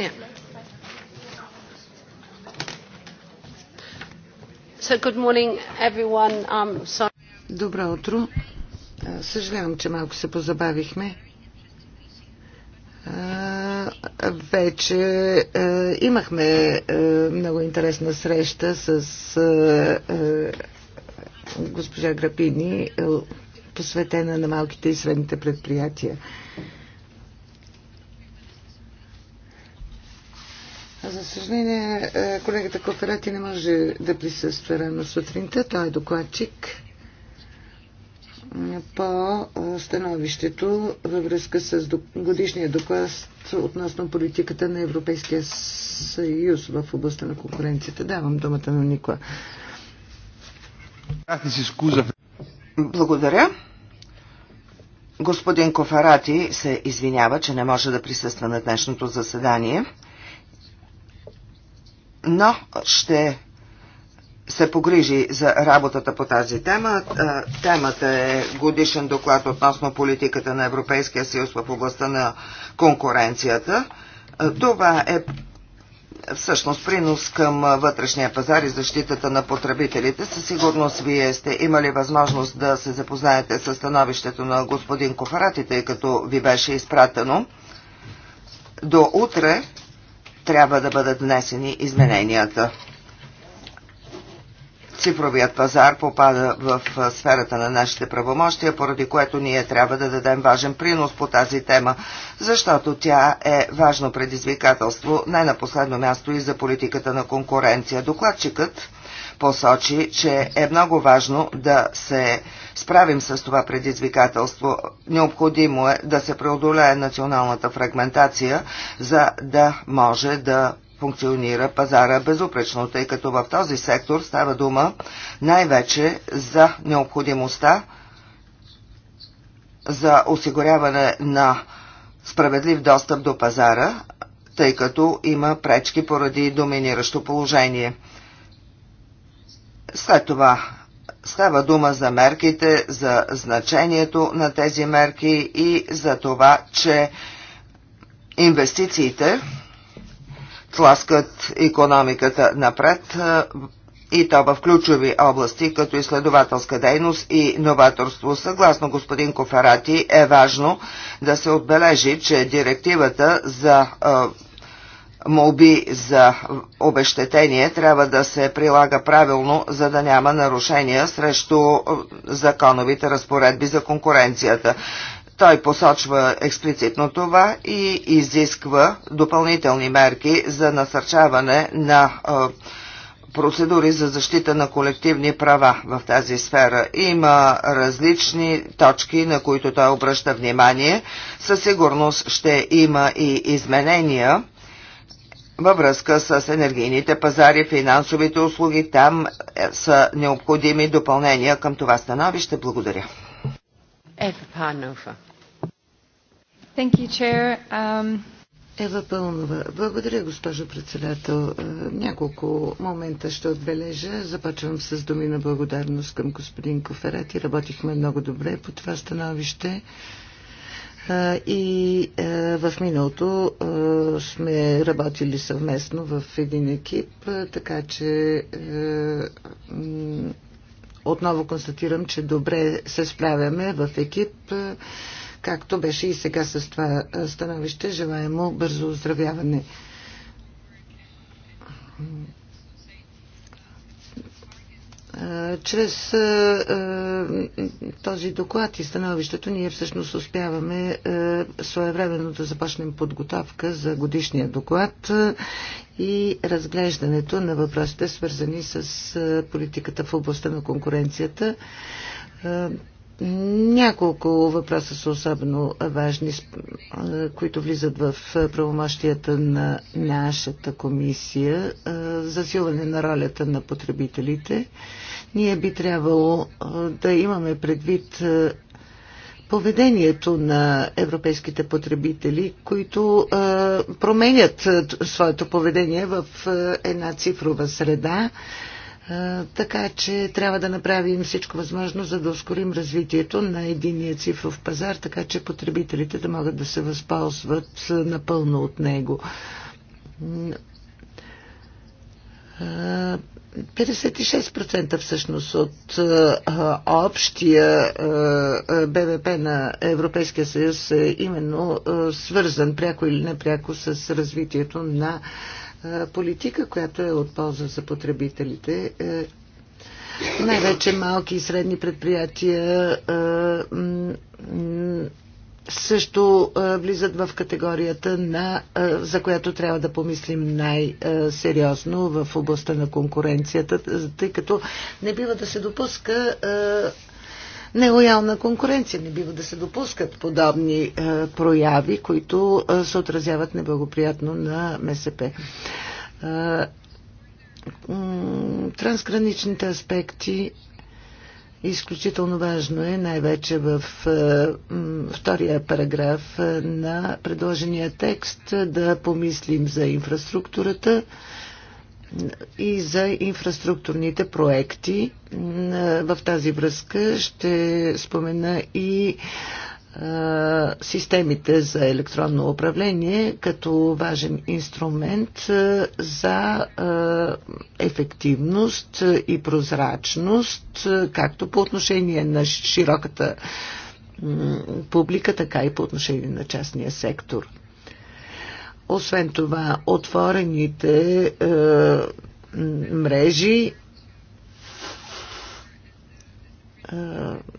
Yeah. So good morning everyone. Um, sorry. Добро утро. Съжалявам, че малко се позабавихме. Вече имахме много интересна среща с госпожа Грапини, посветена на малките и средните предприятия. съжаление, е, колегата Коферати не може да присъства рано сутринта. Той е докладчик е, по е, становището във връзка с годишния доклад относно политиката на Европейския съюз в областта на конкуренцията. Давам думата на Никола. Благодаря. Господин Кофарати се извинява, че не може да присъства на днешното заседание но ще се погрижи за работата по тази тема. Темата е годишен доклад относно политиката на Европейския съюз в областта на конкуренцията. Това е всъщност принос към вътрешния пазар и защитата на потребителите. Със сигурност вие сте имали възможност да се запознаете с становището на господин Кофарати, тъй като ви беше изпратено. До утре трябва да бъдат внесени измененията. Цифровият пазар попада в сферата на нашите правомощия, поради което ние трябва да дадем важен принос по тази тема, защото тя е важно предизвикателство не на последно място и за политиката на конкуренция. Докладчикът посочи, че е много важно да се справим с това предизвикателство. Необходимо е да се преодолее националната фрагментация, за да може да функционира пазара безупречно, тъй като в този сектор става дума най-вече за необходимостта за осигуряване на справедлив достъп до пазара, тъй като има пречки поради доминиращо положение. След това Става дума за мерките, за значението на тези мерки и за това, че инвестициите тласкат економиката напред и то в ключови области, като изследователска дейност и новаторство. Съгласно господин Коферати е важно да се отбележи, че директивата за молби за обещетение трябва да се прилага правилно, за да няма нарушения срещу е, законовите разпоредби за конкуренцията. Той посочва експлицитно това и изисква допълнителни мерки за насърчаване на е, процедури за защита на колективни права в тази сфера. Има различни точки, на които той обръща внимание. Със сигурност ще има и изменения във връзка с енергийните пазари, финансовите услуги. Там е, са необходими допълнения към това становище. Благодаря. Ева Панова. Um, Ева Пълнова. Благодаря, госпожо председател. Е, няколко момента ще отбележа. Започвам с думи на благодарност към господин Коферати. Работихме много добре по това становище. И в миналото сме работили съвместно в един екип, така че отново констатирам, че добре се справяме в екип, както беше и сега с това становище. Желаем му бързо оздравяване чрез този доклад и становището ние всъщност успяваме своевременно да започнем подготовка за годишния доклад и разглеждането на въпросите, свързани с политиката в областта на конкуренцията. Няколко въпроса са особено важни, които влизат в правомощията на нашата комисия. Засилване на ролята на потребителите. Ние би трябвало да имаме предвид поведението на европейските потребители, които променят своето поведение в една цифрова среда така че трябва да направим всичко възможно, за да ускорим развитието на единия цифров пазар, така че потребителите да могат да се възползват напълно от него. 56% всъщност от общия БВП на Европейския съюз е именно свързан пряко или непряко с развитието на е, политика, която е от полза за потребителите. Е, най-вече малки и средни предприятия е, също влизат в категорията, на, за която трябва да помислим най-сериозно в областта на конкуренцията, тъй като не бива да се допуска нелоялна конкуренция. Не бива да се допускат подобни е, прояви, които е, се отразяват неблагоприятно на МСП. Е, трансграничните аспекти Изключително важно е, най-вече в втория параграф на предложения текст, да помислим за инфраструктурата, и за инфраструктурните проекти. В тази връзка ще спомена и системите за електронно управление като важен инструмент за ефективност и прозрачност, както по отношение на широката публика, така и по отношение на частния сектор. Освен това, отворените е, мрежи е,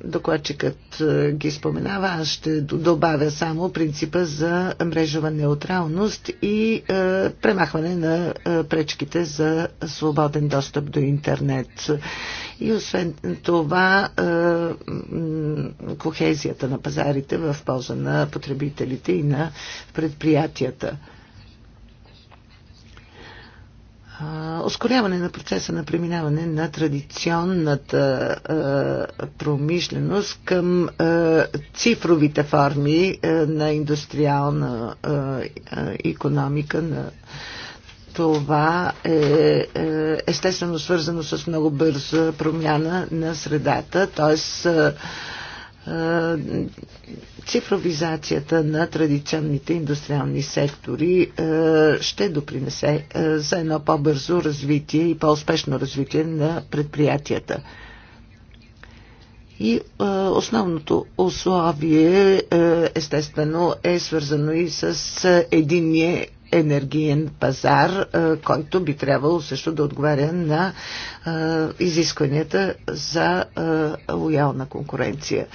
докладчикът е, ги споменава, аз ще добавя само принципа за мрежова неутралност и е, премахване на пречките за свободен достъп до интернет. И освен това, кохезията на пазарите в полза на потребителите и на предприятията. ускоряване на процеса на преминаване на традиционната промишленост към цифровите форми на индустриална економика на това е, е естествено свързано с много бърза промяна на средата, т.е цифровизацията на традиционните индустриални сектори ще допринесе за едно по-бързо развитие и по-успешно развитие на предприятията. И основното условие, естествено, е свързано и с единния енергиен пазар, който би трябвало също да отговаря на изискванията за лоялна конкуренция.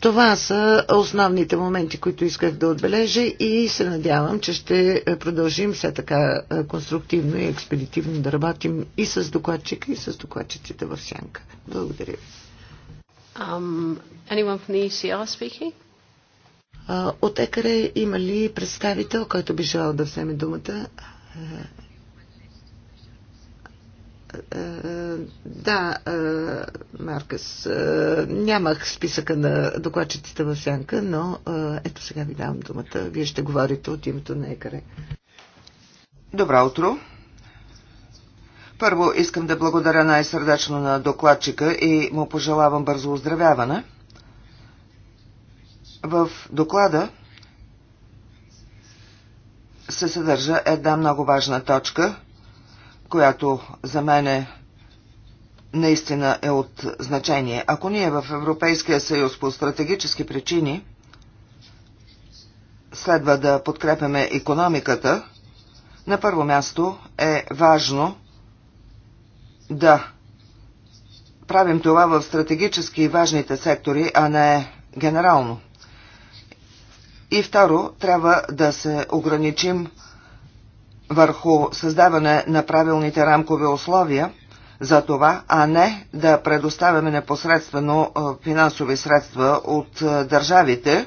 Това са основните моменти, които исках да отбележа и се надявам, че ще продължим все така конструктивно и експедитивно да работим и с докладчика, и с докладчиците в сянка. Благодаря ви. Um, anyone from the ECR speaking? От екаре има ли представител, който би желал да вземе думата? Е, е, е, да, Маркъс, нямах списъка на докладчиците в сянка, но ето сега ви давам думата. Вие ще говорите от името на ЕКАРЕ. Добро утро! Първо искам да благодаря най-сърдечно на докладчика и му пожелавам бързо оздравяване – в доклада се съдържа една много важна точка, която за мен е наистина е от значение. Ако ние в Европейския съюз по стратегически причини следва да подкрепяме економиката, на първо място е важно да правим това в стратегически важните сектори, а не генерално. И второ, трябва да се ограничим върху създаване на правилните рамкови условия за това, а не да предоставяме непосредствено финансови средства от държавите.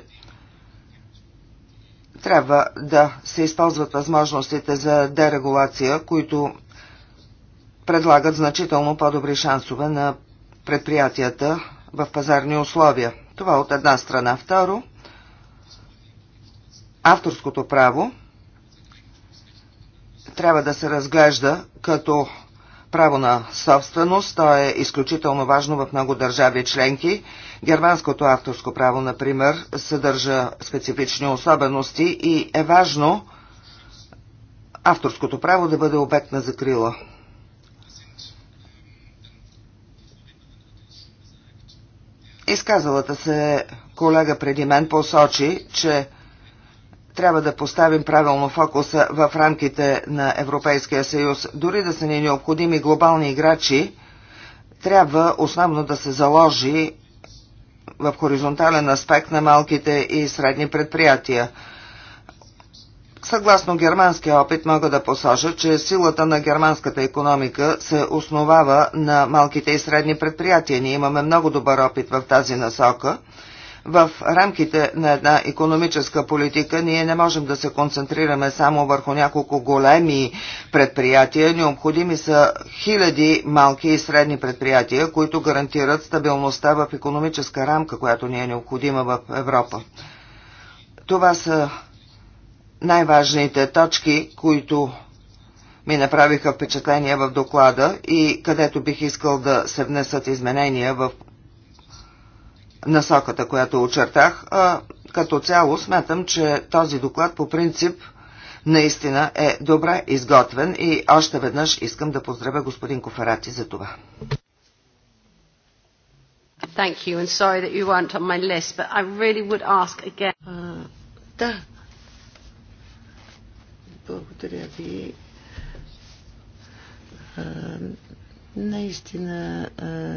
Трябва да се използват възможностите за дерегулация, които предлагат значително по-добри шансове на предприятията в пазарни условия. Това от една страна. Второ, авторското право трябва да се разглежда като право на собственост. То е изключително важно в много държави членки. Германското авторско право, например, съдържа специфични особености и е важно авторското право да бъде обект на закрила. Изказалата се колега преди мен посочи, че трябва да поставим правилно фокуса в рамките на Европейския съюз. Дори да са ни необходими глобални играчи, трябва основно да се заложи в хоризонтален аспект на малките и средни предприятия. Съгласно германския опит мога да посажа, че силата на германската економика се основава на малките и средни предприятия. Ние имаме много добър опит в тази насока – в рамките на една економическа политика ние не можем да се концентрираме само върху няколко големи предприятия. Необходими са хиляди малки и средни предприятия, които гарантират стабилността в економическа рамка, която ни е необходима в Европа. Това са най-важните точки, които ми направиха впечатление в доклада и където бих искал да се внесат изменения в насоката, която очертах. Като цяло смятам, че този доклад по принцип наистина е добре изготвен и още веднъж искам да поздравя господин Коферати за това. да. Благодаря ви. Наистина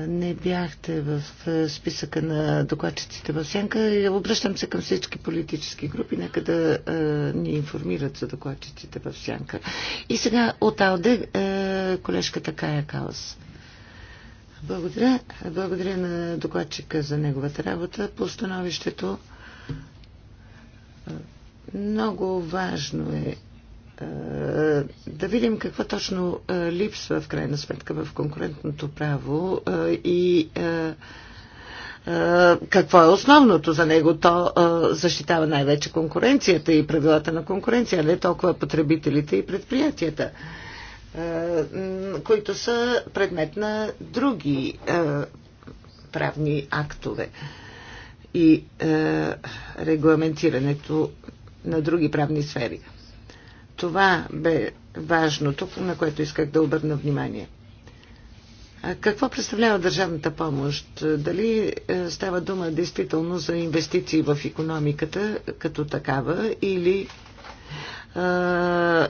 не бяхте в списъка на докладчиците в Сянка. Обръщам се към всички политически групи, нека да ни информират за докладчиците в Сянка. И сега от Алде колежката Кая Каос. Благодаря. Благодаря на докладчика за неговата работа по установището. Много важно е е, да видим какво точно е, липсва в крайна сметка в конкурентното право е, и какво е основното за него? То защитава най-вече конкуренцията и правилата на конкуренция, не толкова потребителите и предприятията, които са предмет на други правни актове и регламентирането на други правни сфери. Това бе важното, на което исках да обърна внимание. Какво представлява държавната помощ? Дали е, става дума действително за инвестиции в економиката като такава или е,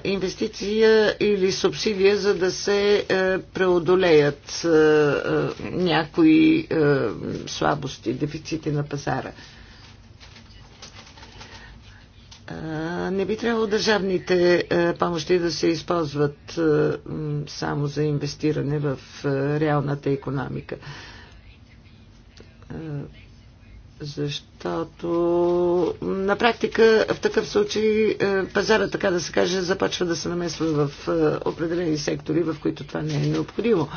инвестиция или субсидия, за да се е, преодолеят някои слабости, дефицити на пазара? Не би трябвало държавните помощи да се използват само за инвестиране в реалната економика. Защото на практика в такъв случай пазара, така да се каже, започва да се намесва в определени сектори, в които това не е необходимо.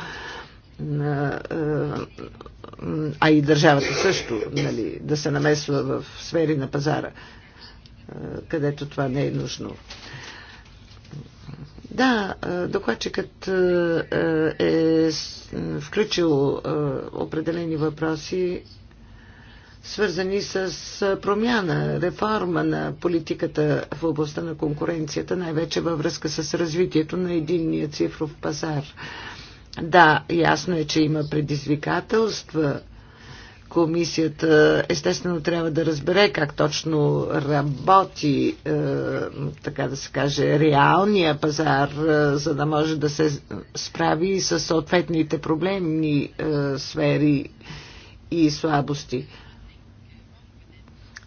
А и държавата също, нали, да се намесва в сфери на пазара където това не е нужно. Да, докладчикът е включил определени въпроси, свързани с промяна, реформа на политиката в областта на конкуренцията, най-вече във връзка с развитието на единния цифров пазар. Да, ясно е, че има предизвикателства Комисията естествено трябва да разбере как точно работи, е, така да се каже, реалния пазар, е, за да може да се справи с съответните проблемни е, сфери и слабости.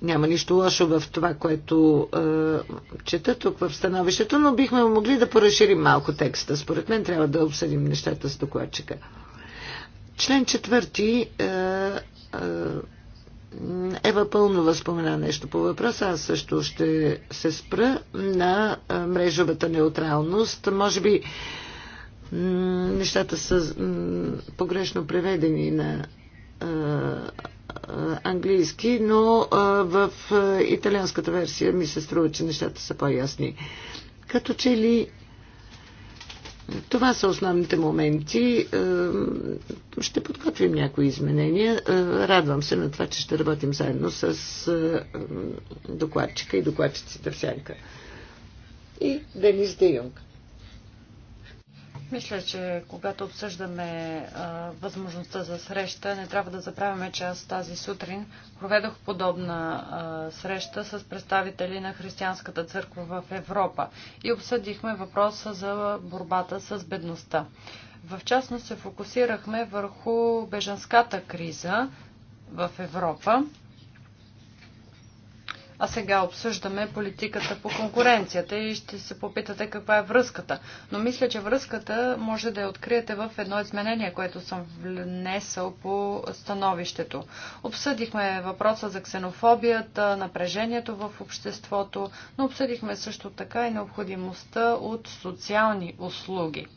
Няма нищо лошо в това, което е, чета тук в становището, но бихме могли да поразширим малко текста. Според мен трябва да обсъдим нещата с докладчика. Член четвърти е, е, Ева Пълнова спомена нещо по въпроса. Аз също ще се спра на мрежовата неутралност. Може би нещата са погрешно преведени на английски, но в италианската версия ми се струва, че нещата са по-ясни. Като че ли това са основните моменти. Е, ще подготвим някои изменения. Е, радвам се на това, че ще работим заедно с е, докладчика и докладчиците в сянка. И Денис Де Юнг. Мисля, че когато обсъждаме а, възможността за среща, не трябва да забравяме, че аз тази сутрин проведох подобна а, среща с представители на Християнската църква в Европа и обсъдихме въпроса за борбата с бедността. В частност се фокусирахме върху бежанската криза в Европа а сега обсъждаме политиката по конкуренцията и ще се попитате каква е връзката. Но мисля, че връзката може да я откриете в едно изменение, което съм внесъл по становището. Обсъдихме въпроса за ксенофобията, напрежението в обществото, но обсъдихме също така и необходимостта от социални услуги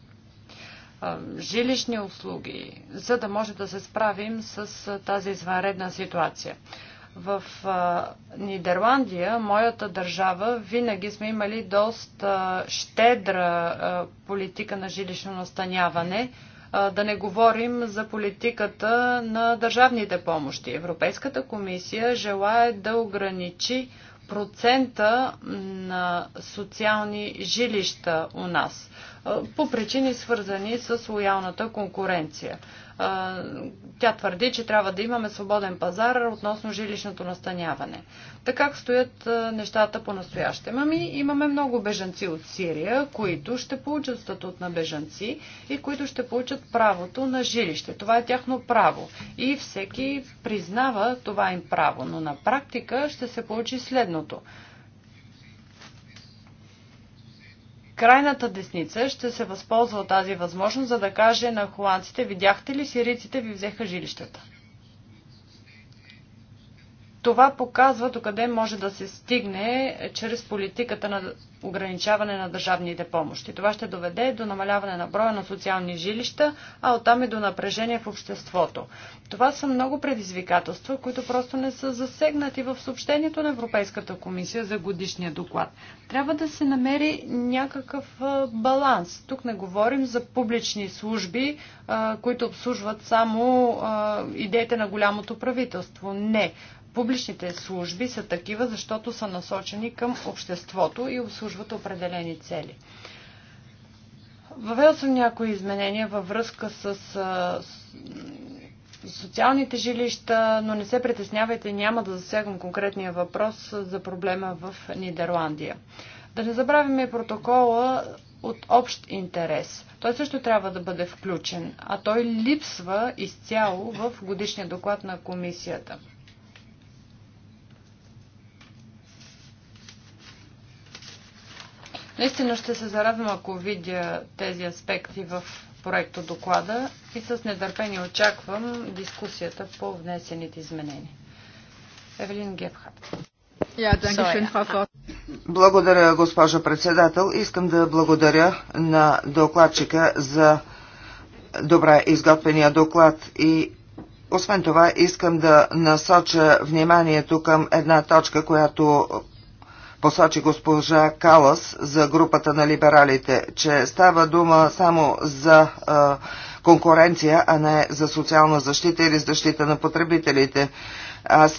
жилищни услуги, за да може да се справим с тази извънредна ситуация. В а, Нидерландия, моята държава, винаги сме имали доста щедра а, политика на жилищно настаняване. А, да не говорим за политиката на държавните помощи. Европейската комисия желая да ограничи процента на социални жилища у нас по причини свързани с лоялната конкуренция. Тя твърди, че трябва да имаме свободен пазар относно жилищното настаняване. Така как стоят нещата по-настоящем? Мами, имаме много бежанци от Сирия, които ще получат статут на бежанци и които ще получат правото на жилище. Това е тяхно право. И всеки признава това им право. Но на практика ще се получи следното. крайната десница ще се възползва от тази възможност, за да каже на холандците, видяхте ли, сирийците ви взеха жилищата. Това показва докъде може да се стигне чрез политиката на ограничаване на държавните помощи. Това ще доведе до намаляване на броя на социални жилища, а оттам и до напрежение в обществото. Това са много предизвикателства, които просто не са засегнати в съобщението на Европейската комисия за годишния доклад. Трябва да се намери някакъв баланс. Тук не говорим за публични служби, които обслужват само идеите на голямото правителство. Не публичните служби са такива, защото са насочени към обществото и обслужват определени цели. Въвел съм някои изменения във връзка с социалните жилища, но не се притеснявайте, няма да засягам конкретния въпрос за проблема в Нидерландия. Да не забравяме протокола от общ интерес. Той също трябва да бъде включен, а той липсва изцяло в годишния доклад на комисията. Наистина ще се зарадвам, ако видя тези аспекти в проекто доклада и с недърпение очаквам дискусията по внесените изменения. Евелин Гепхарт. благодаря, госпожа председател. Искам да благодаря на докладчика за добре изготвения доклад и освен това искам да насоча вниманието към една точка, която посочи госпожа Калас за групата на либералите, че става дума само за а, конкуренция, а не за социална защита или защита на потребителите. Аз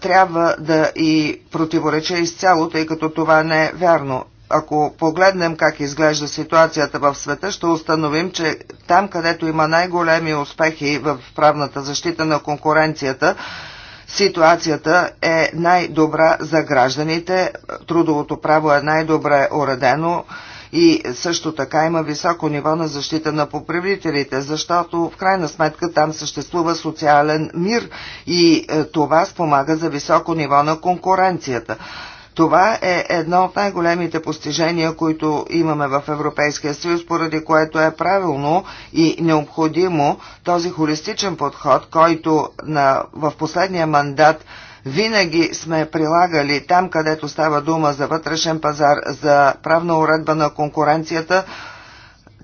трябва да и противореча изцяло, тъй като това не е вярно. Ако погледнем как изглежда ситуацията в света, ще установим, че там, където има най-големи успехи в правната защита на конкуренцията, ситуацията е най-добра за гражданите, трудовото право е най-добре уредено и също така има високо ниво на защита на поправителите, защото в крайна сметка там съществува социален мир и е, това спомага за високо ниво на конкуренцията. Това е едно от най-големите постижения, които имаме в Европейския съюз, поради което е правилно и необходимо този холистичен подход, който на, в последния мандат винаги сме прилагали там, където става дума за вътрешен пазар, за правна уредба на конкуренцията,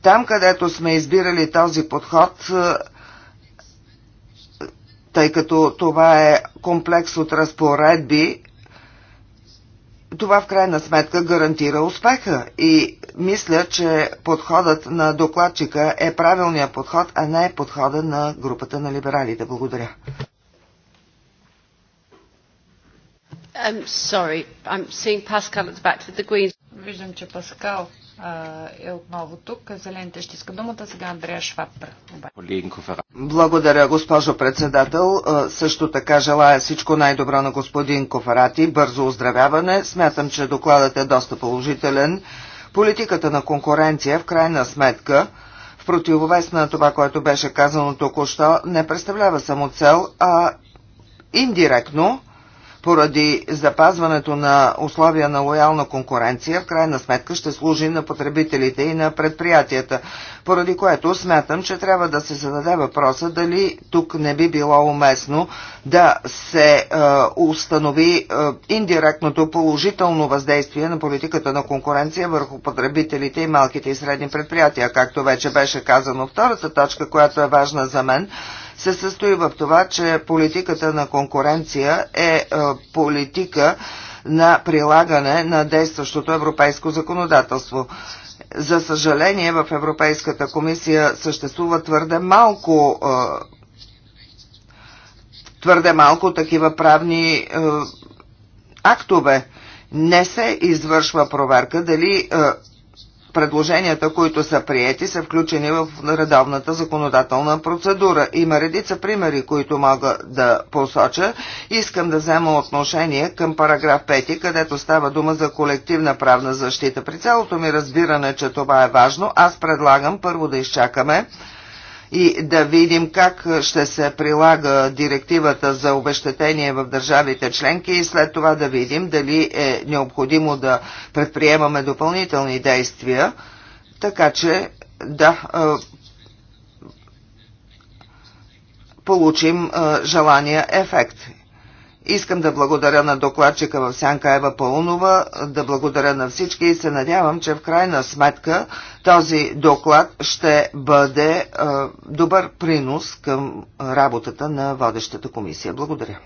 там, където сме избирали този подход, тъй като това е комплекс от разпоредби, това в крайна сметка гарантира успеха и мисля, че подходът на докладчика е правилният подход, а не е подхода на групата на либералите. Благодаря. I'm um, sorry. I'm seeing Pascal at the back the Greens. Виждам, че Паскал е отново тук. Зелените ще иска думата. Сега Андрея Шваб. Благодаря, госпожо председател. Също така желая всичко най-добро на господин Кофарати. Бързо оздравяване. Смятам, че докладът е доста положителен. Политиката на конкуренция в крайна сметка в противовес на това, което беше казано току-що, не представлява само цел, а индиректно поради запазването на условия на лоялна конкуренция, в крайна сметка ще служи на потребителите и на предприятията, поради което смятам, че трябва да се зададе въпроса дали тук не би било уместно да се е, установи е, индиректното положително въздействие на политиката на конкуренция върху потребителите и малките и средни предприятия, както вече беше казано. Втората точка, която е важна за мен, се състои в това, че политиката на конкуренция е, е политика на прилагане на действащото европейско законодателство. За съжаление, в Европейската комисия съществува твърде малко е, твърде малко такива правни е, актове. Не се извършва проверка дали предложенията, които са приети, са включени в редовната законодателна процедура. Има редица примери, които мога да посоча. Искам да взема отношение към параграф 5, където става дума за колективна правна защита. При цялото ми разбиране, че това е важно, аз предлагам първо да изчакаме и да видим как ще се прилага директивата за обещетение в държавите членки и след това да видим дали е необходимо да предприемаме допълнителни действия. Така че, да, получим желания ефект. Искам да благодаря на докладчика в Сянка Ева Паунова, да благодаря на всички и се надявам, че в крайна сметка този доклад ще бъде е, добър принос към работата на водещата комисия. Благодаря.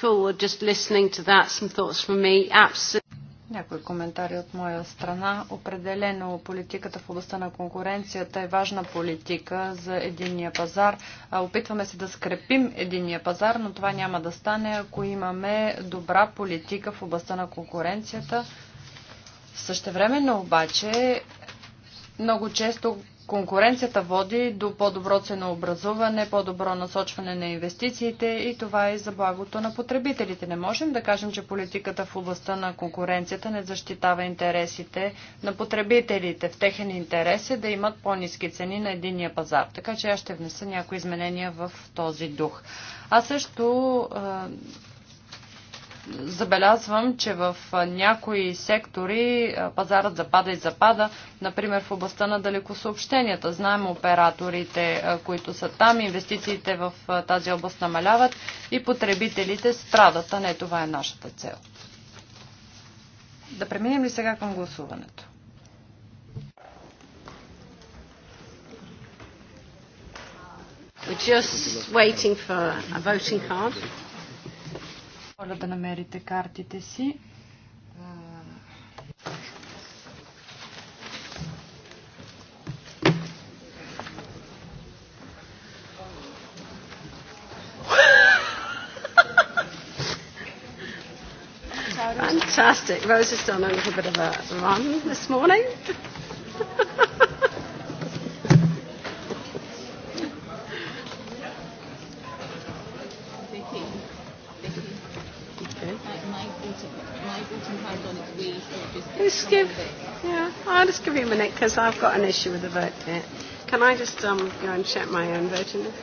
Cool. Just listening to that, some thoughts from me. Absolutely. Някои коментари от моя страна. Определено политиката в областта на конкуренцията е важна политика за единния пазар. Опитваме се да скрепим единния пазар, но това няма да стане, ако имаме добра политика в областта на конкуренцията. Същевременно обаче много често Конкуренцията води до по-добро ценообразуване, по-добро насочване на инвестициите и това е за благото на потребителите. Не можем да кажем, че политиката в областта на конкуренцията не защитава интересите на потребителите. В техен интерес е да имат по-низки цени на единия пазар. Така че аз ще внеса някои изменения в този дух. Аз също забелязвам, че в някои сектори пазарът запада и запада, например в областта на далекосъобщенията. Знаем операторите, които са там, инвестициите в тази област намаляват и потребителите страдат, а не това е нашата цел. Да преминем ли сега към гласуването? We're just waiting for a voting card. Моля да намерите картите си. Fantastic. Rose has done a little bit of a run this morning. yeah, I'll just give you a minute because I've got an issue with the vote here. Can I just um, go and check my own voting list?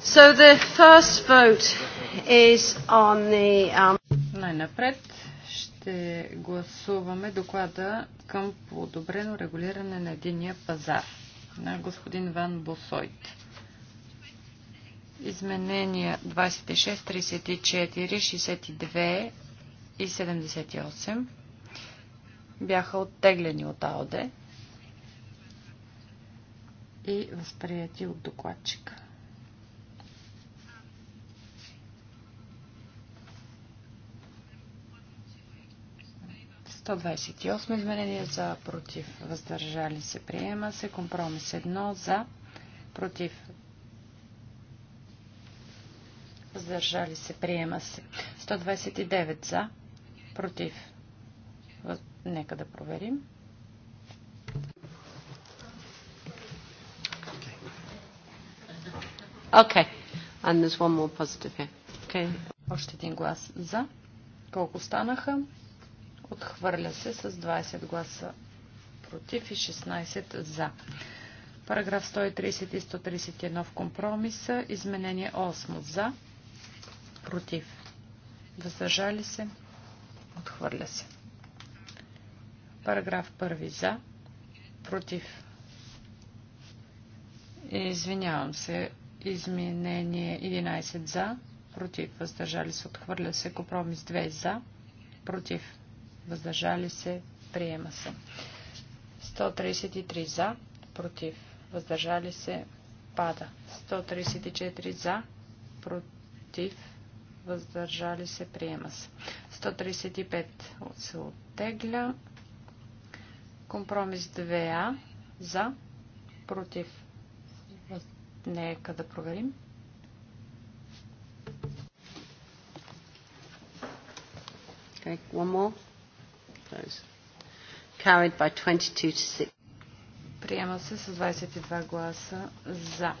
So the first vote is on the... Um... Най-напред ще гласуваме доклада към подобрено регулиране на единия пазар на господин Ван Босойт. Изменения 26, 34, 62 и 78 бяха оттеглени от АОД и възприяти от докладчика. изменение за против въздържали се приема се компромис 1 за против въздържали се приема се 129 за против нека да проверим Okay. And there's one more positive here. Okay. Още един глас за. Колко станаха? Отхвърля се с 20 гласа против и 16 за. Параграф 130 и 131 в компромиса. Изменение 8 за. Против. Въздържали се. Отхвърля се. Параграф 1 за. Против. Извинявам се. Изменение 11 за, против, въздържали се, отхвърля се. Компромис 2 за, против, въздържали се, приема се. 133 за, против, въздържали се, пада. 134 за, против, въздържали се, приема се. 135 се оттегля. Компромис 2а за, против, Нека да проверим. Okay, one more. Carried by 22 to 6. Приема се с 22 гласа за.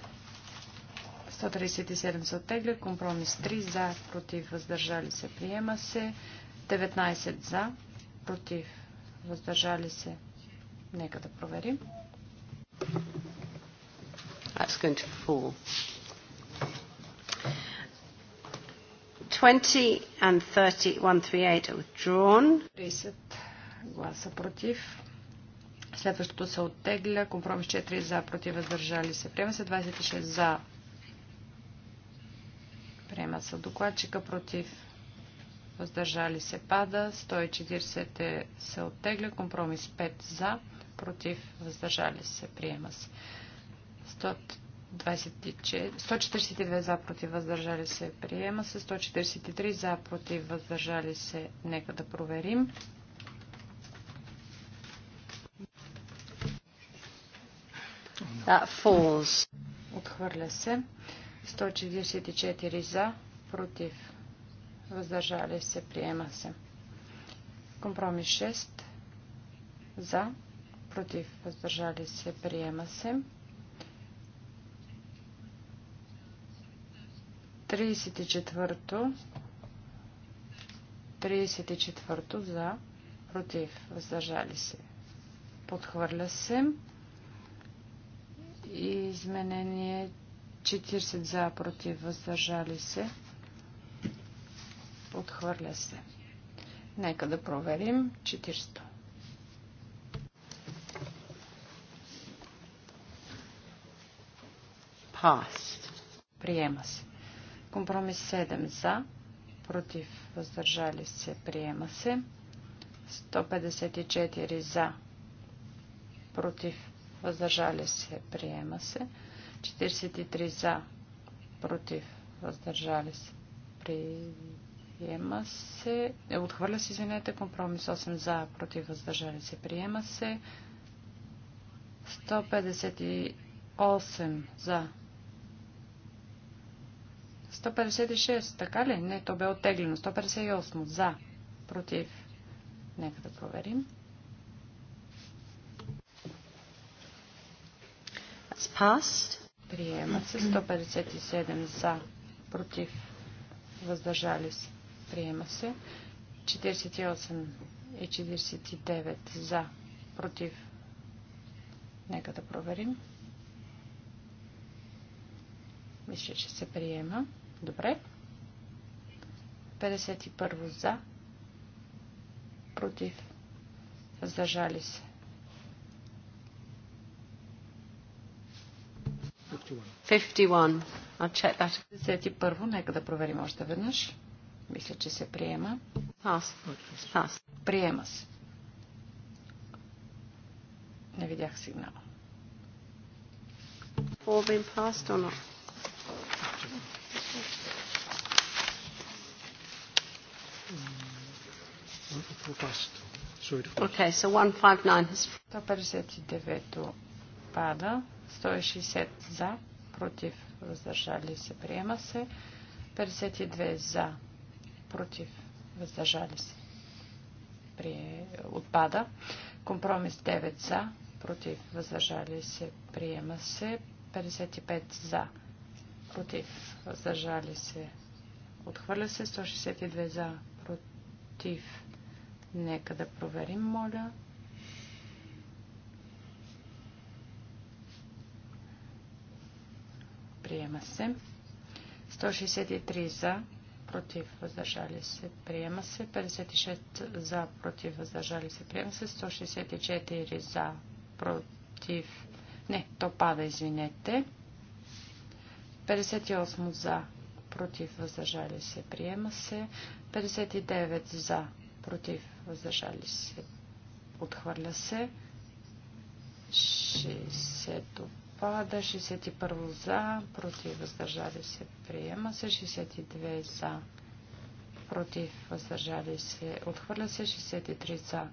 137 се оттегля, компромис 3 за, против, въздържали се, приема се. 19 за, против, въздържали се. Нека да проверим. That's going to fall. 20 and 30, 138 are withdrawn. 30 гласа против. Следващото се оттегля. Компромис 4 за, против, въздържали се. Приема се 26 за. Приема се докладчика против. Въздържали се пада. 140 е, се оттегля. Компромис 5 за, против, въздържали се. Приема се. 142 за против въздържали се приема се, 143 за против въздържали се. Нека да проверим. Да, фолз. Отхвърля се. 144 за против въздържали се приема се. Компромис 6 за против въздържали се приема се. 34-то. 34 за, против, въздържали се. Подхвърля се. И изменение 40 за, против, въздържали се. Подхвърля се. Нека да проверим 400. Past. Приема се. Компромис 7 за, против, въздържали се, приема се. 154 за, против, въздържали се, приема се. 43 за, против, въздържали се, приема се. Е, отхвърля се, извинете, компромис 8 за, против, въздържали се, приема се. 158 за, 156, така ли? Не, то бе оттеглено. 158 за, против. Нека да проверим. Приемат се 157 за, против, въздържали се. Приема се 48 и 49 за, против. Нека да проверим. Мисля, че се приема. Добре. 51 за. Против. Зажали се. I'll check Нека да проверим още веднъж. Мисля, че се приема. Pass. Приема се. Не видях сигнала. been passed or not? Okay, so 159 пада, 160 за, против, въздържали се, приема се, 52 за, против, въздържали се, при... отпада, компромис 9 за, против, въздържали се, приема се, 55 за, против, въздържали се, отхвърля се, 162 за, против. Нека да проверим, моля. Приема се. 163 за, против, въздържали се, приема се. 56 за, против, въздържали се, приема се. 164 за, против. Не, то пада, извинете. 58 за, против, въздържали се, приема се. 59 за, против, въздържали се, отхвърля се. 60 отпада, 61 за, против, въздържали се, приема се. 62 за, против, въздържали се, отхвърля се. 63 за,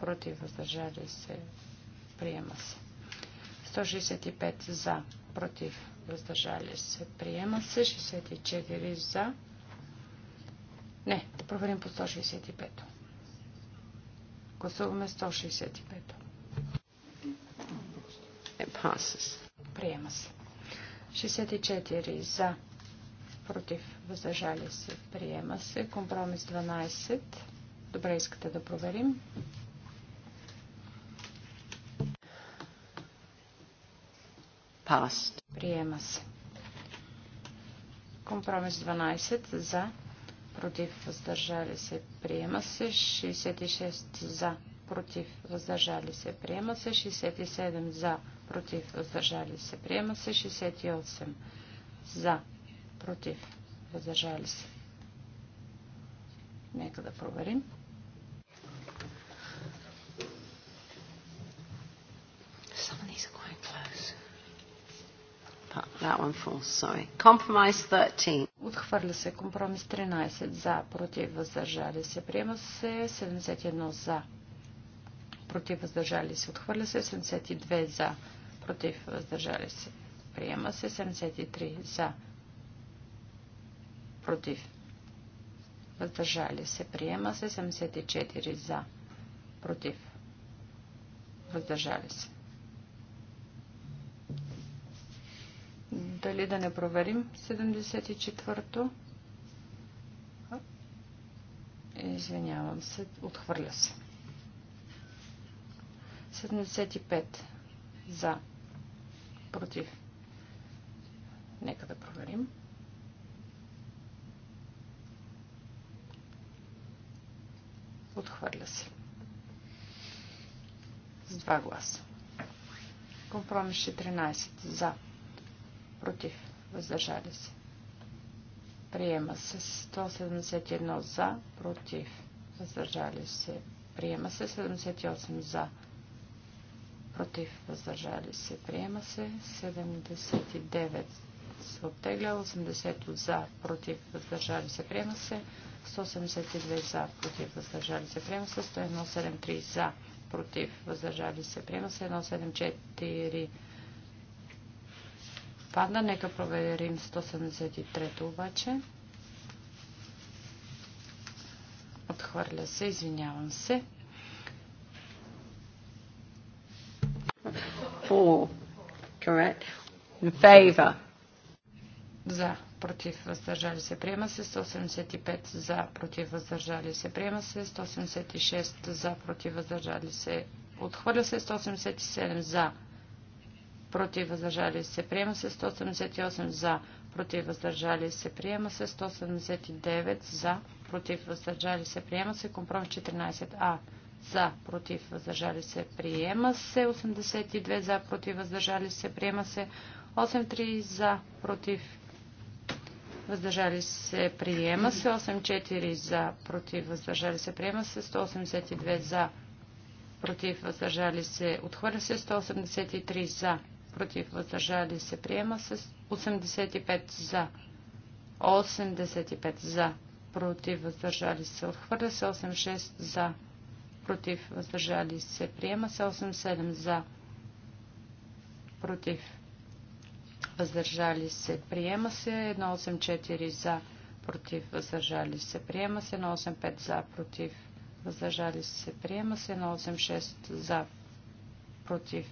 против, въздържали се, приема се. 165 за, против, въздържали се, приема се. 64 за. Не, да проверим по 165. Гласуваме 165. Passes. Приема се. 64 за. Против. Въздържали се. Приема се. Компромис 12. Добре, искате да проверим. Past. Приема се. Компромис 12 за, против, въздържали се, приема се. 66 за, против, въздържали се, приема се. 67 за, против, въздържали се, приема се. 68 за, против, въздържали се. Нека да проверим. That one falls, sorry. Compromise 13. Отхвърля се компромис 13 за, против въздържали се. Приема се 71 за, против въздържали се. Отхвърля се 72 за, против въздържали се. Приема се 73 за, против въздържали се. Приема се 74 за, против въздържали се. Дали да не проверим 74-то? Извинявам се, отхвърля се. 75 за, против. Нека да проверим. Отхвърля се. С два гласа. Компромис 14 за, против, въздържали се. Приема се 171 за, против, въздържали се. Приема се 78 за, против, въздържали се. Приема се 79 се оттегля, 80 за, против, въздържали се. Приема се 172 за, против, въздържали се. Приема се 173 за, против, въздържали се. Приема се 174 отпадна. Нека проверим 173 обаче. Отхвърля се, извинявам се. For, correct. In favor. За, против, въздържали се, приема се. 175 за, против, въздържали се, приема се. 176 за, против, въздържали се, отхвърля се. 177 за, против въздържали се, приема се 178 за, против въздържали се, приема се 179 за, против въздържали се, приема се компромис 14а за, против въздържали се, приема се 82 за, против въздържали се, приема се 83 за, против въздържали се, приема се 84 за, против въздържали се, приема се 182 за, против въздържали се, отхвърля се 183 за, против, въздържали се, приема се 85 за, 85 за, против, въздържали се, отхвърля се 86 за, против, въздържали се, приема се 87 за, против, въздържали се, приема се 184 за, против, въздържали се, приема се 185 за, против, въздържали се, приема се 186 за, против,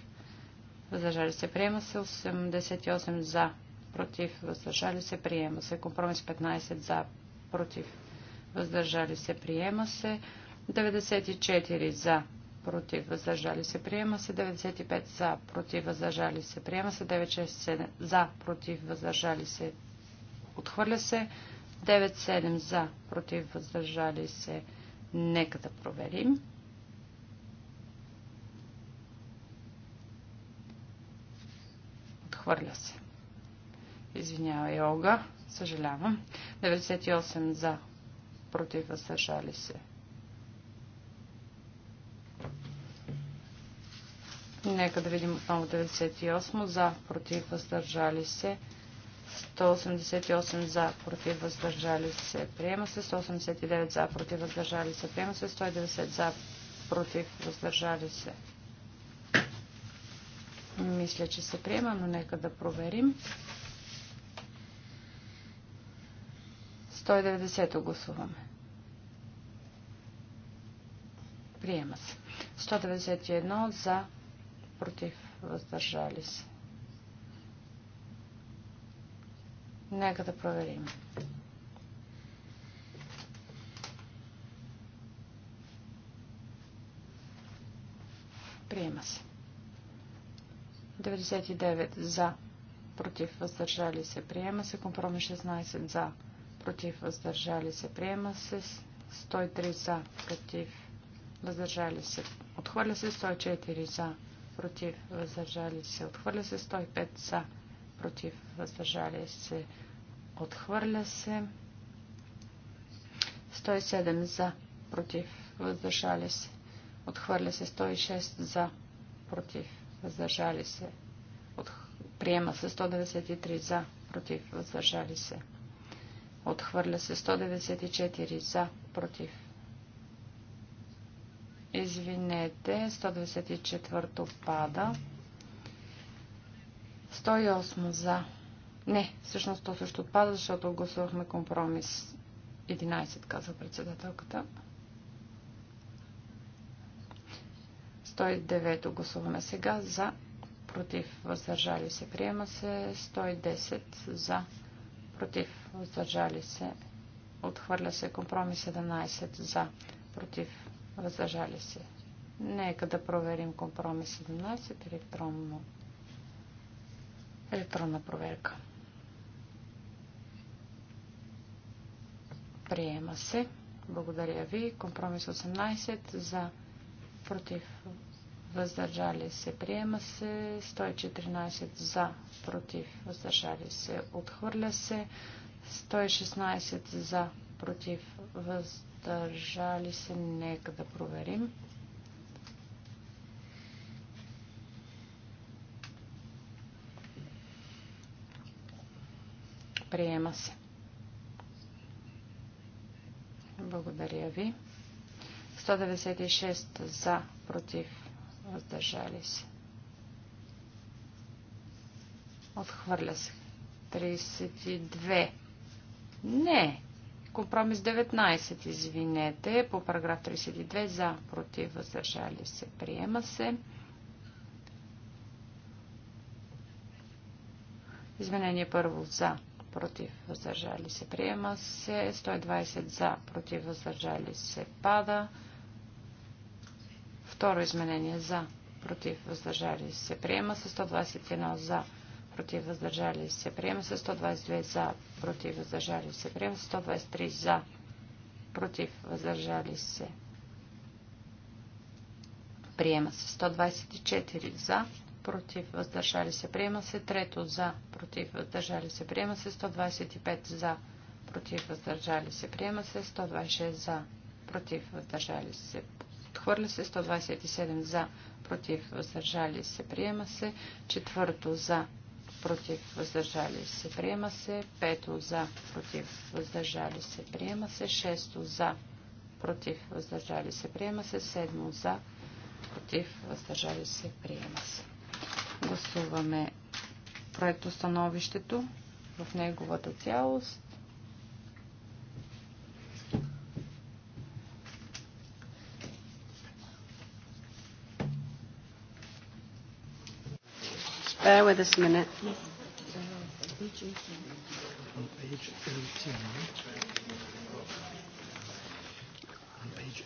въздържали се, приема се. 88 за, против, въздържали се, приема се. Компромис 15 за, против, въздържали се, приема се. 94 за, против, въздържали се, приема се 95 за, против, въздържали се, приема се 967 за, против, въздържали се, отхвърля се 97 за, против, въздържали се. Нека да проверим. Отхвърля се. Извинявай, Олга. Съжалявам. 98 за. Против въздържали се. Нека да видим отново 98 за. Против въздържали се. 188 за. Против въздържали се. Приема се. 189 за. Против въздържали се. Приема се. 190 за. Против въздържали се. Мисля, че се приема, но нека да проверим. 190 гласуваме. Приема се. 191 за, против, въздържали се. Нека да проверим. Приема се. 99 за, против въздържали се, приема се. Компромис 16 за, против въздържали се, приема се. 103 за, против въздържали се, отхвърля се. 104 за, против въздържали се, отхвърля се. 105 за, против въздържали се, отхвърля се. 107 за, против въздържали се, отхвърля се. 106 за, против въздържали се. От... Приема се 193 за, против, въздържали се. Отхвърля се 194 за, против. Извинете, 194 пада. 108 за. Не, всъщност то също пада, защото гласувахме компромис 11, каза председателката. 109 гласуваме сега за, против, въздържали се, приема се. 110 за, против, въздържали се, отхвърля се. Компромис 17 за, против, въздържали се. Нека да проверим компромис 17 електронно. Електронна проверка. Приема се. Благодаря ви. Компромис 18 за против въздържали се, приема се, 114 за, против, въздържали се, отхвърля се, 116 за, против, въздържали се, нека да проверим. Приема се. Благодаря ви. 196 за, против, въздържали се. Отхвърля се. 32. Не. Компромис 19, извинете. По параграф 32 за, против, въздържали се. Приема се. Изменение първо за, против, въздържали се. Приема се. 120 за, против, въздържали се. Пада. Второ изменение за, против, въздържали се, приема се 121 за, против, въздържали се, приема се 122 за, против, въздържали се, приема се 123 за, против, въздържали се, приема се 124 за, против, въздържали се, приема се трето за, против, въздържали се, приема се 125 за, против, въздържали се, приема се 126 за, против, въздържали се, Отхвърля се 127 за, против, въздържали се, приема се. Четвърто за, против, въздържали се, приема се. Пето за, против, въздържали се, приема се. Шесто за, против, въздържали се, приема се. Седмо за, против, въздържали се, приема се. Гласуваме проектостановището в неговата цялост. Bear with us a minute. On page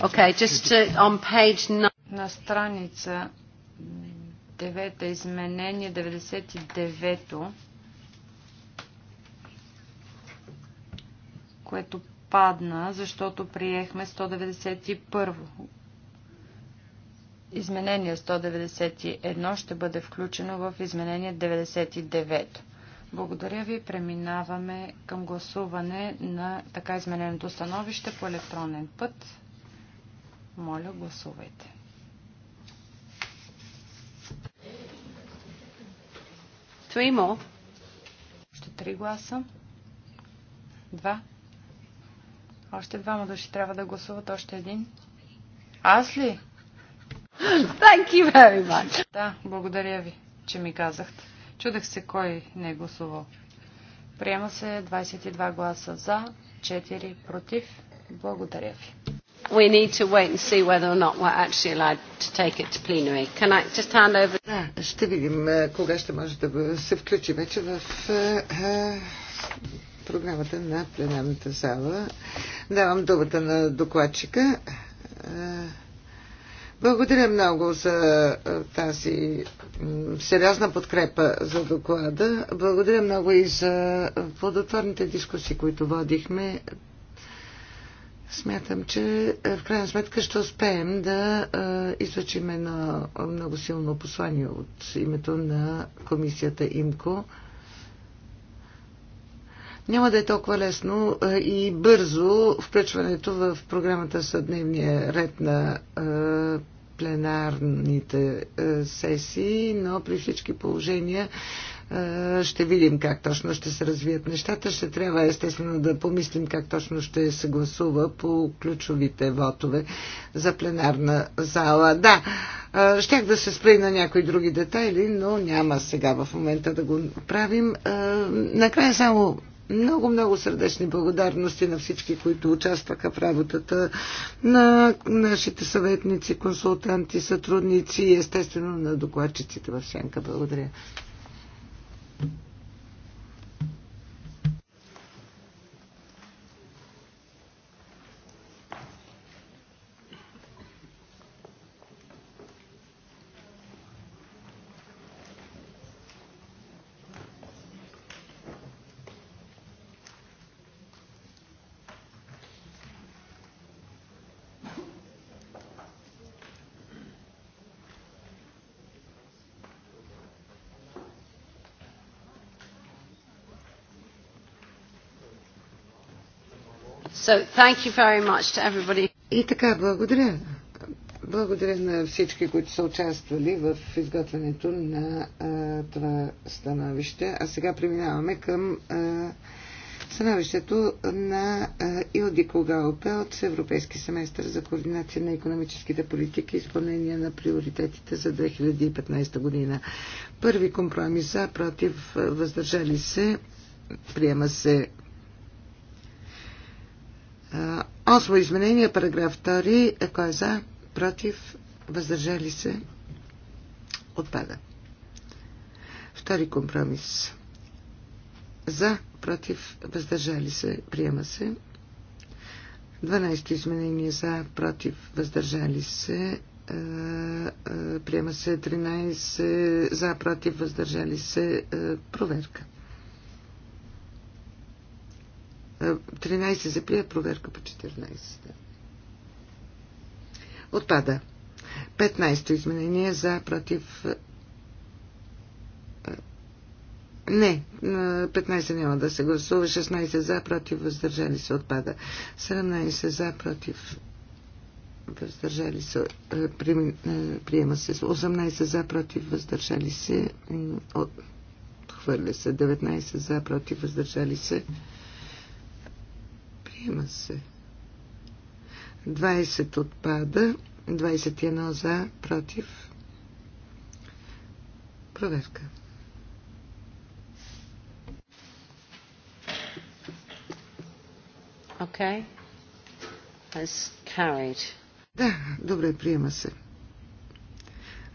18. Okay, just to, on page 9. На страница 9 изменение 99-то, което падна, защото приехме 191-во. Изменение 191 ще бъде включено в изменение 99. Благодаря ви. Преминаваме към гласуване на така измененото становище по електронен път. Моля, гласувайте. Трима. Още три гласа. Два. Още двама души трябва да гласуват. Още един. Аз ли? Thank you very much. Да, благодаря ви, че ми казахте. Чудех се кой не е гласувал. Приема се 22 гласа за, 4 против. Благодаря ви. We need to wait and see whether or not we're actually allowed to take it to plenary. Can I just hand over? Да, ще видим е, кога ще може да се включи вече в е, е, програмата на пленарната зала. Давам думата на докладчика. Благодаря много за тази сериозна подкрепа за доклада. Благодаря много и за плодотворните дискусии, които водихме. Смятам, че в крайна сметка ще успеем да излъчим едно много силно послание от името на комисията ИМКО няма да е толкова лесно и бързо включването в програмата съдневния дневния ред на пленарните сесии, но при всички положения ще видим как точно ще се развият нещата. Ще трябва естествено да помислим как точно ще се гласува по ключовите вотове за пленарна зала. Да, щях да се спре на някои други детайли, но няма сега в момента да го правим. Накрая само много, много сърдечни благодарности на всички, които участваха в работата, на нашите съветници, консултанти, сътрудници и естествено на докладчиците в Сянка. Благодаря. So, thank you very much to everybody. И така, благодаря. Благодаря на всички, които са участвали в изготвянето на а, това становище. А сега преминаваме към а, становището на а, Илдико Галпе от Европейски семестър за координация на економическите политики и изпълнение на приоритетите за 2015 година. Първи компромис против, въздържали се, приема се Осмо изменение, параграф 2. Е, кой е за? Против? Въздържали се? Отпада. Втори компромис. За, против, въздържали се, приема се. 12 изменение за, против, въздържали се, е, е, приема се 13 за, против, въздържали се, проверка. 13 за прият, проверка по 14. Отпада. 15 изменение за против. Е, не, 15 няма да се гласува. 16 за против, въздържали се отпада. 17 за против, въздържали се, е, е, приема се. 18 за против, въздържали се, отхвърля се. 19 за против, въздържали се. Приема се. 20 отпада. 21 за, против. Проверка. Okay. Да, добре, приема се.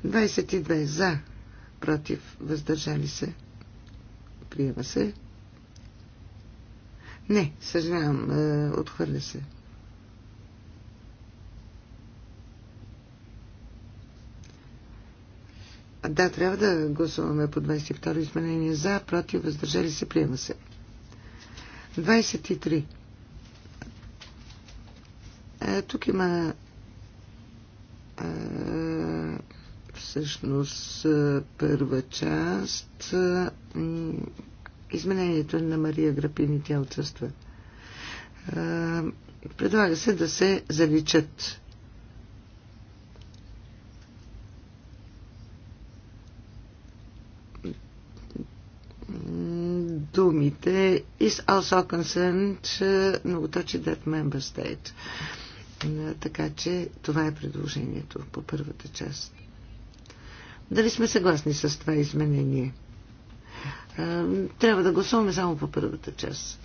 22 за, против, въздържали се. Приема се. Не, съжалявам, е, отхвърля се. Да, трябва да гласуваме по 22 изменение за, против, въздържали се, приема се. 23. Е, тук има е, всъщност е, първа част. Е, изменението на Мария Грапини, тя отсъства. Предлага се да се заличат думите is also concerned многоточи that member state. Така че това е предложението по първата част. Дали сме съгласни с това изменение? Е, трябва да гласуваме само по първата част.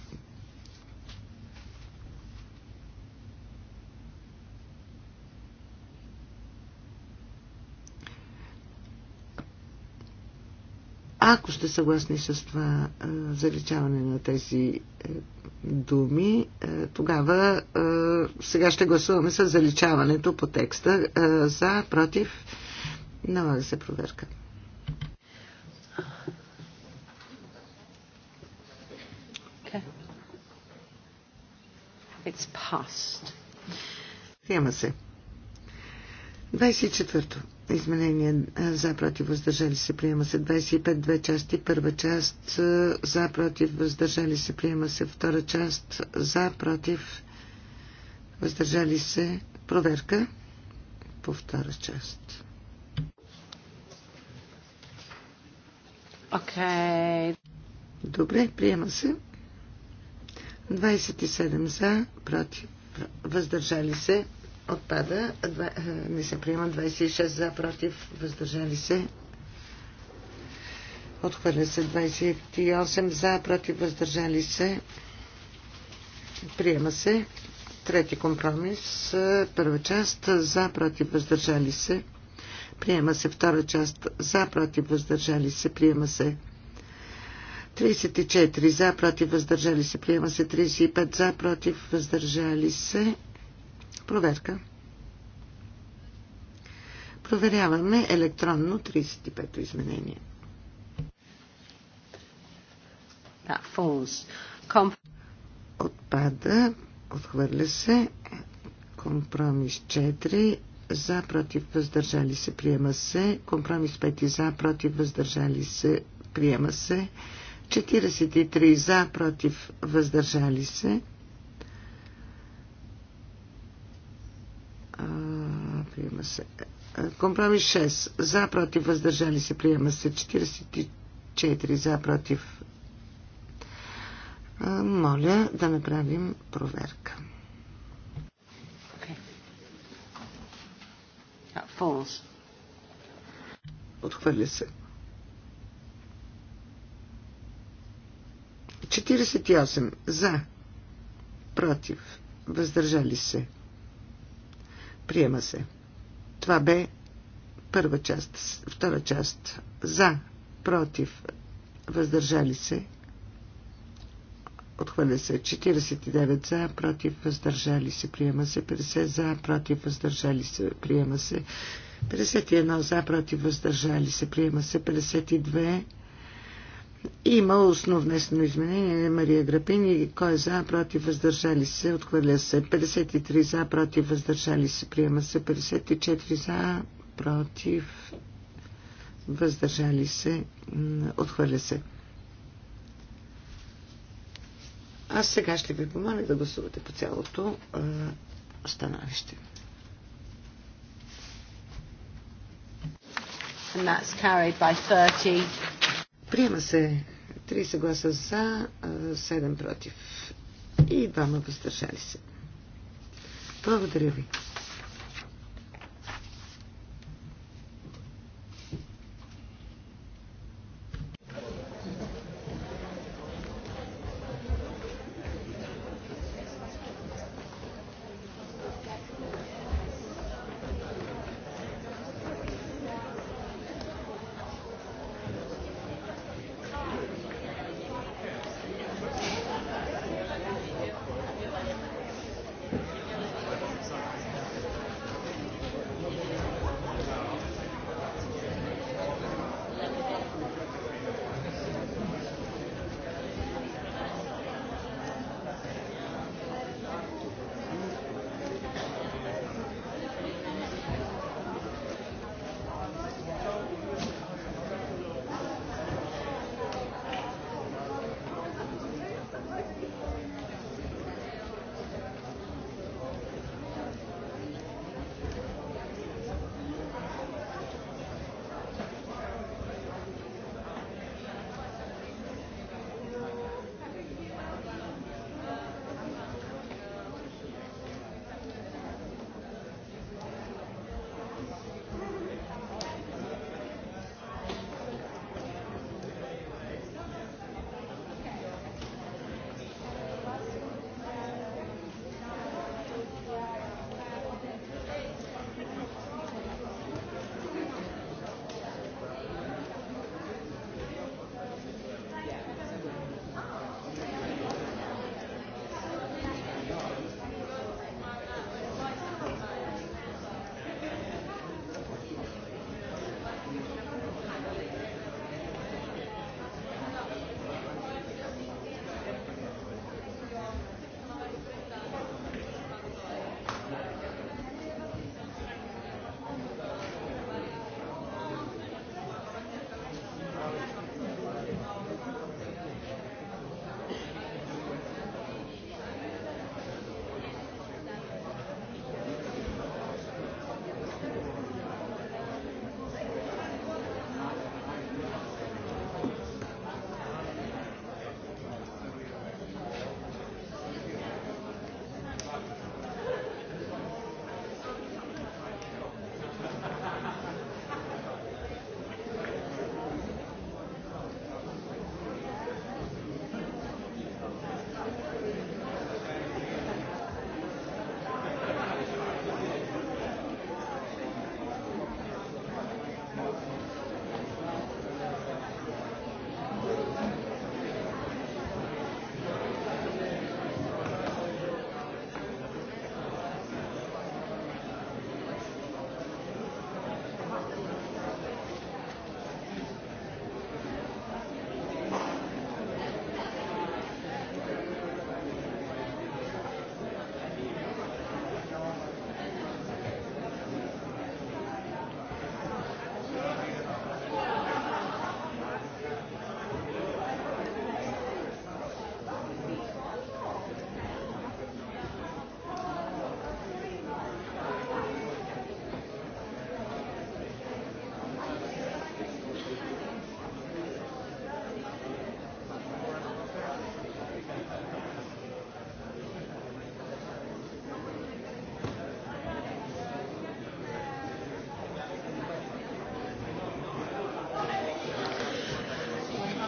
Ако сте съгласни с това а, е, заличаване на тези е, думи, тогава сега ще гласуваме с заличаването по текста за, против. Налага се проверка. It's past. Приема се. 24-то. Изменение за против въздържали се приема се 25 две части. Първа част за против въздържали се приема се. Втора част за против въздържали се. Проверка по втора част. Okay. Добре, приема се. 27 за, против, въздържали се, отпада. Е, не се приема 26 за, против, въздържали се. Отхвърля се 28 за, против, въздържали се. Приема се. Трети компромис. Първа част за, против, въздържали се. Приема се втора част за, против, въздържали се. Приема се 34 за, против, въздържали се. Приема се 35 за, против, въздържали се. Проверка. Проверяваме електронно 35-то изменение. Отпада, отхвърля се. Компромис 4 за, против, въздържали се, приема се. Компромис 5 за, против, въздържали се, приема се. 43 за, против, въздържали се. Приема се. Компромис 6. За, против, въздържали се. Приема се. 44 за, против. Моля да направим проверка. Отхвърля се. 48 за, против, въздържали се. Приема се. Това бе първа част. Втора част. За, против, въздържали се. Отхвърля се 49 за, против, въздържали се, приема се 50 за, против, въздържали се, приема се 51 за, против, въздържали се, приема се 52 има основно местно изменение на Мария Грапини. Кой е за, против, въздържали се, отхвърля се. 53 за, против, въздържали се, приема се. 54 за, против, въздържали се, отхвърля се. Аз сега ще ви помоля да гласувате по цялото е, становище. And that's carried by 30 Приема се 30 гласа за, 7 против и двама въздържали се. Благодаря ви.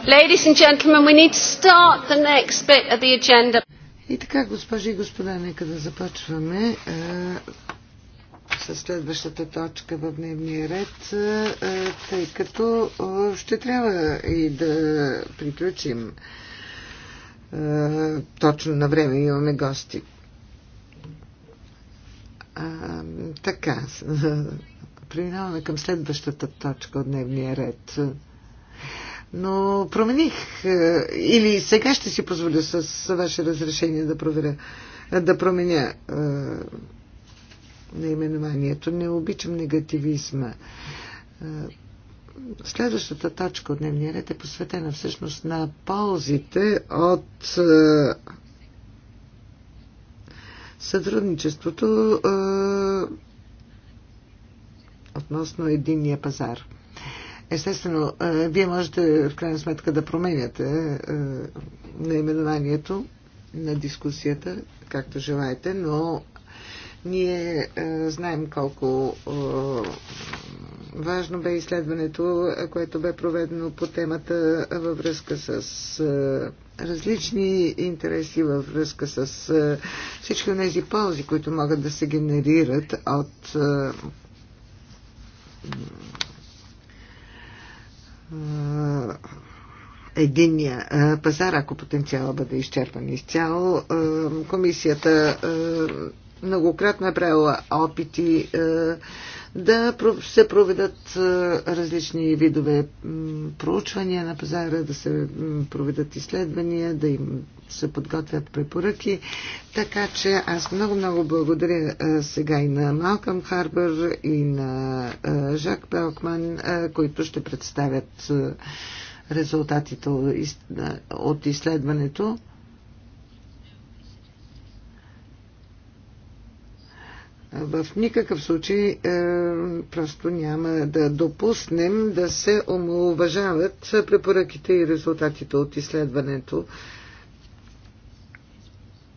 Ladies and gentlemen, we need to start the next bit of the agenda. И така, госпожи и господа, нека да започваме с следващата точка в дневния ред, тъй като ще трябва и да приключим точно на време. Имаме гости. А, така, преминаваме към следващата точка от дневния ред но промених е, или сега ще си позволя с ваше разрешение да проверя, е, да променя е, наименованието. Не обичам негативизма. Е, следващата точка от дневния ред е посветена всъщност на ползите от е, сътрудничеството е, относно единния пазар. Естествено, е, вие можете в крайна сметка да променяте е, наименованието на дискусията, както желаете, но ние е, знаем колко важно бе изследването, което бе проведено по темата във връзка с различни интереси, във връзка с всички от тези ползи, които могат да се генерират от е, единния е, пазар, ако потенциала бъде изчерпан изцяло. Е, комисията многократно е правила опити да се проведат различни видове проучвания на пазара, да се проведат изследвания, да им се подготвят препоръки. Така че аз много-много благодаря сега и на Малкам Харбър и на Жак Белкман, които ще представят резултатите от изследването. В никакъв случай е, просто няма да допуснем да се омалуважават препоръките и резултатите от изследването.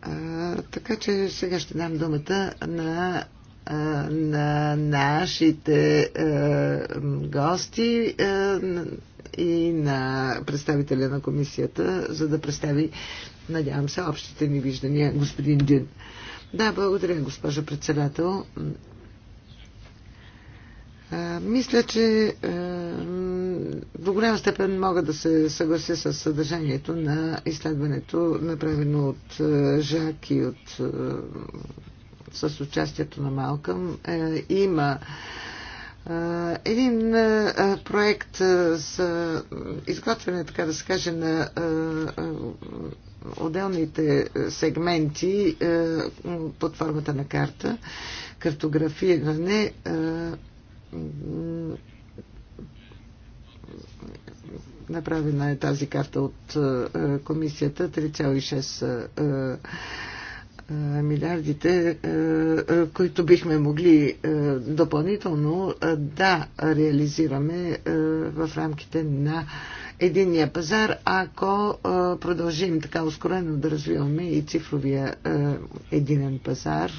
А, така че сега ще дам думата на, а, на нашите а, е, гости а, е, и на представителя на комисията, за да представи, надявам се, общите ни виждания, господин Дин. Да, благодаря, госпожо председател. Мисля, че до голяма степен мога да се съглася с съдържанието на изследването, направено от Жак и от, с участието на Малкъм. Е, има един проект за изготвяне, така да се каже, на отделните е, сегменти е, под формата на карта, картографиране, е, направена е тази карта от комисията 3,6 милиардите, които бихме могли допълнително да реализираме в рамките на единния пазар, ако продължим така ускорено да развиваме и цифровия единен пазар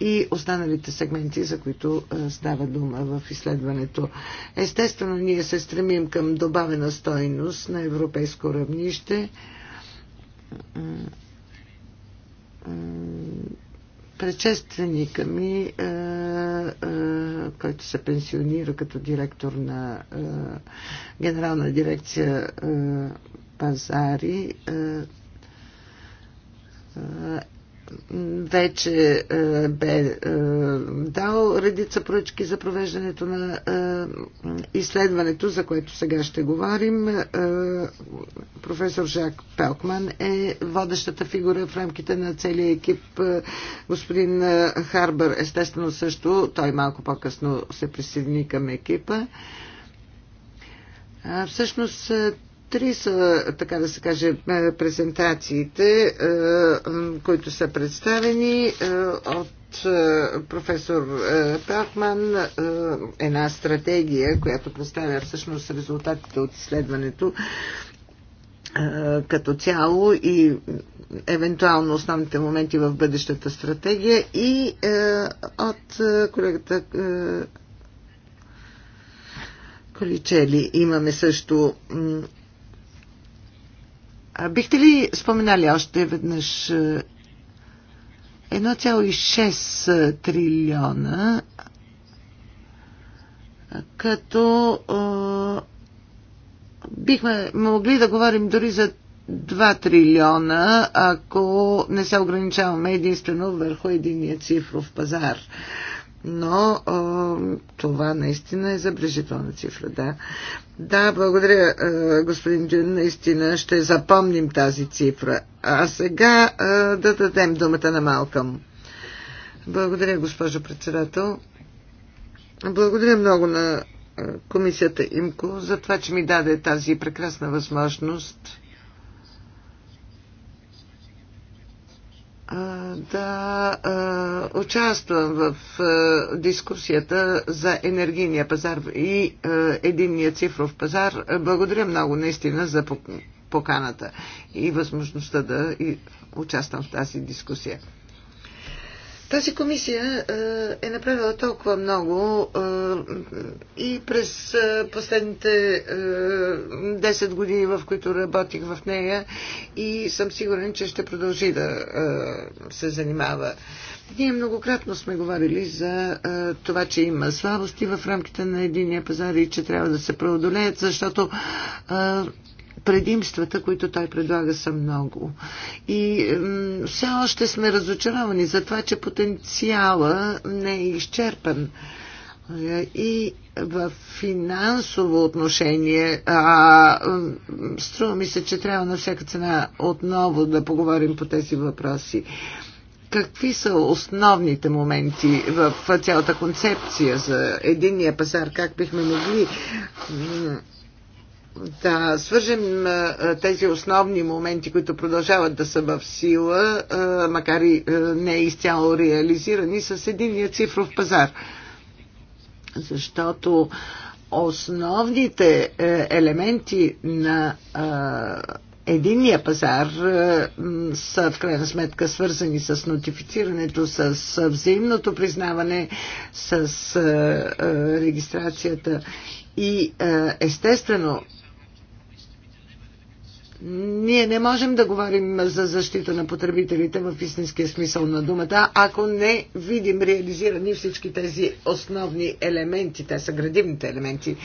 и останалите сегменти, за които става дума в изследването. Естествено, ние се стремим към добавена стойност на европейско равнище предшественика ми, е, е, който се пенсионира като директор на е, Генерална дирекция пазари, вече е, бе е, дал редица поръчки за провеждането на е, изследването, за което сега ще говорим. Професор Жак Пелкман е водещата фигура в рамките на целия екип. Господин Харбър, естествено също, той малко по-късно се присъедини към екипа. Всъщност Три са, така да се каже, е, презентациите, е, които са представени е, от професор Пелкман. Една стратегия, която представя всъщност резултатите от изследването като цяло и евентуално основните моменти в бъдещата стратегия и от колегата Количели имаме също Бихте ли споменали още веднъж 1,6 е, трилиона, като е, бихме могли да говорим дори за 2 трилиона, ако не се ограничаваме единствено върху единия цифров пазар но о, това наистина е забележителна цифра, да. Да, благодаря, господин Дюн, наистина ще запомним тази цифра. А сега да дадем думата на Малкам. Благодаря, госпожо председател. Благодаря много на комисията ИМКО за това, че ми даде тази прекрасна възможност да участвам в дискусията за енергийния пазар и единния цифров пазар. Благодаря много наистина за поканата и възможността да участвам в тази дискусия. Тази комисия е, е направила толкова много е, и през е, последните 10 години, в които работих в нея и съм сигурен, че ще продължи да се занимава. Ние многократно сме говорили за това, че има слабости в рамките на единия пазар и че трябва да се преодолеят, защото предимствата, които той предлага, са много. И все още сме разочаровани за това, че потенциала не е изчерпан. И в финансово отношение, а, струва ми се, че трябва на всяка цена отново да поговорим по тези въпроси. Какви са основните моменти в цялата концепция за единния пазар? Как бихме могли да свържем тези основни моменти, които продължават да са в сила, макар и не изцяло реализирани, с единия цифров пазар. Защото основните е, елементи на единия пазар са в крайна сметка свързани с нотифицирането, с взаимното признаване, с регистрацията и естествено ние не можем да говорим за защита на потребителите в истинския смисъл на думата, ако не видим реализирани всички тези основни елементи, те са градивните елементи.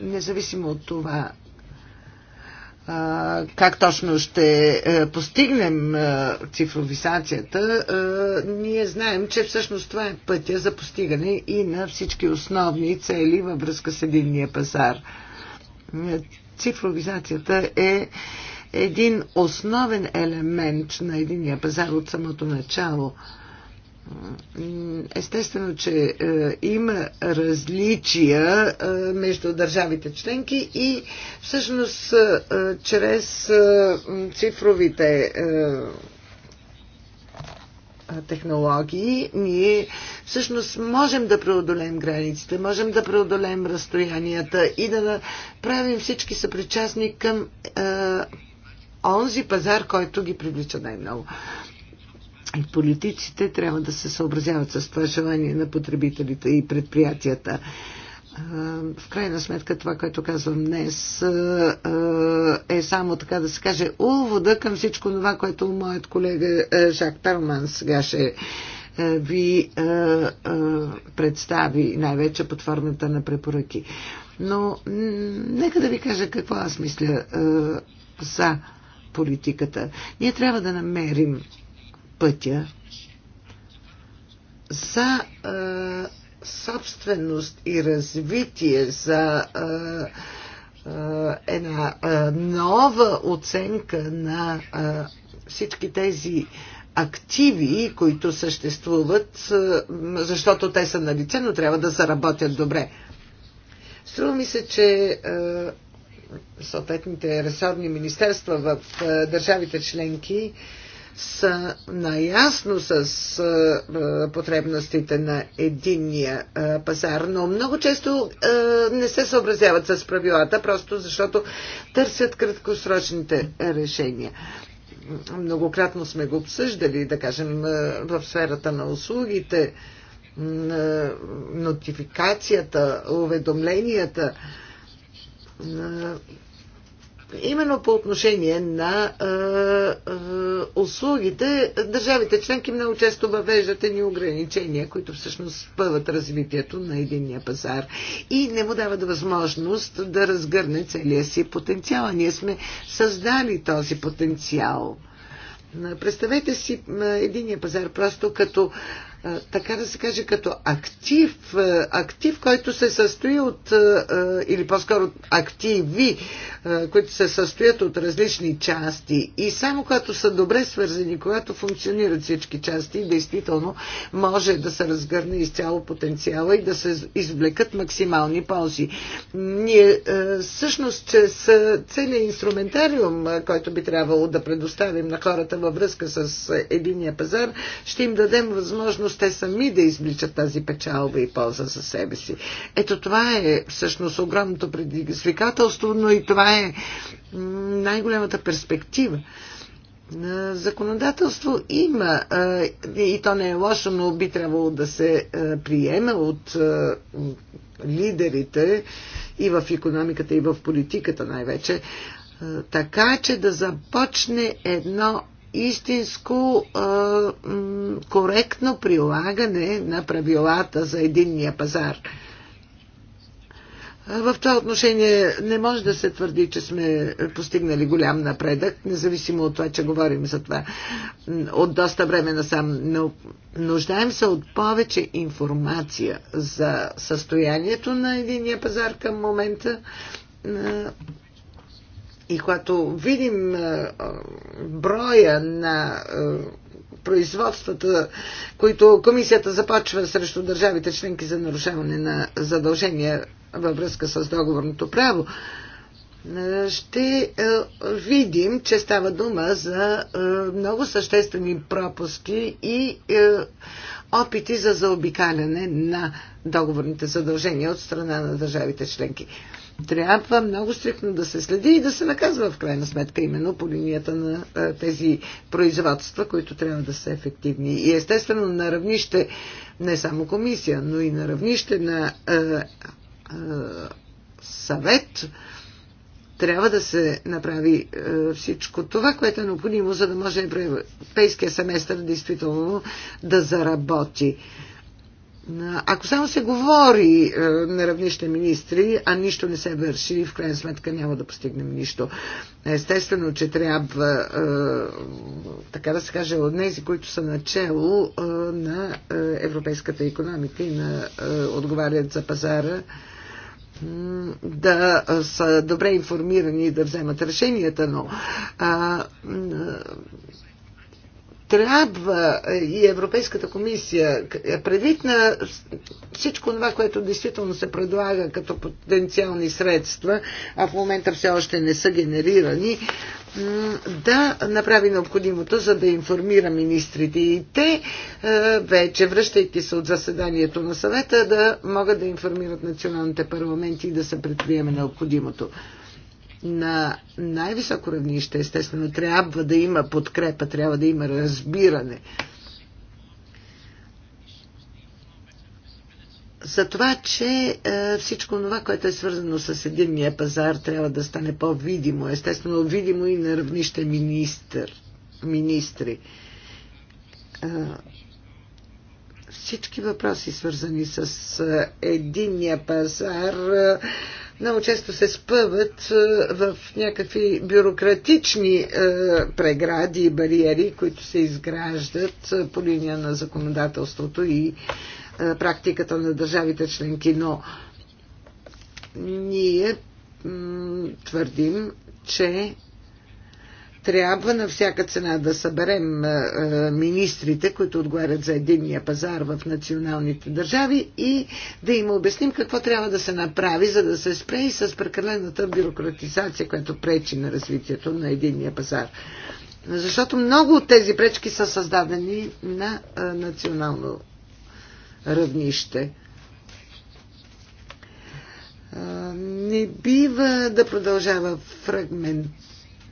Независимо от това, как точно ще постигнем цифровизацията, ние знаем, че всъщност това е пътя за постигане и на всички основни цели във връзка с единния пазар цифровизацията е един основен елемент на единия пазар от самото начало. Естествено, че е, има различия е, между държавите членки и всъщност е, чрез е, цифровите е, технологии, ние всъщност можем да преодолеем границите, можем да преодолеем разстоянията и да направим всички съпричастни към е, онзи пазар, който ги привлича най-много. И политиците трябва да се съобразяват с това желание на потребителите и предприятията. Е, в крайна сметка това, което казвам днес, е, е само така да се каже улвода към всичко това, което моят колега е, Жак Перлман сега ще ви представи, най-вече под формата на препоръки. Но нека да ви кажа какво аз мисля за политиката. Ние трябва да намерим пътя за собственост и развитие, за една нова оценка на всички тези активи, които съществуват, защото те са на лице, но трябва да заработят добре. Струва ми се, че съответните ресорни министерства в държавите членки са наясно с потребностите на единния пазар, но много често не се съобразяват с правилата, просто защото търсят краткосрочните решения. Многократно сме го обсъждали, да кажем, в сферата на услугите, нотификацията, уведомленията именно по отношение на а, а, услугите, държавите членки много често въвеждат едни ограничения, които всъщност спъват развитието на единния пазар и не му дават възможност да разгърне целия си потенциал. Ние сме създали този потенциал. Представете си единия пазар просто като така да се каже, като актив, актив, който се състои от, или по-скоро активи, които се състоят от различни части. И само когато са добре свързани, когато функционират всички части, действително може да се разгърне изцяло потенциала и да се извлекат максимални ползи. Ние всъщност чрез целият инструментариум, който би трябвало да предоставим на хората във връзка с единия пазар, ще им дадем възможност възможност те сами да извличат тази печалба и полза за себе си. Ето това е всъщност огромното предизвикателство, но и това е най-голямата перспектива. Законодателство има и то не е лошо, но би трябвало да се приема от лидерите и в економиката, и в политиката най-вече, така че да започне едно истинско м- коректно прилагане на правилата за единния пазар. В това отношение не може да се твърди, че сме постигнали голям напредък, независимо от това, че говорим за това от доста време насам. Но нуждаем се от повече информация за състоянието на единия пазар към момента и когато видим е, е, броя на е, производствата, които комисията започва срещу държавите членки за нарушаване на задължения във връзка с договорното право, ще видим, че става дума за много съществени пропуски и опити за заобикаляне на договорните задължения от страна на държавите членки трябва много стрикно да се следи и да се наказва в крайна сметка именно по линията на тези производства, които трябва да са ефективни. И естествено на равнище не само комисия, но и на равнище на е, е, съвет трябва да се направи е, всичко това, което е необходимо, за да може европейския семестър действително да заработи. Ако само се говори е, на равнище министри, а нищо не се върши, в крайна сметка няма да постигнем нищо. Естествено, че трябва, е, така да се каже, от тези, които са начало е, на европейската економика и на отговарят за пазара, да са добре информирани и да вземат решенията, но а, трябва е, и Европейската комисия, е, предвид на всичко това, което действително се предлага като потенциални средства, а в момента все още не са генерирани, да направи необходимото, за да информира министрите и те, е, вече връщайки се от заседанието на съвета, да могат да информират националните парламенти и да се предприеме необходимото на най-високо равнище, естествено, трябва да има подкрепа, трябва да има разбиране. За това, че е, всичко това, което е свързано с единния пазар, трябва да стане по-видимо. Естествено, видимо и на равнище министр, министри. Е, всички въпроси, свързани с е, единния пазар, е, много често се спъват е, в някакви бюрократични е, прегради и бариери, които се изграждат е, по линия на законодателството и практиката на държавите членки. Но ние твърдим, че трябва на всяка цена да съберем е, е, министрите, които отговарят за единния пазар в националните държави и да им обясним какво трябва да се направи, за да се спре и с прекалената бюрократизация, която пречи на развитието на единния пазар. Защото много от тези пречки са създадени на е, национално равнище не бива да продължава фрагмент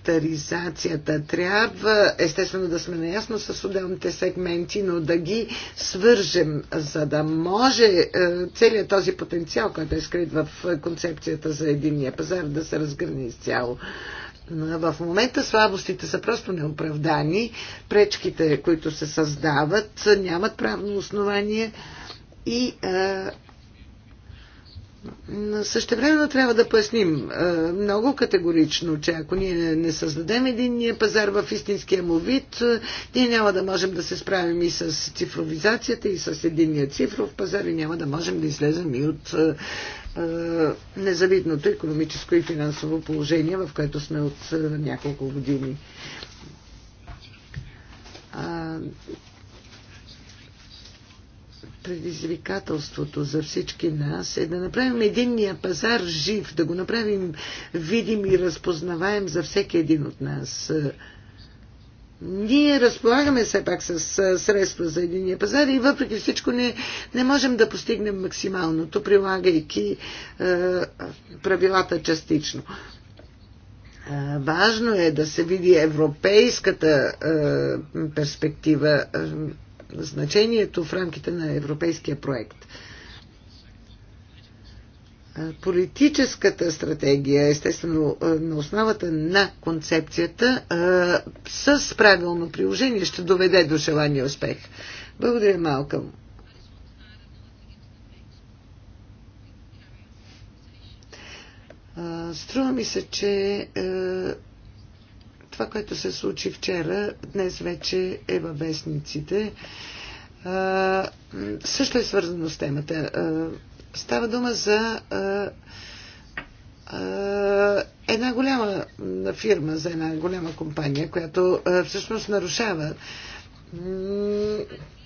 инвентаризацията. Трябва, естествено, да сме наясно с отделните сегменти, но да ги свържем, за да може е, целият този потенциал, който е скрит в концепцията за единния пазар, да се разгърне изцяло. В момента слабостите са просто неоправдани, пречките, които се създават, нямат правно основание и е, Същевременно трябва да поясним е, много категорично, че ако ние не създадем единния пазар в истинския му вид, е, ние няма да можем да се справим и с цифровизацията, и с единния цифров пазар, и няма да можем да излезем и от е, незавидното економическо и финансово положение, в което сме от няколко години предизвикателството за всички нас е да направим единния пазар жив, да го направим видим и разпознаваем за всеки един от нас. Ние разполагаме все пак с средства за единия пазар и въпреки всичко не, не можем да постигнем максималното, прилагайки е, правилата частично. Важно е да се види европейската е, перспектива, значението в рамките на европейския проект. Политическата стратегия, естествено, на основата на концепцията, с правилно приложение ще доведе до желания успех. Благодаря, Малкам. Струва ми се, че това, което се случи вчера, днес вече е във вестниците. А, също е свързано с темата. А, става дума за а, една голяма фирма, за една голяма компания, която всъщност нарушава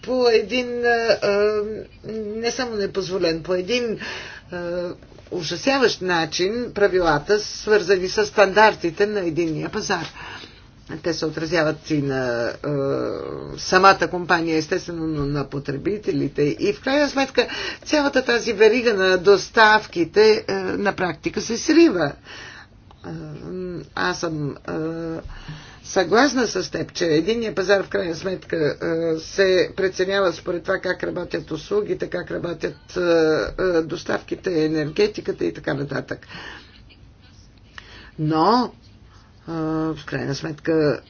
по един не само непозволен, по един е, ужасяващ начин правилата, свързани с стандартите на единния пазар. Те се отразяват и на е, самата компания, естествено, но на потребителите. И в крайна сметка цялата тази верига на доставките е, на практика се срива. Е, аз съм. Е, съгласна с теб, че единния пазар в крайна сметка е, се преценява според това как работят услугите, как работят е, е, доставките, енергетиката и така нататък. Но, в крайна сметка,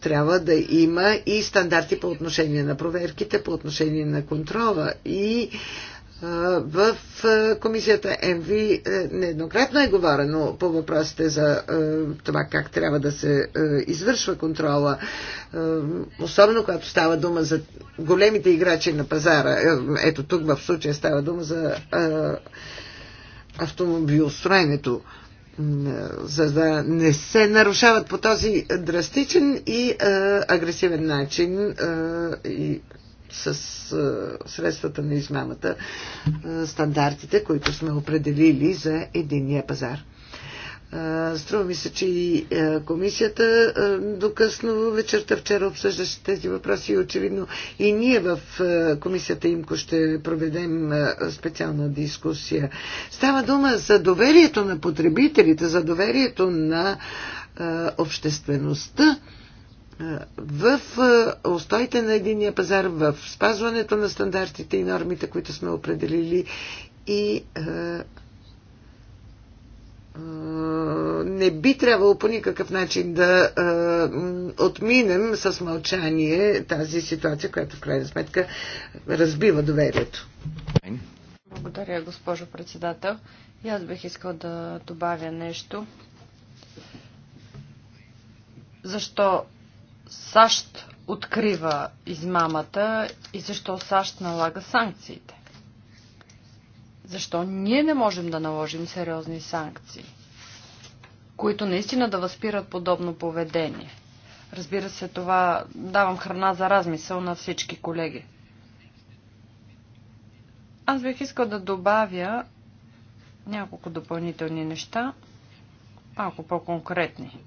трябва да има и стандарти по отношение на проверките, по отношение на контрола и в комисията МВ е, нееднократно е говорено по въпросите за е, това как трябва да се е, извършва контрола, особено когато става дума за големите играчи на пазара. Ето тук в случая става дума за автомобилостроенето за да не се нарушават по този драстичен и агресивен начин и с е, средствата на измамата е, стандартите, които сме определили за единния пазар. Е, струва ми се, че и комисията докъсно вечерта вчера обсъждаше тези въпроси и очевидно и ние в комисията имко ще проведем специална дискусия. Става дума за доверието на потребителите, за доверието на обществеността в устоите на единия пазар, в спазването на стандартите и нормите, които сме определили и не би трябвало по никакъв начин да отминем с мълчание тази ситуация, която в крайна сметка разбива доверието. Благодаря, госпожо председател. И аз бих искал да добавя нещо. Защо САЩ открива измамата и защо САЩ налага санкциите? Защо ние не можем да наложим сериозни санкции, които наистина да възпират подобно поведение? Разбира се, това давам храна за размисъл на всички колеги. Аз бих искал да добавя няколко допълнителни неща, малко по-конкретни.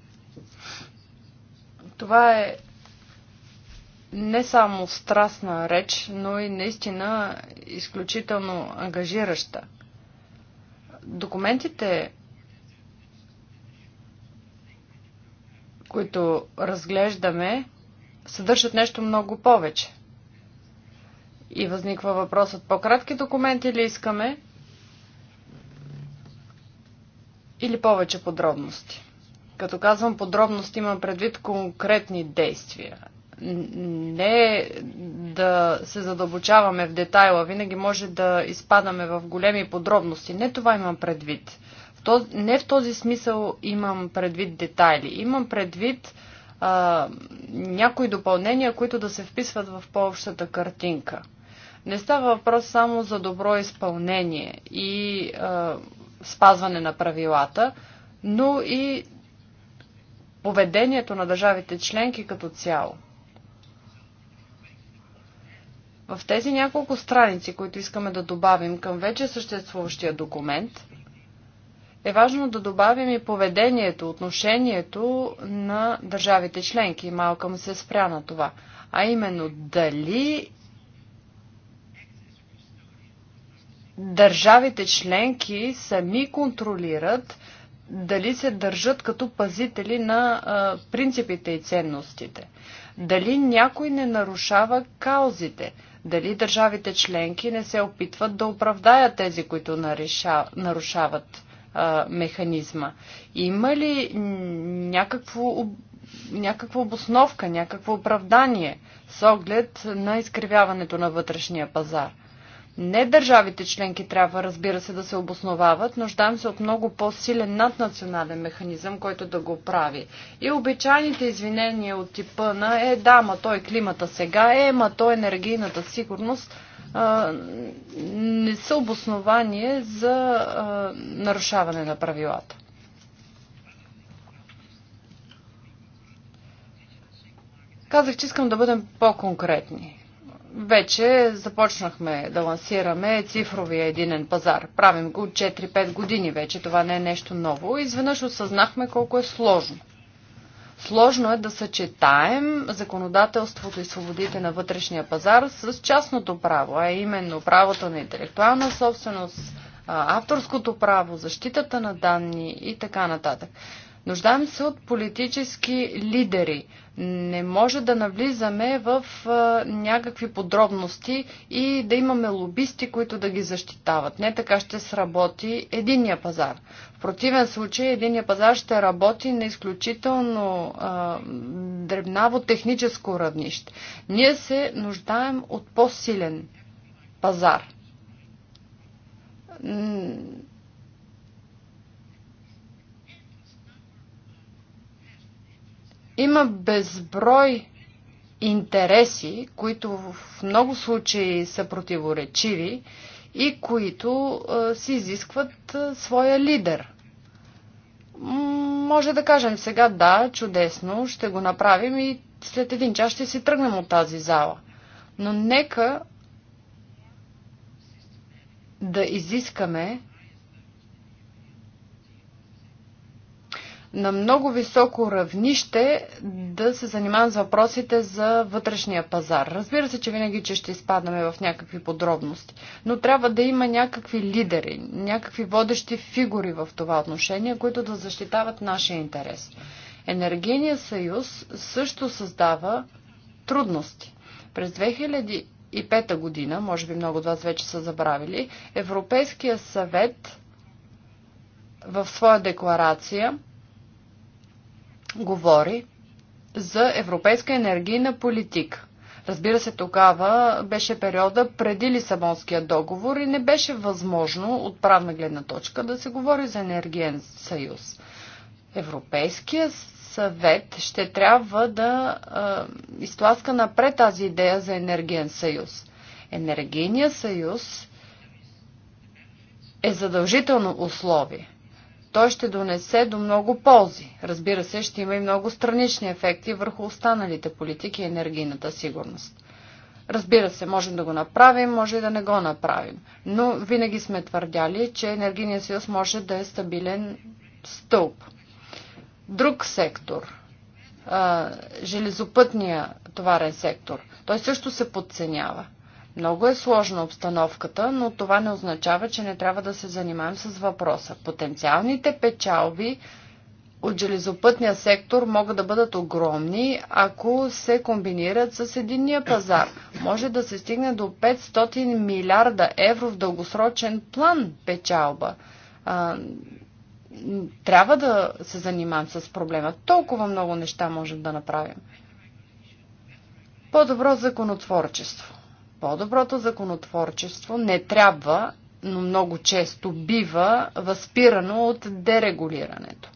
Това е не само страстна реч, но и наистина изключително ангажираща. Документите, които разглеждаме, съдържат нещо много повече. И възниква въпросът по-кратки документи ли искаме или повече подробности. Като казвам подробност, имам предвид конкретни действия. Не да се задълбочаваме в детайла, винаги може да изпадаме в големи подробности. Не това имам предвид. Не в този смисъл имам предвид детайли. Имам предвид а, някои допълнения, които да се вписват в по-общата картинка. Не става въпрос само за добро изпълнение и а, спазване на правилата, но и поведението на държавите членки като цяло. В тези няколко страници, които искаме да добавим към вече съществуващия документ, е важно да добавим и поведението, отношението на държавите членки. Малка му се спря на това. А именно дали държавите членки сами контролират дали се държат като пазители на а, принципите и ценностите, дали някой не нарушава каузите, дали държавите членки не се опитват да оправдаят тези, които нареша, нарушават а, механизма. Има ли някакво, някаква обосновка, някакво оправдание с оглед на изкривяването на вътрешния пазар? Не държавите членки трябва, разбира се, да се обосновават. Нуждаем се от много по-силен наднационален механизъм, който да го прави. И обичайните извинения от типа на е, да, ма той климата сега е, ма той енергийната сигурност а, не са обоснование за а, нарушаване на правилата. Казах, че искам да бъдем по-конкретни вече започнахме да лансираме цифровия единен пазар. Правим го 4-5 години вече, това не е нещо ново. Изведнъж осъзнахме колко е сложно. Сложно е да съчетаем законодателството и свободите на вътрешния пазар с частното право, а именно правото на интелектуална собственост, авторското право, защитата на данни и така нататък. Нуждаем се от политически лидери. Не може да навлизаме в някакви подробности и да имаме лобисти, които да ги защитават. Не така ще сработи единия пазар. В противен случай единия пазар ще работи на изключително а, дребнаво техническо равнище. Ние се нуждаем от по-силен пазар Има безброй интереси, които в много случаи са противоречиви и които а, си изискват а, своя лидер. Може да кажем сега да, чудесно, ще го направим и след един час ще си тръгнем от тази зала. Но нека да изискаме на много високо равнище да се занимавам с въпросите за вътрешния пазар. Разбира се, че винаги че ще изпадаме в някакви подробности, но трябва да има някакви лидери, някакви водещи фигури в това отношение, които да защитават нашия интерес. Енергийният съюз също създава трудности. през 2005 година, може би много от вас вече са забравили, Европейския съвет в своя декларация говори за европейска енергийна политика. Разбира се, тогава беше периода преди Лисабонския договор и не беше възможно от правна гледна точка да се говори за енергиен съюз. Европейския съвет ще трябва да а, изтласка напред тази идея за енергиен съюз. Енергийният съюз е задължително условие. Той ще донесе до много ползи. Разбира се, ще има и много странични ефекти върху останалите политики и енергийната сигурност. Разбира се, можем да го направим, може и да не го направим. Но винаги сме твърдяли, че енергийният съюз може да е стабилен стълб. Друг сектор, железопътния товарен сектор, той също се подценява. Много е сложна обстановката, но това не означава, че не трябва да се занимаем с въпроса. Потенциалните печалби от железопътния сектор могат да бъдат огромни, ако се комбинират с единния пазар. Може да се стигне до 500 милиарда евро в дългосрочен план печалба. А, трябва да се занимаем с проблема. Толкова много неща можем да направим. По-добро законотворчество. По-доброто законотворчество не трябва, но много често бива възпирано от дерегулирането.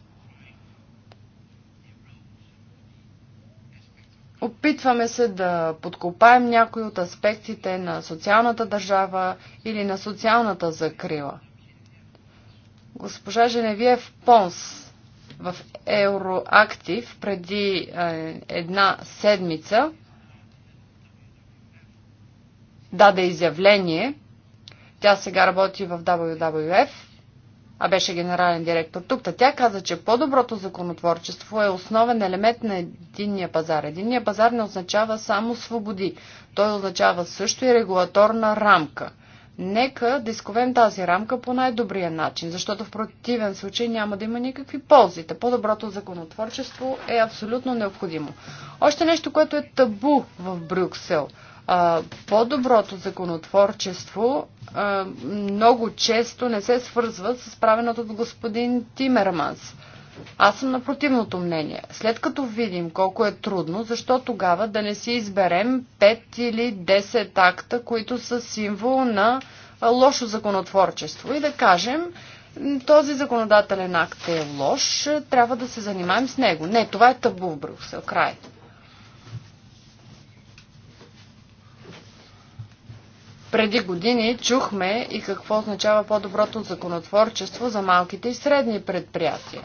Опитваме се да подкопаем някои от аспектите на социалната държава или на социалната закрила. Госпожа Женевиев Понс в Евроактив преди е, една седмица даде изявление. Тя сега работи в WWF, а беше генерален директор тук. Та тя каза, че по-доброто законотворчество е основен елемент на единния пазар. Единния пазар не означава само свободи. Той означава също и регулаторна рамка. Нека да изковем тази рамка по най-добрия начин, защото в противен случай няма да има никакви ползи. По-доброто законотворчество е абсолютно необходимо. Още нещо, което е табу в Брюксел – по-доброто законотворчество много често не се свързва с правеното от господин Тимерманс. Аз съм на противното мнение. След като видим колко е трудно, защо тогава да не си изберем 5 или 10 акта, които са символ на лошо законотворчество и да кажем, този законодателен акт е лош, трябва да се занимаем с него. Не, това е табу в Брюксел. Край. Преди години чухме и какво означава по-доброто законотворчество за малките и средни предприятия.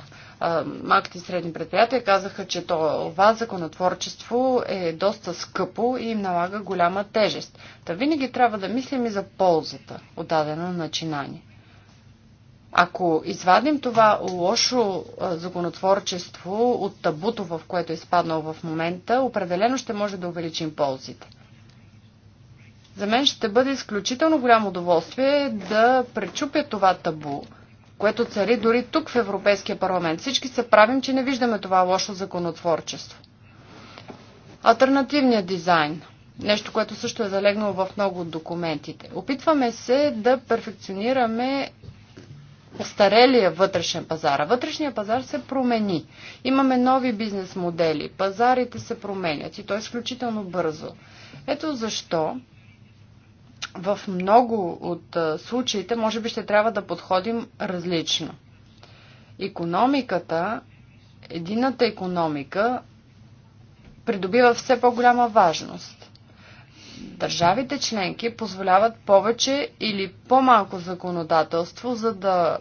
Малките и средни предприятия казаха, че това законотворчество е доста скъпо и им налага голяма тежест. Та винаги трябва да мислим и за ползата от дадено начинание. Ако извадим това лошо законотворчество от табуто, в което е изпаднал в момента, определено ще може да увеличим ползите. За мен ще бъде изключително голямо удоволствие да пречупя това табу, което цари дори тук в Европейския парламент. Всички се правим, че не виждаме това лошо законотворчество. Альтернативният дизайн. Нещо, което също е залегнало в много от документите. Опитваме се да перфекционираме остарелия вътрешен пазар. вътрешния пазар се промени. Имаме нови бизнес модели. Пазарите се променят и то е изключително бързо. Ето защо в много от случаите може би ще трябва да подходим различно. Економиката, едината економика придобива все по-голяма важност. Държавите членки позволяват повече или по-малко законодателство, за да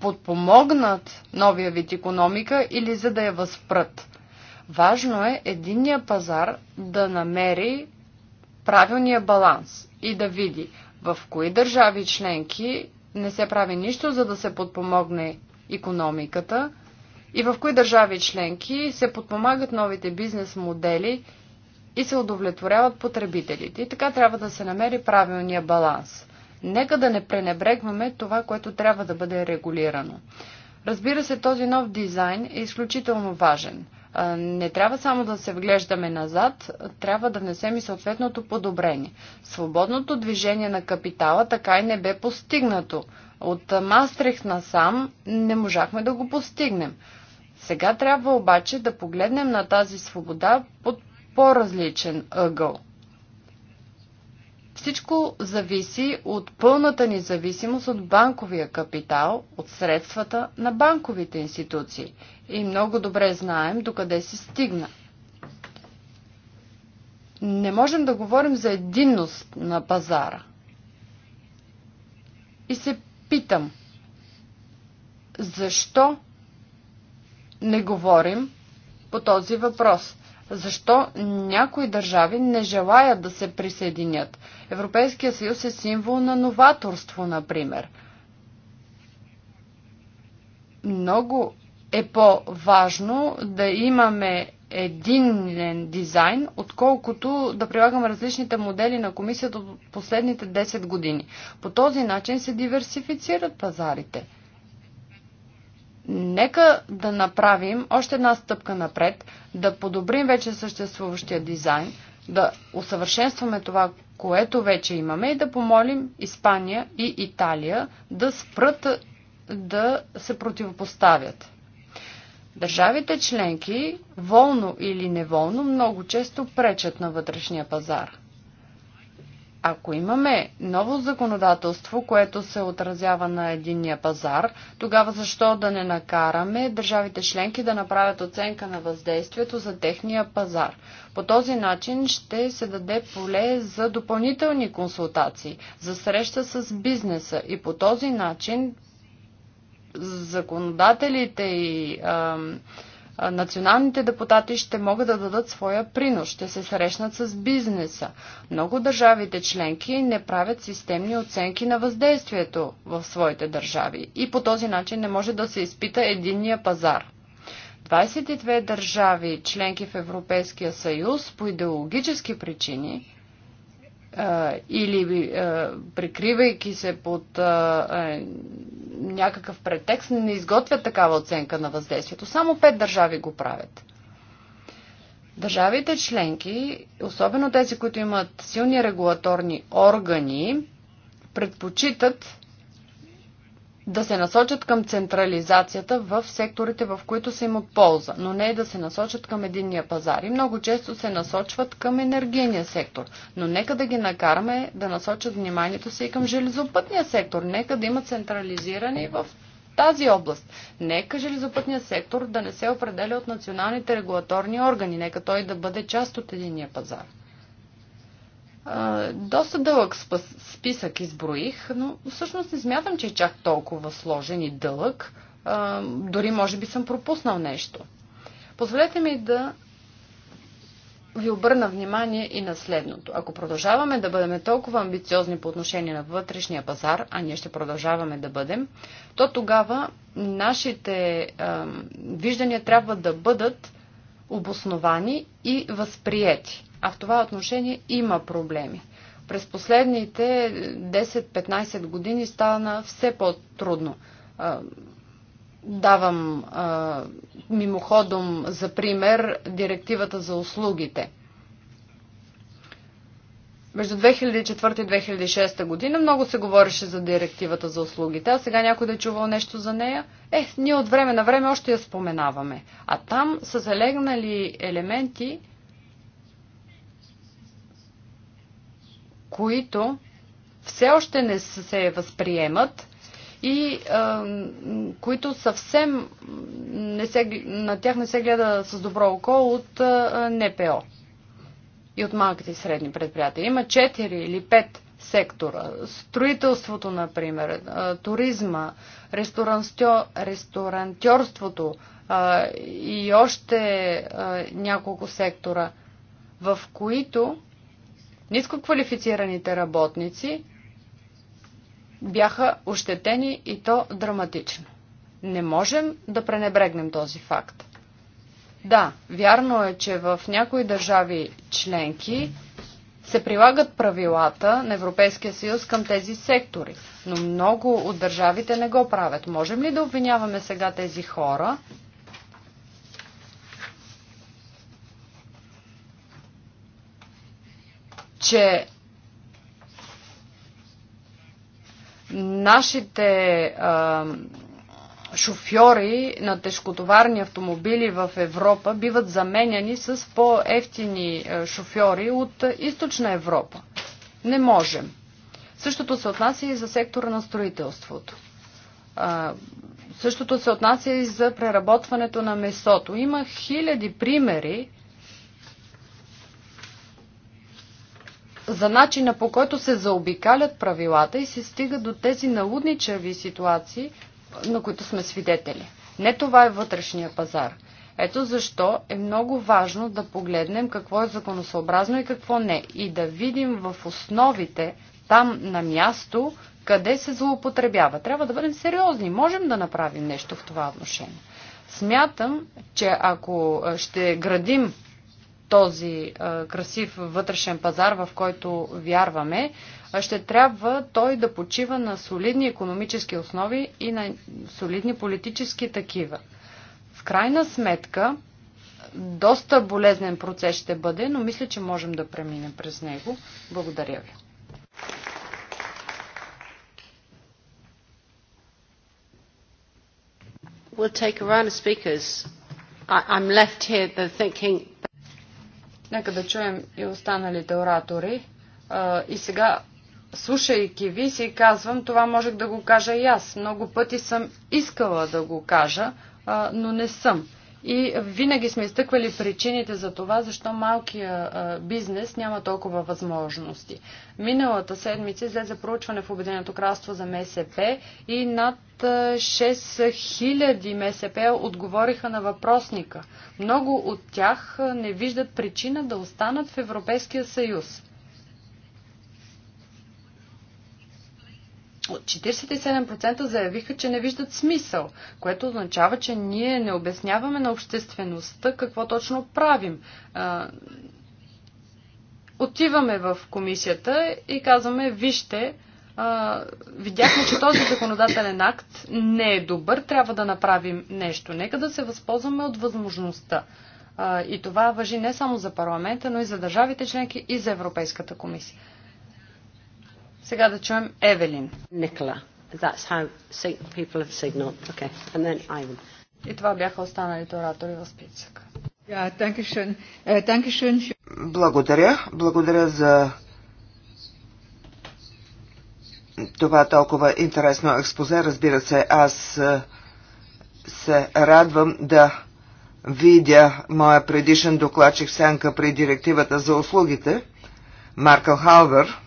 подпомогнат новия вид економика или за да я възпрат. Важно е единния пазар да намери правилния баланс и да види в кои държави членки не се прави нищо, за да се подпомогне економиката и в кои държави членки се подпомагат новите бизнес модели и се удовлетворяват потребителите. И така трябва да се намери правилния баланс. Нека да не пренебрегваме това, което трябва да бъде регулирано. Разбира се, този нов дизайн е изключително важен – не трябва само да се вглеждаме назад, трябва да внесем и съответното подобрение. Свободното движение на капитала така и не бе постигнато. От Мастрих насам не можахме да го постигнем. Сега трябва обаче да погледнем на тази свобода под по-различен ъгъл – всичко зависи от пълната ни зависимост от банковия капитал, от средствата на банковите институции. И много добре знаем докъде се стигна. Не можем да говорим за единност на пазара. И се питам, защо не говорим по този въпрос? защо някои държави не желаят да се присъединят. Европейския съюз е символ на новаторство, например. Много е по-важно да имаме единен дизайн, отколкото да прилагаме различните модели на комисията от последните 10 години. По този начин се диверсифицират пазарите – Нека да направим още една стъпка напред, да подобрим вече съществуващия дизайн, да усъвършенстваме това, което вече имаме и да помолим Испания и Италия да спрат да се противопоставят. Държавите членки, волно или неволно, много често пречат на вътрешния пазар. Ако имаме ново законодателство, което се отразява на единния пазар, тогава защо да не накараме държавите членки да направят оценка на въздействието за техния пазар? По този начин ще се даде поле за допълнителни консултации, за среща с бизнеса и по този начин законодателите и ам, националните депутати ще могат да дадат своя принос, ще се срещнат с бизнеса. Много държавите членки не правят системни оценки на въздействието в своите държави и по този начин не може да се изпита единния пазар. 22 държави членки в Европейския съюз по идеологически причини или прикривайки се под някакъв претекст, не изготвят такава оценка на въздействието. Само пет държави го правят. Държавите членки, особено тези, които имат силни регулаторни органи, предпочитат да се насочат към централизацията в секторите, в които са им от полза, но не и да се насочат към единния пазар. И много често се насочват към енергийния сектор. Но нека да ги накараме да насочат вниманието си и към железопътния сектор. Нека да има централизиране в тази област. Нека железопътният сектор да не се определя от националните регулаторни органи. Нека той да бъде част от единния пазар доста дълъг списък изброих, но всъщност не смятам, че е чак толкова сложен и дълъг. Дори може би съм пропуснал нещо. Позволете ми да ви обърна внимание и на следното. Ако продължаваме да бъдем толкова амбициозни по отношение на вътрешния пазар, а ние ще продължаваме да бъдем, то тогава нашите а, виждания трябва да бъдат обосновани и възприяти. А в това отношение има проблеми. През последните 10-15 години стана все по-трудно. Давам мимоходом за пример директивата за услугите – между 2004 и 2006 година много се говореше за директивата за услугите, а сега някой да е чувал нещо за нея. Е, ние от време на време още я споменаваме. А там са залегнали елементи, които все още не се възприемат и а, които съвсем не се, на тях не се гледа с добро око от а, НПО и от малките и средни предприятия. Има 4 или 5 сектора. Строителството, например, туризма, ресторантьорството и още няколко сектора, в които Ниско квалифицираните работници бяха ощетени и то драматично. Не можем да пренебрегнем този факт. Да, вярно е, че в някои държави членки се прилагат правилата на Европейския съюз към тези сектори, но много от държавите не го правят. Можем ли да обвиняваме сега тези хора, че нашите а, шофьори на тежкотоварни автомобили в Европа биват заменяни с по-ефтини шофьори от източна Европа. Не можем. Същото се отнася и за сектора на строителството. А, същото се отнася и за преработването на месото. Има хиляди примери за начина по който се заобикалят правилата и се стига до тези налудничави ситуации, на които сме свидетели. Не това е вътрешния пазар. Ето защо е много важно да погледнем какво е законосъобразно и какво не и да видим в основите, там на място, къде се злоупотребява. Трябва да бъдем сериозни. Можем да направим нещо в това отношение. Смятам, че ако ще градим този красив вътрешен пазар, в който вярваме, ще трябва той да почива на солидни економически основи и на солидни политически такива. В крайна сметка, доста болезнен процес ще бъде, но мисля, че можем да преминем през него. Благодаря ви. We'll take a round of speakers. I, I'm left here thinking Нека да чуем и останалите оратори. И сега, слушайки ви, си казвам, това можех да го кажа и аз. Много пъти съм искала да го кажа, но не съм. И винаги сме изтъквали причините за това, защо малкия бизнес няма толкова възможности. Миналата седмица излезе проучване в Обединеното кралство за МСП и над 6000 МСП отговориха на въпросника. Много от тях не виждат причина да останат в Европейския съюз. 47% заявиха, че не виждат смисъл, което означава, че ние не обясняваме на обществеността какво точно правим. Отиваме в комисията и казваме, вижте, видяхме, че този законодателен акт не е добър, трябва да направим нещо. Нека да се възползваме от възможността. И това въжи не само за парламента, но и за държавите членки и за Европейската комисия. Сега да чуем Евелин. Никола. That's how people have signaled. Okay. And then Ivan. И това бяха останалите оратори в списък. Yeah, uh, Благодаря. Благодаря за това толкова интересно експозе. Разбира се, аз е, се радвам да видя моя предишен докладчик сянка при директивата за услугите, Маркъл Халвер.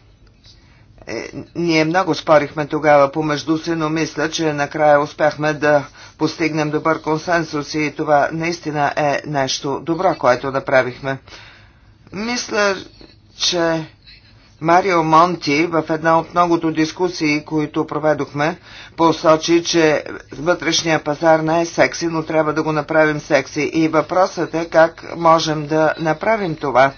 Е, ние много спорихме тогава помежду си, но мисля, че накрая успяхме да постигнем добър консенсус и това наистина е нещо добро, което направихме. Мисля, че Марио Монти в една от многото дискусии, които проведохме, посочи, че вътрешния пазар не е секси, но трябва да го направим секси. И въпросът е как можем да направим това.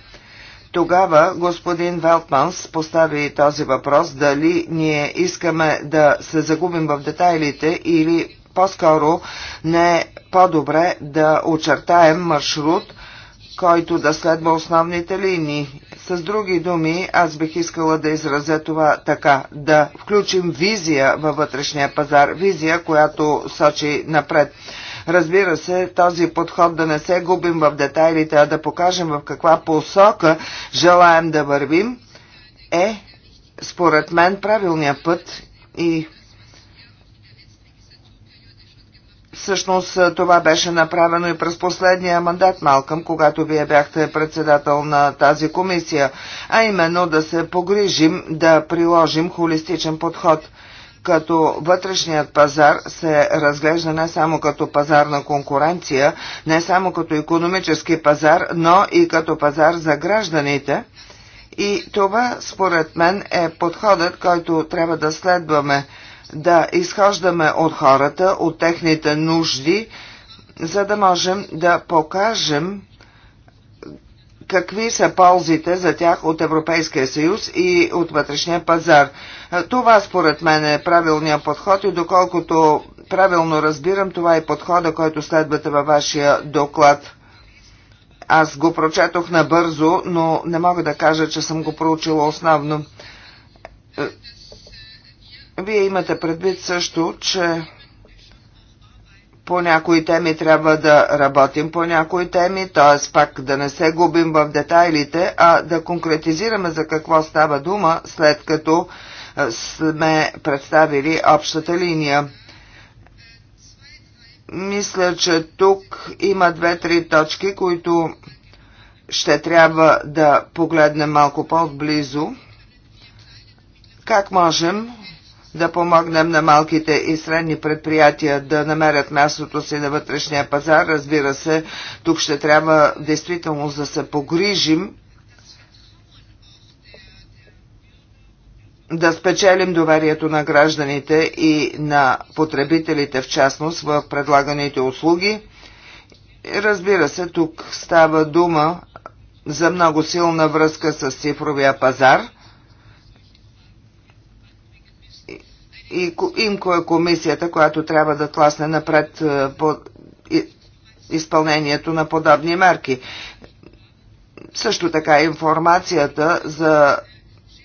Тогава господин Велтманс постави този въпрос дали ние искаме да се загубим в детайлите или по-скоро не е по-добре да очертаем маршрут, който да следва основните линии. С други думи, аз бих искала да изразя това така, да включим визия във вътрешния пазар, визия, която сочи напред. Разбира се, този подход да не се губим в детайлите, а да покажем в каква посока желаем да вървим, е според мен правилният път и Всъщност това беше направено и през последния мандат, Малкъм, когато вие бяхте председател на тази комисия, а именно да се погрижим да приложим холистичен подход – като вътрешният пазар се разглежда не само като пазар на конкуренция, не само като економически пазар, но и като пазар за гражданите. И това, според мен, е подходът, който трябва да следваме, да изхождаме от хората, от техните нужди, за да можем да покажем какви са ползите за тях от Европейския съюз и от вътрешния пазар. Това според мен е правилният подход и доколкото правилно разбирам, това е подхода, който следвате във вашия доклад. Аз го прочетох набързо, но не мога да кажа, че съм го проучила основно. Е, вие имате предвид също, че по някои теми трябва да работим по някои теми, т.е. пак да не се губим в детайлите, а да конкретизираме за какво става дума, след като сме представили общата линия. Мисля, че тук има две-три точки, които ще трябва да погледнем малко по-близо. Как можем да помогнем на малките и средни предприятия да намерят мястото си на вътрешния пазар. Разбира се, тук ще трябва действително да се погрижим да спечелим доверието на гражданите и на потребителите в частност в предлаганите услуги. Разбира се, тук става дума за много силна връзка с цифровия пазар – И имко е комисията, която трябва да тласне напред е, по изпълнението на подобни мерки. Също така информацията за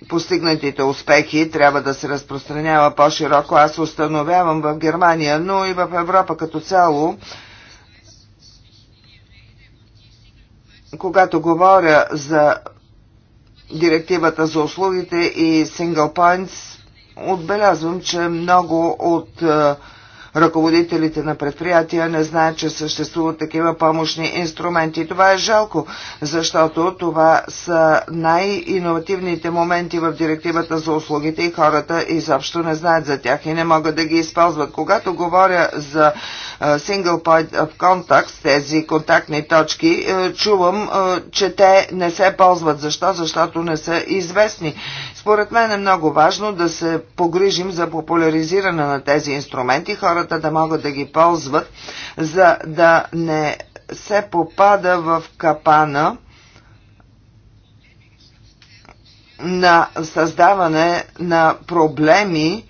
постигнатите успехи трябва да се разпространява по-широко. Аз установявам в Германия, но и в Европа като цяло, когато говоря за директивата за услугите и Single Points, отбелязвам, че много от е, ръководителите на предприятия не знаят, че съществуват такива помощни инструменти. Това е жалко, защото това са най-инновативните моменти в директивата за услугите и хората изобщо не знаят за тях и не могат да ги използват. Когато говоря за Single Point of Contact, тези контактни точки, е, чувам, е, че те не се ползват. Защо? Защото не са известни. Според мен е много важно да се погрижим за популяризиране на тези инструменти. Хората хората да могат да ги ползват, за да не се попада в капана на създаване на проблеми,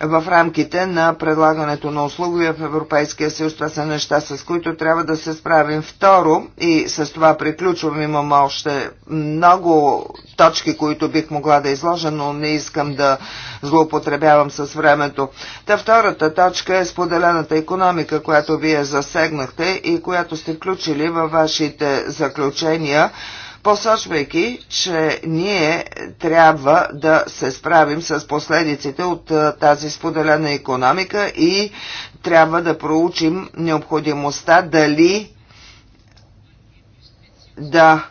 в рамките на предлагането на услуги в Европейския съюз. Това са неща, с които трябва да се справим. Второ, и с това приключвам, имам още много точки, които бих могла да изложа, но не искам да злоупотребявам с времето. Та втората точка е споделената економика, която вие засегнахте и която сте включили във вашите заключения посочвайки, че ние трябва да се справим с последиците от тази споделена економика и трябва да проучим необходимостта дали да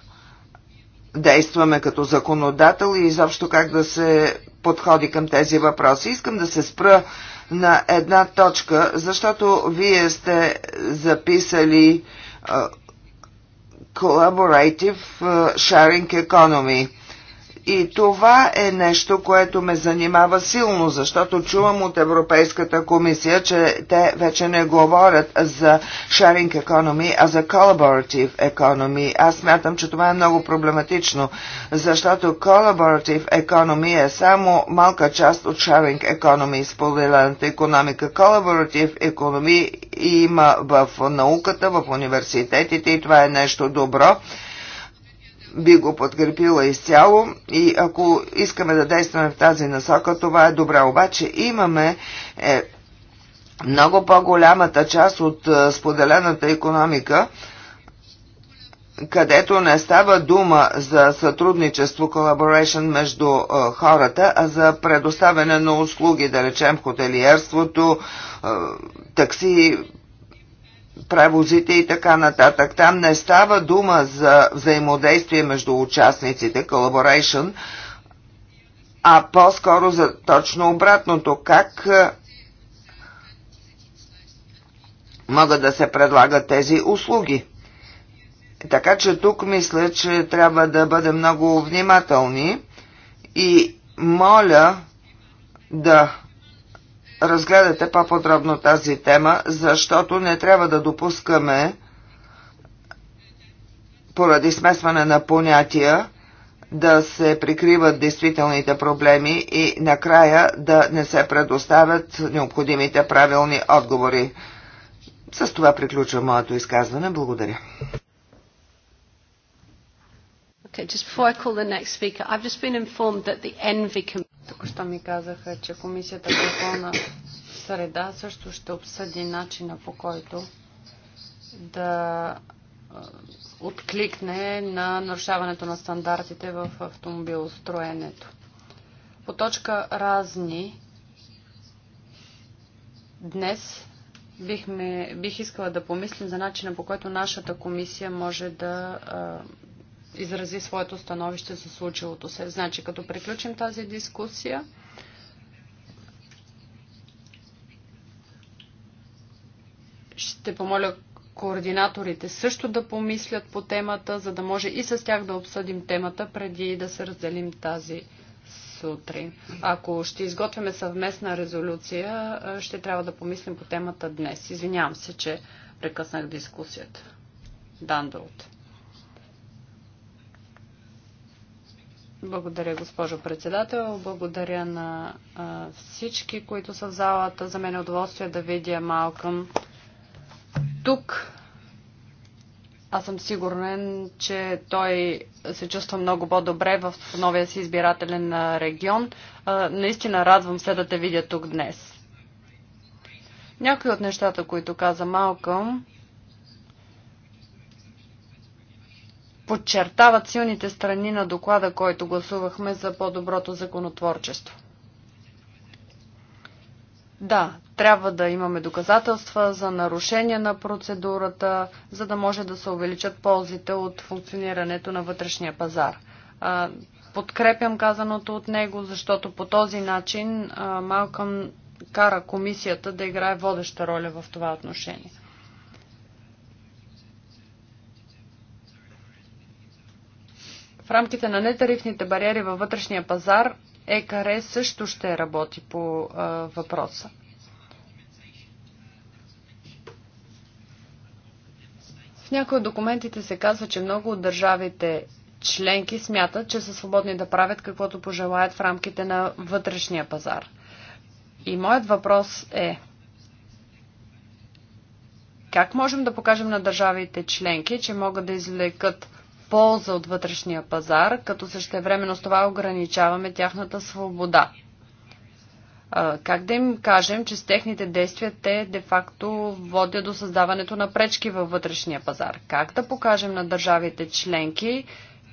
действаме като законодател и изобщо как да се подходи към тези въпроси. Искам да се спра на една точка, защото вие сте записали Collaborative Sharing Economy. И това е нещо, което ме занимава силно, защото чувам от Европейската комисия, че те вече не говорят за sharing economy, а за collaborative economy. Аз смятам, че това е много проблематично, защото collaborative economy е само малка част от sharing economy, споделената економика. Collaborative economy има в науката, в университетите и това е нещо добро би го подкрепила изцяло и ако искаме да действаме в тази насока, това е добре. Обаче имаме е, много по-голямата част от е, споделената економика, където не става дума за сътрудничество, collaboration между е, хората, а за предоставяне на услуги, да речем хотелиерството, е, такси, превозите и така нататък. Там не става дума за взаимодействие между участниците, collaboration, а по-скоро за точно обратното. Как могат да се предлагат тези услуги? Така че тук мисля, че трябва да бъдем много внимателни и моля да разгледате по-подробно тази тема, защото не трябва да допускаме поради смесване на понятия да се прикриват действителните проблеми и накрая да не се предоставят необходимите правилни отговори. С това приключвам моето изказване. Благодаря. Okay, just before I call the next speaker, I've just been informed that the Envy Току-що ми казаха, че Комисията по околна среда също ще обсъди начина по който да откликне на нарушаването на стандартите в автомобилостроенето. По точка разни днес бихме, бих искала да помислим за начина по който нашата комисия може да изрази своето становище за случилото се. Значи, като приключим тази дискусия, ще помоля координаторите също да помислят по темата, за да може и с тях да обсъдим темата преди да се разделим тази сутрин. Ако ще изготвяме съвместна резолюция, ще трябва да помислим по темата днес. Извинявам се, че прекъснах дискусията. Дандалт. Благодаря, госпожо председател. Благодаря на а, всички, които са в залата. За мен е удоволствие да видя Малкъм тук. Аз съм сигурен, че той се чувства много по-добре в новия си избирателен регион. А, наистина радвам се да те видя тук днес. Някои от нещата, които каза Малкъм, подчертават силните страни на доклада, който гласувахме за по-доброто законотворчество. Да, трябва да имаме доказателства за нарушение на процедурата, за да може да се увеличат ползите от функционирането на вътрешния пазар. Подкрепям казаното от него, защото по този начин Малкъм кара комисията да играе водеща роля в това отношение. В рамките на нетарифните бариери във вътрешния пазар ЕКР също ще работи по а, въпроса. В някои от документите се казва, че много от държавите членки смятат, че са свободни да правят каквото пожелаят в рамките на вътрешния пазар. И моят въпрос е, как можем да покажем на държавите членки, че могат да извлекат полза от вътрешния пазар, като същевременно с това ограничаваме тяхната свобода. Как да им кажем, че с техните действия те де-факто водят до създаването на пречки във вътрешния пазар? Как да покажем на държавите членки,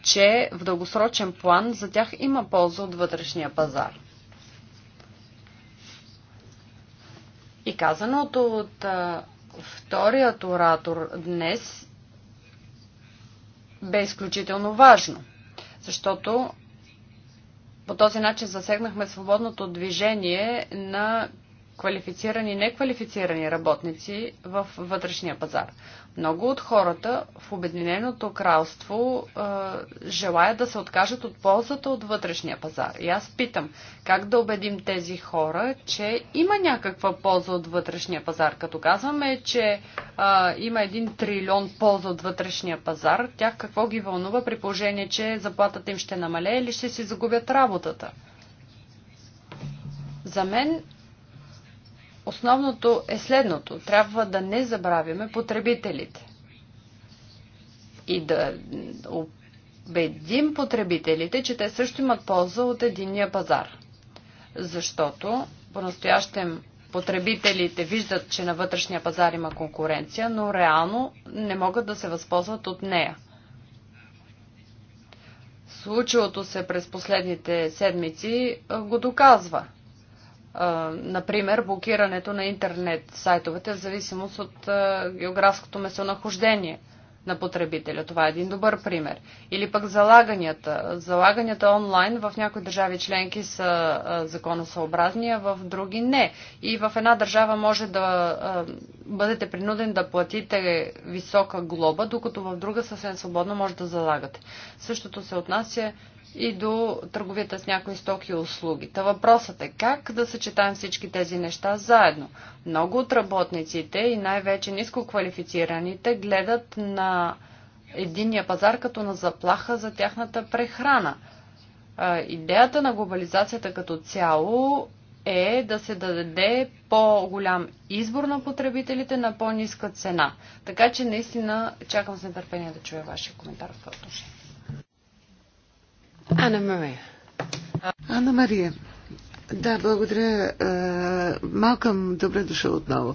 че в дългосрочен план за тях има полза от вътрешния пазар? И казаното от вторият оратор днес бе изключително важно, защото по този начин засегнахме свободното движение на квалифицирани и неквалифицирани работници в вътрешния пазар. Много от хората в Обединеното кралство е, желаят да се откажат от ползата от вътрешния пазар. И аз питам, как да убедим тези хора, че има някаква полза от вътрешния пазар? Като казваме, че е, има един трилион полза от вътрешния пазар, тях какво ги вълнува при положение, че заплатата им ще намалее или ще си загубят работата? За мен Основното е следното. Трябва да не забравяме потребителите и да убедим потребителите, че те също имат полза от единния пазар. Защото по-настоящем потребителите виждат, че на вътрешния пазар има конкуренция, но реално не могат да се възползват от нея. Случилото се през последните седмици го доказва – например, блокирането на интернет сайтовете в зависимост от географското местонахождение на потребителя. Това е един добър пример. Или пък залаганията. Залаганията онлайн в някои държави членки са законосъобразни, а в други не. И в една държава може да бъдете принуден да платите висока глоба, докато в друга съвсем свободно може да залагате. Същото се отнася и до търговията с някои стоки и услуги. Та въпросът е как да съчетаем всички тези неща заедно. Много от работниците и най-вече ниско квалифицираните гледат на единния пазар като на заплаха за тяхната прехрана. Идеята на глобализацията като цяло е да се даде по-голям избор на потребителите на по-ниска цена. Така че наистина чакам с нетърпение да чуя вашия коментар в това отношение. Анна Мария. Анна Мария. Да, благодаря. Е, малкам, добре дошъл отново.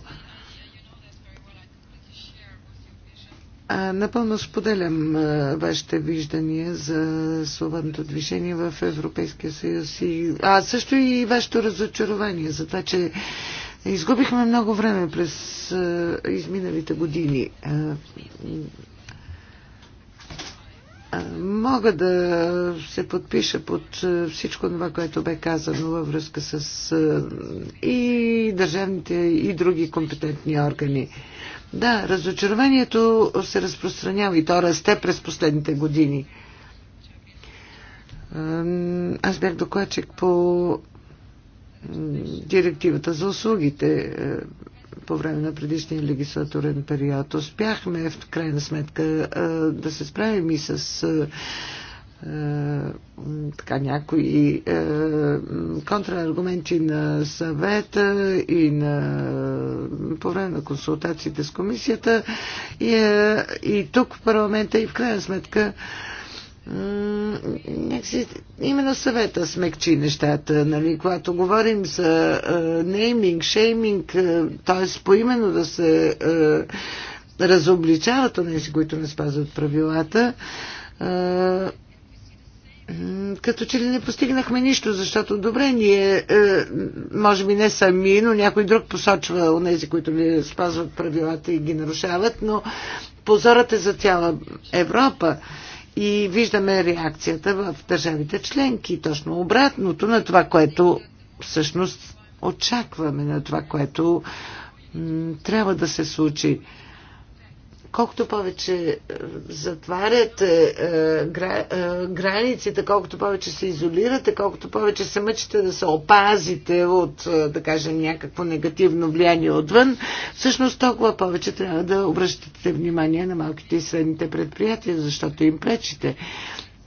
Е, напълно споделям е, вашите виждания за свободното движение в Европейския съюз и а също и вашето разочарование за това, че изгубихме много време през изминалите години. Мога да се подпиша под е, всичко това, което бе казано във връзка с е, и държавните, и други компетентни органи. Да, разочарованието се разпространява и то расте през последните години. Е, аз бях докладчик по директивата за услугите по време на предишния легислатурен период. Успяхме в крайна сметка да се справим и с така някои е, контраргументи на съвета и на, по време на консултациите с комисията и, е, и тук в парламента и в крайна сметка е, някакси, именно съвета смекчи нещата, нали, когато говорим за а, нейминг, шейминг, т.е. поименно да се а, разобличават тези, които не спазват правилата, а, като че ли не постигнахме нищо, защото добре, ние, може би не сами, но някой друг посочва нези, които не спазват правилата и ги нарушават, но позорът е за цяла Европа. И виждаме реакцията в държавите членки, точно обратното на това, което всъщност очакваме, на това, което трябва да се случи колкото повече е, затваряте е, е, границите, колкото повече се изолирате, колкото повече се мъчите да се опазите от, да кажем, някакво негативно влияние отвън, всъщност толкова повече трябва да обръщате внимание на малките и средните предприятия, защото им пречите.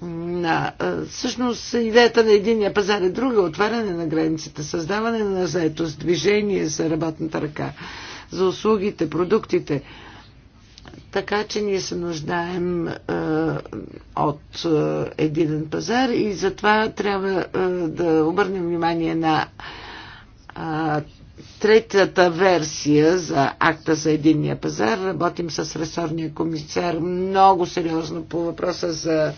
На, всъщност идеята на единия пазар е друга отваряне на границите, създаване на заетост, движение за работната ръка, за услугите, продуктите. Така че ние се нуждаем е, от е, единен пазар и затова трябва е, да обърнем внимание на е, третата версия за акта за единния пазар. Работим с ресорния комисар много сериозно по въпроса за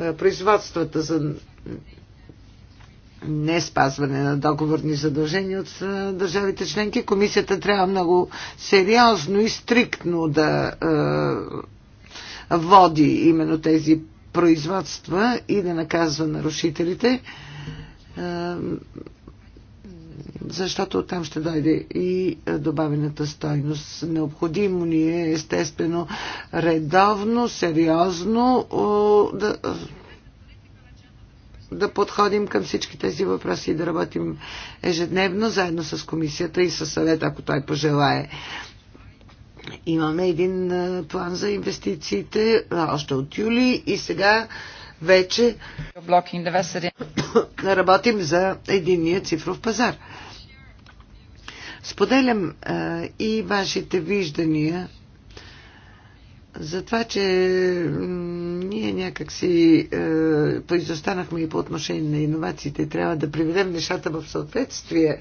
е, производствата, за не спазване на договорни задължения от държавите членки, комисията трябва много сериозно и стриктно да е, води именно тези производства и да наказва нарушителите, е, защото там ще дойде и добавената стойност. Необходимо ни е, естествено, редовно, сериозно е, да да подходим към всички тези въпроси и да работим ежедневно, заедно с комисията и с съвет, ако той пожелае. Имаме един план за инвестициите още от юли и сега вече работим за единния цифров пазар. Споделям а, и вашите виждания за това, че ние някакси е, поизостанахме и по отношение на иновациите. Трябва да приведем нещата в съответствие. Е,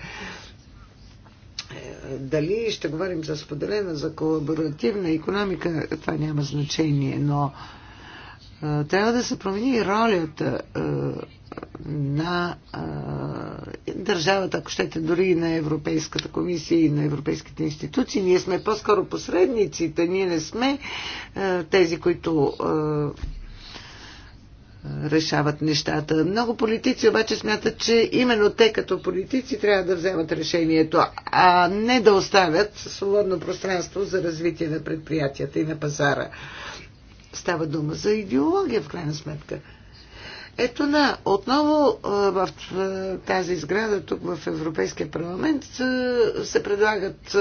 дали ще говорим за споделена, за колаборативна економика, това няма значение, но е, трябва да се промени ролята е, на а, държавата, ако щете, дори и на Европейската комисия и на европейските институции. Ние сме по-скоро посредниците, ние не сме а, тези, които а, решават нещата. Много политици обаче смятат, че именно те като политици трябва да вземат решението, а не да оставят свободно пространство за развитие на предприятията и на пазара. Става дума за идеология, в крайна сметка. Ето на, отново в тази сграда, тук в Европейския парламент, се предлагат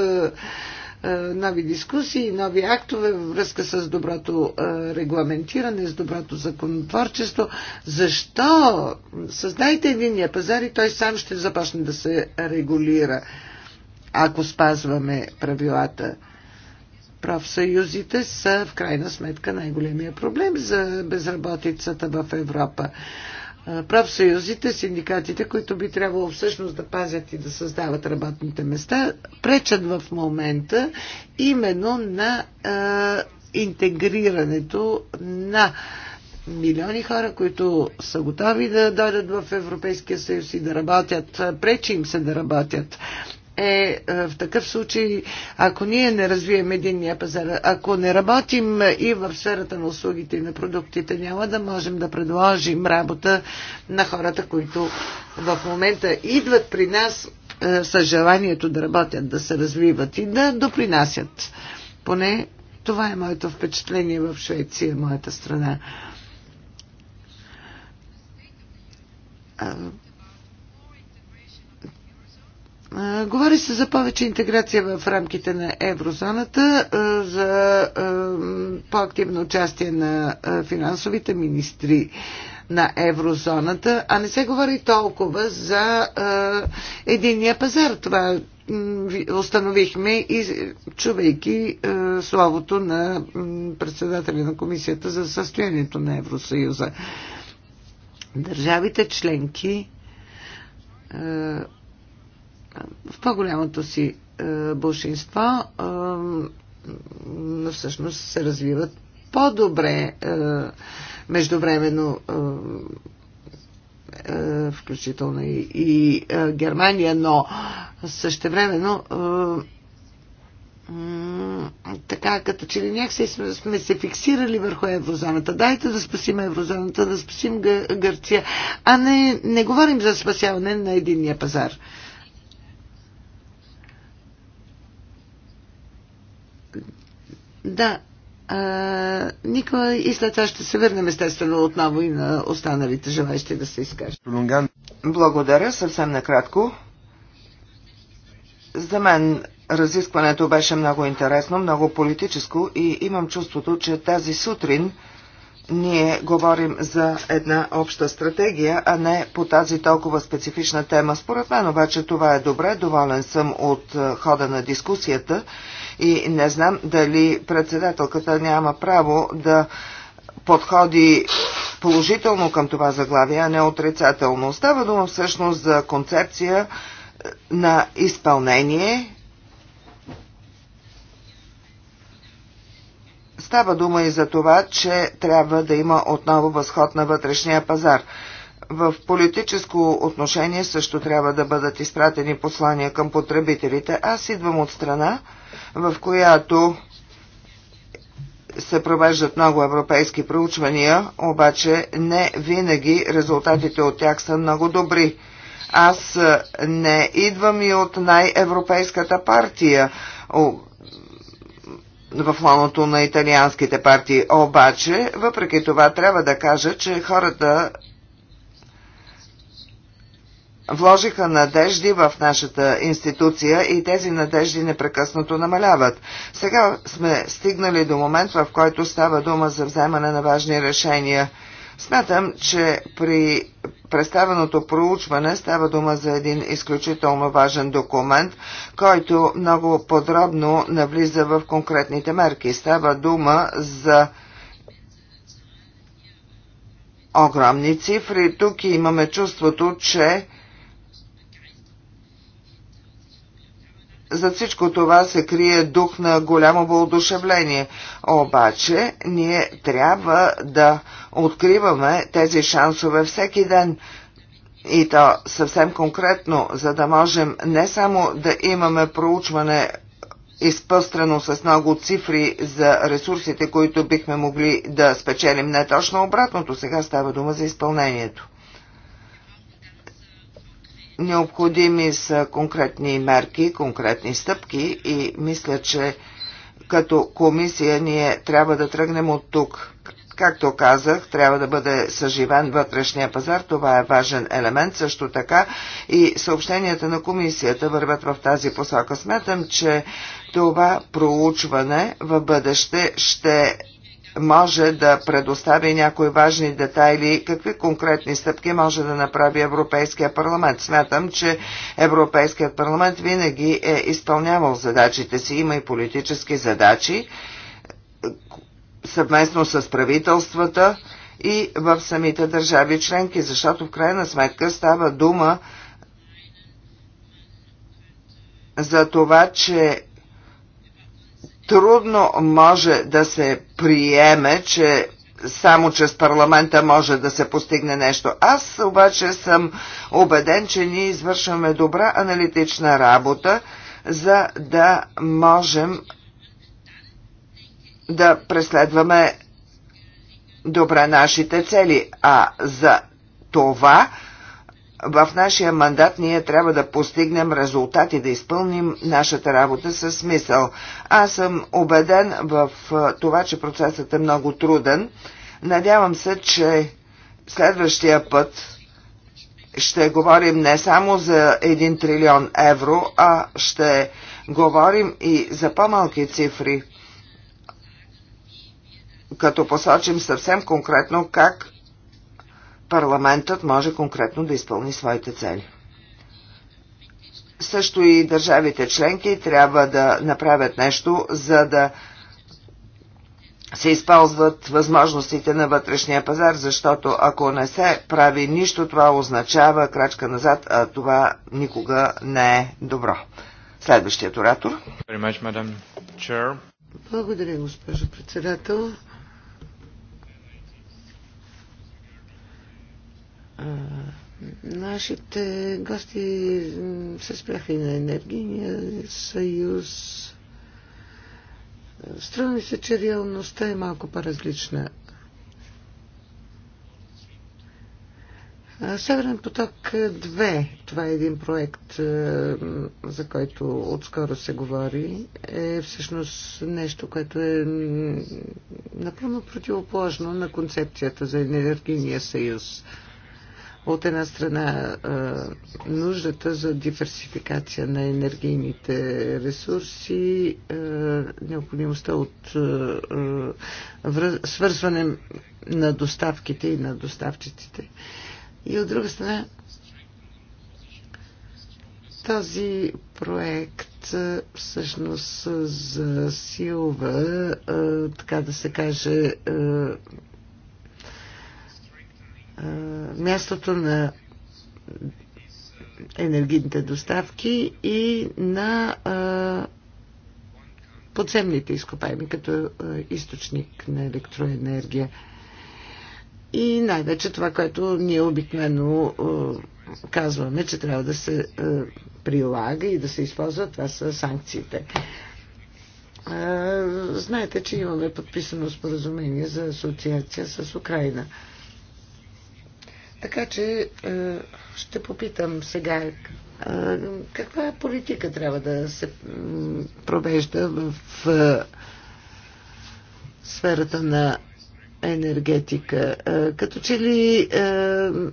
нови дискусии, нови актове във връзка с доброто регламентиране, с доброто законотворчество. Защо? Създайте единния пазар и той сам ще започне да се регулира, ако спазваме правилата профсъюзите са в крайна сметка най-големия проблем за безработицата в Европа. Профсъюзите, синдикатите, които би трябвало всъщност да пазят и да създават работните места, пречат в момента именно на е, интегрирането на милиони хора, които са готови да дойдат в Европейския съюз и да работят. Пречи им се да работят. Е, е в такъв случай, ако ние не развием единния пазар, ако не работим и в сферата на услугите и на продуктите, няма да можем да предложим работа на хората, които в момента идват при нас е, с желанието да работят, да се развиват и да допринасят. Поне това е моето впечатление в Швеция, моята страна е, Говори се за повече интеграция в рамките на еврозоната, за по-активно участие на финансовите министри на еврозоната, а не се говори толкова за единния пазар. Това установихме и чувайки словото на председателя на комисията за състоянието на Евросъюза. Държавите членки в по-голямото си е, бълшинство е, всъщност се развиват по-добре е, междувременно включително и, и Германия, но същевременно така, като че ли някакси сме, сме се фиксирали върху еврозоната. Дайте да спасим еврозоната, да спасим Гърция, а не, не говорим за спасяване на единния пазар. Да, а, Никола, и след това ще се върнем естествено отново и на останалите желаящи да се изкажат. Благодаря, съвсем накратко. За мен разискването беше много интересно, много политическо и имам чувството, че тази сутрин ние говорим за една обща стратегия, а не по тази толкова специфична тема. Според мен обаче това е добре. Доволен съм от хода на дискусията и не знам дали председателката няма право да подходи положително към това заглавие, а не отрицателно. Става дума всъщност за концепция е, на изпълнение. Става дума и за това, че трябва да има отново възход на вътрешния пазар. В политическо отношение също трябва да бъдат изпратени послания към потребителите. Аз идвам от страна, в която се провеждат много европейски проучвания, обаче не винаги резултатите от тях са много добри. Аз не идвам и от най-европейската партия в лоното на италианските партии. Обаче, въпреки това, трябва да кажа, че хората вложиха надежди в нашата институция и тези надежди непрекъснато намаляват. Сега сме стигнали до момент, в който става дума за вземане на важни решения. Смятам, че при представеното проучване става дума за един изключително важен документ, който много подробно навлиза в конкретните мерки. Става дума за огромни цифри. Тук имаме чувството, че За всичко това се крие дух на голямо въодушевление. Обаче ние трябва да откриваме тези шансове всеки ден. И то съвсем конкретно, за да можем не само да имаме проучване изпъстрено с много цифри за ресурсите, които бихме могли да спечелим. Не точно обратното, сега става дума за изпълнението. Необходими са конкретни мерки, конкретни стъпки и мисля, че като комисия ние трябва да тръгнем от тук. Както казах, трябва да бъде съживен вътрешния пазар, това е важен елемент също така и съобщенията на комисията върват в тази посока. Смятам, че това проучване в бъдеще ще може да предостави някои важни детайли, какви конкретни стъпки може да направи Европейския парламент. Смятам, че Европейският парламент винаги е изпълнявал задачите си, има и политически задачи, съвместно с правителствата и в самите държави членки, защото в крайна сметка става дума за това, че трудно може да се приеме, че само чрез парламента може да се постигне нещо. Аз обаче съм убеден, че ние извършваме добра аналитична работа, за да можем да преследваме добре нашите цели. А за това в нашия мандат ние трябва да постигнем резултат и да изпълним нашата работа със смисъл. Аз съм убеден в това, че процесът е много труден. Надявам се, че следващия път ще говорим не само за 1 трилион евро, а ще говорим и за по-малки цифри, като посочим съвсем конкретно как парламентът може конкретно да изпълни своите цели. Също и държавите членки трябва да направят нещо, за да се използват възможностите на вътрешния пазар, защото ако не се прави нищо, това означава крачка назад, а това никога не е добро. Следващият оратор. Благодаря, госпожо председател. Нашите гости се спряха и на енергийния съюз. Струва ми се, че реалността е малко по-различна. Северен поток 2, това е един проект, за който отскоро се говори, е всъщност нещо, което е напълно противоположно на концепцията за енергийния съюз от една страна нуждата за диверсификация на енергийните ресурси, необходимостта от свързване на доставките и на доставчиците. И от друга страна, този проект всъщност засилва, така да се каже, мястото на енергийните доставки и на подземните изкопаеми като източник на електроенергия. И най-вече това, което ние обикновено казваме, че трябва да се прилага и да се използва, това са санкциите. Знаете, че имаме подписано споразумение за асоциация с Украина. Така че е, ще попитам сега е, каква политика трябва да се провежда в е, сферата на енергетика. Като че ли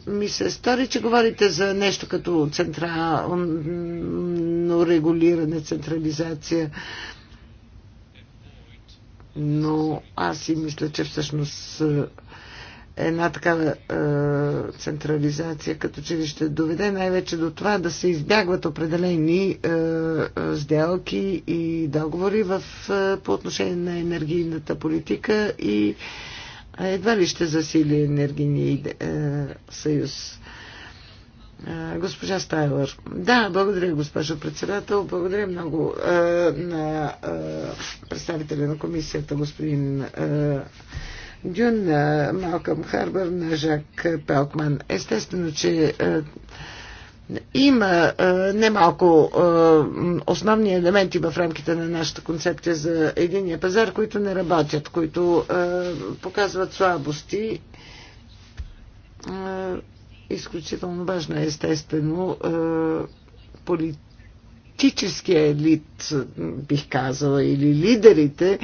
ми се стори, че говорите за нещо като централно регулиране, централизация. Но аз си мисля, че всъщност една такава е, централизация като че ли ще доведе най-вече до това да се избягват определени е, е, сделки и договори в, е, по отношение на енергийната политика и едва ли ще засили енергийния е, съюз. Е, госпожа Стайлър. Да, благодаря, госпожо председател. Благодаря много е, на е, представителя на комисията, господин. Е, Дюн на Малкъм Харбър на Жак Пелкман. Естествено, че има е, немалко основни елементи в рамките на нашата концепция за единия пазар, които не работят, които показват слабости. изключително важно е, естествено, е, политическия елит, бих казала, или лидерите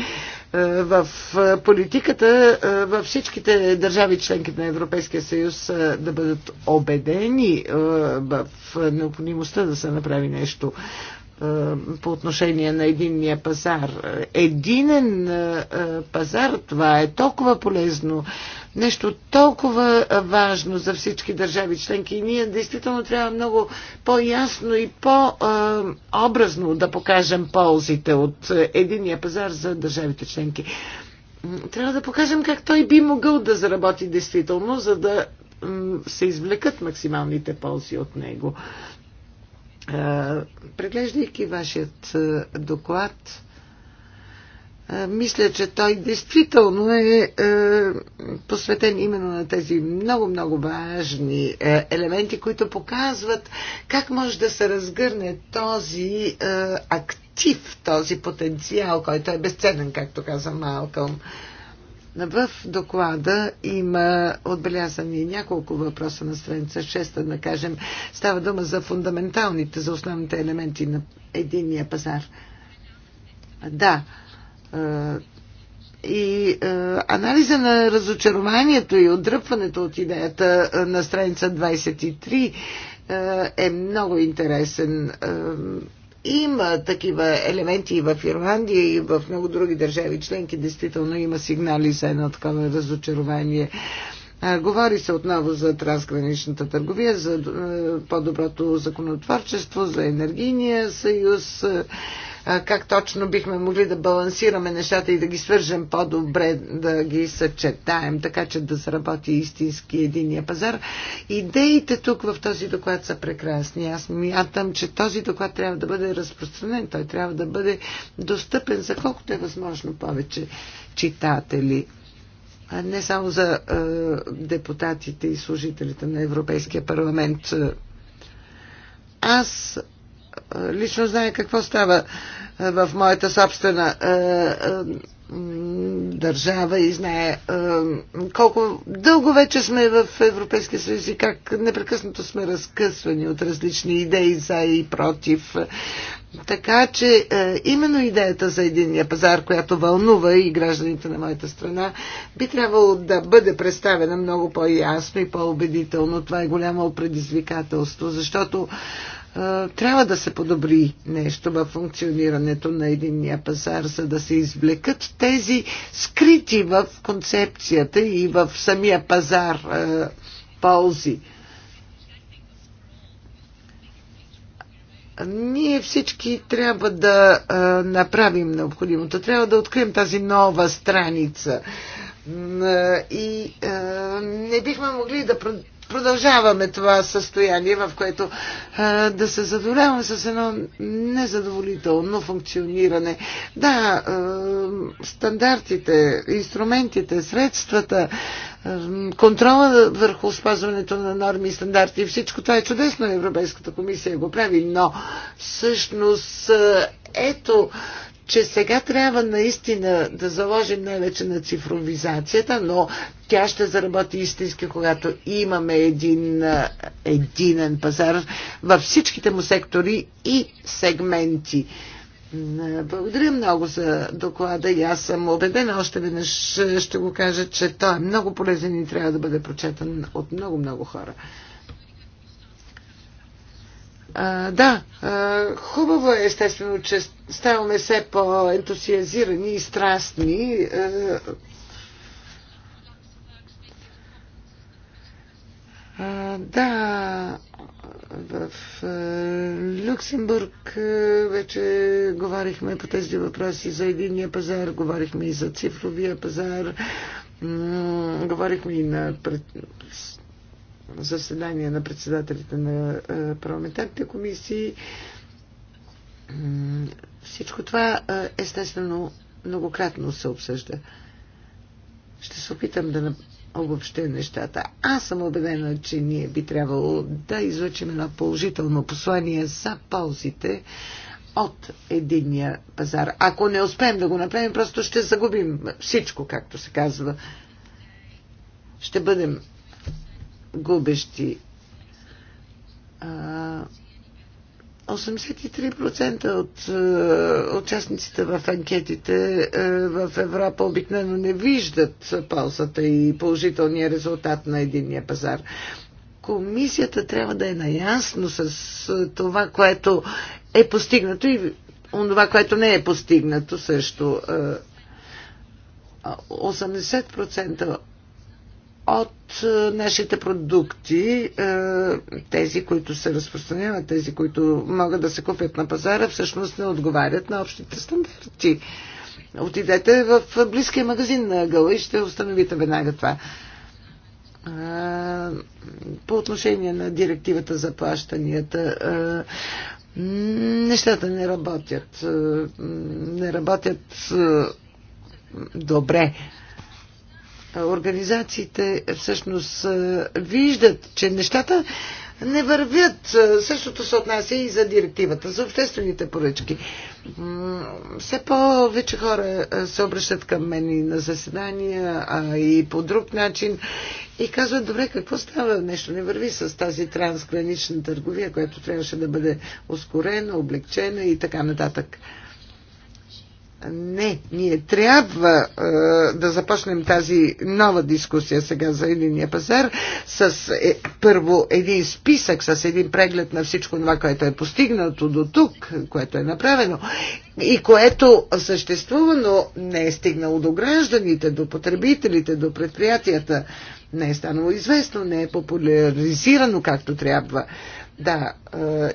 е, в е, политиката е, във всичките държави членки на Европейския съюз да бъдат обедени в необходимостта да се направи нещо по отношение на единния пазар. Единен пазар, това е толкова полезно нещо толкова важно за всички държави членки и ние действително трябва много по-ясно и по-образно да покажем ползите от единия пазар за държавите членки. Трябва да покажем как той би могъл да заработи действително, за да се извлекат максималните ползи от него. Преглеждайки вашият доклад, мисля, че той действително е, е посветен именно на тези много-много важни е, елементи, които показват как може да се разгърне този е, актив, този потенциал, който е безценен, както каза Малкълм. В доклада има отбелязани няколко въпроса на страница 6, да кажем. Става дума за фундаменталните, за основните елементи на единния пазар. Да, е, и е, анализа на разочарованието и отдръпването от идеята е, на страница 23 е, е много интересен. Е, има такива елементи и в Ирландия, и в много други държави членки. Действително има сигнали за едно такова разочарование. Е, говори се отново за трансграничната търговия, за по-доброто законотворчество, за енергийния съюз как точно бихме могли да балансираме нещата и да ги свържем по-добре, да ги съчетаем, така че да заработи истински единия пазар. Идеите тук в този доклад са прекрасни. Аз мятам, че този доклад трябва да бъде разпространен, той трябва да бъде достъпен за колкото е възможно повече читатели не само за е, депутатите и служителите на Европейския парламент. Аз лично знае какво става е, в моята собствена е, е, държава и знае колко дълго вече сме в Европейския съюз и как непрекъснато сме разкъсвани от различни идеи за и против. Така че именно идеята за единния пазар, която вълнува и гражданите на моята страна, би трябвало да бъде представена много по-ясно и по-убедително. Това е голямо предизвикателство, защото трябва да се подобри нещо във функционирането на единния пазар, за да се извлекат тези скрити в концепцията и в самия пазар ползи. ние всички трябва да а, направим необходимото. Трябва да открием тази нова страница. И а, не бихме могли да продължаваме това състояние, в което а, да се задоволяваме с едно незадоволително функциониране. Да, а, стандартите, инструментите, средствата, а, контрола върху спазването на норми и стандарти, всичко това е чудесно, Европейската комисия го прави, но всъщност ето че сега трябва наистина да заложим най-вече на цифровизацията, но тя ще заработи истински, когато имаме един единен пазар във всичките му сектори и сегменти. Благодаря много за доклада и аз съм убедена още веднъж ще го кажа, че той е много полезен и трябва да бъде прочетен от много-много хора. А, да, а, хубаво е естествено, че ставаме все по-ентусиазирани и страстни. А, да, в а, Люксембург а, вече говорихме по тези въпроси за единния пазар, говорихме и за цифровия пазар, говорихме и на пред, заседание на председателите на е, парламентарните комисии. Всичко това е, естествено многократно се обсъжда. Ще се опитам да обобщя нещата. Аз съм убедена, че ние би трябвало да излучим едно положително послание за ползите от единния пазар. Ако не успеем да го направим, просто ще загубим всичко, както се казва. Ще бъдем губещи. 83% от участниците в анкетите в Европа обикновено не виждат ползата и положителния резултат на единния пазар. Комисията трябва да е наясно с това, което е постигнато и това, което не е постигнато също. 80% от е, нашите продукти, е, тези, които се разпространяват, тези, които могат да се купят на пазара, всъщност не отговарят на общите стандарти. Отидете в близкия магазин на гъла и ще установите веднага това. Е, по отношение на директивата за плащанията, нещата не работят. Не работят добре организациите всъщност виждат, че нещата не вървят. Същото се отнася и за директивата, за обществените поръчки. Все повече хора се обръщат към мен и на заседания, а и по друг начин и казват, добре, какво става? Нещо не върви с тази трансгранична търговия, която трябваше да бъде ускорена, облегчена и така нататък. Не, ние трябва е, да започнем тази нова дискусия сега за единния пазар с е, първо един списък, с един преглед на всичко това, което е постигнато до тук, което е направено и което съществува, но не е стигнало до гражданите, до потребителите, до предприятията. Не е станало известно, не е популяризирано както трябва. Да,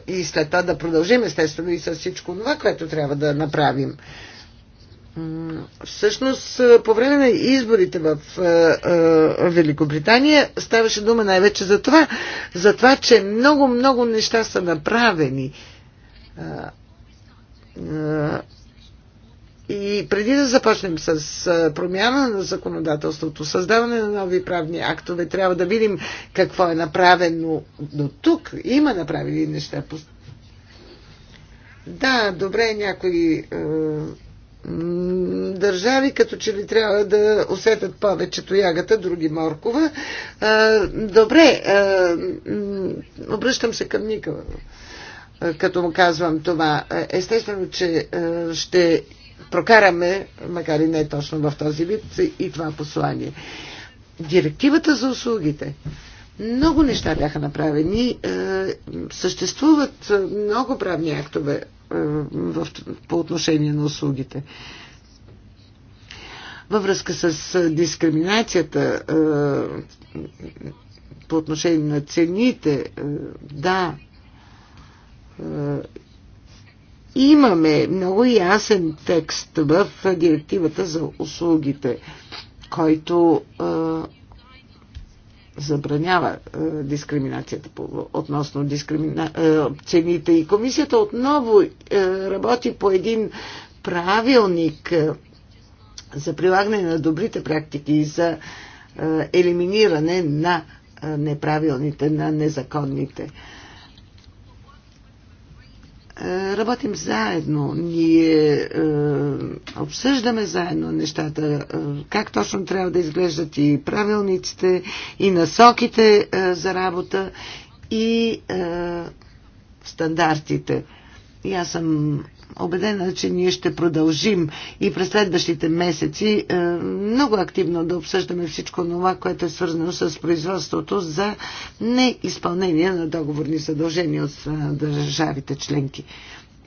е, и след това да продължим естествено и с всичко това, което трябва да направим. Всъщност, по време на изборите в Великобритания ставаше дума най-вече за това, за това, че много-много неща са направени. И преди да започнем с промяна на законодателството, създаване на нови правни актове, трябва да видим какво е направено до тук. Има направени неща. Да, добре, някои държави, като че ли трябва да усетят повече тоягата, други моркова. Добре, обръщам се към Никола, като му казвам това. Естествено, че ще прокараме, макар и не точно в този вид, и това послание. Директивата за услугите. Много неща бяха направени. Съществуват много правни актове е, в, по отношение на услугите. Във връзка с е, дискриминацията е, по отношение на цените, да, имаме много ясен текст в директивата за услугите, който забранява е, дискриминацията по, относно дискримина, е, цените. И комисията отново е, работи по един правилник е, за прилагане на добрите практики и за е, елиминиране на е, неправилните, на незаконните. Е, работим заедно, ние е, обсъждаме заедно нещата, е, как точно трябва да изглеждат и правилниците, и насоките е, за работа, и е, стандартите. И аз съм Обедена, че ние ще продължим и през следващите месеци е, много активно да обсъждаме всичко това, което е свързано с производството за неизпълнение на договорни задължения от е, държавите членки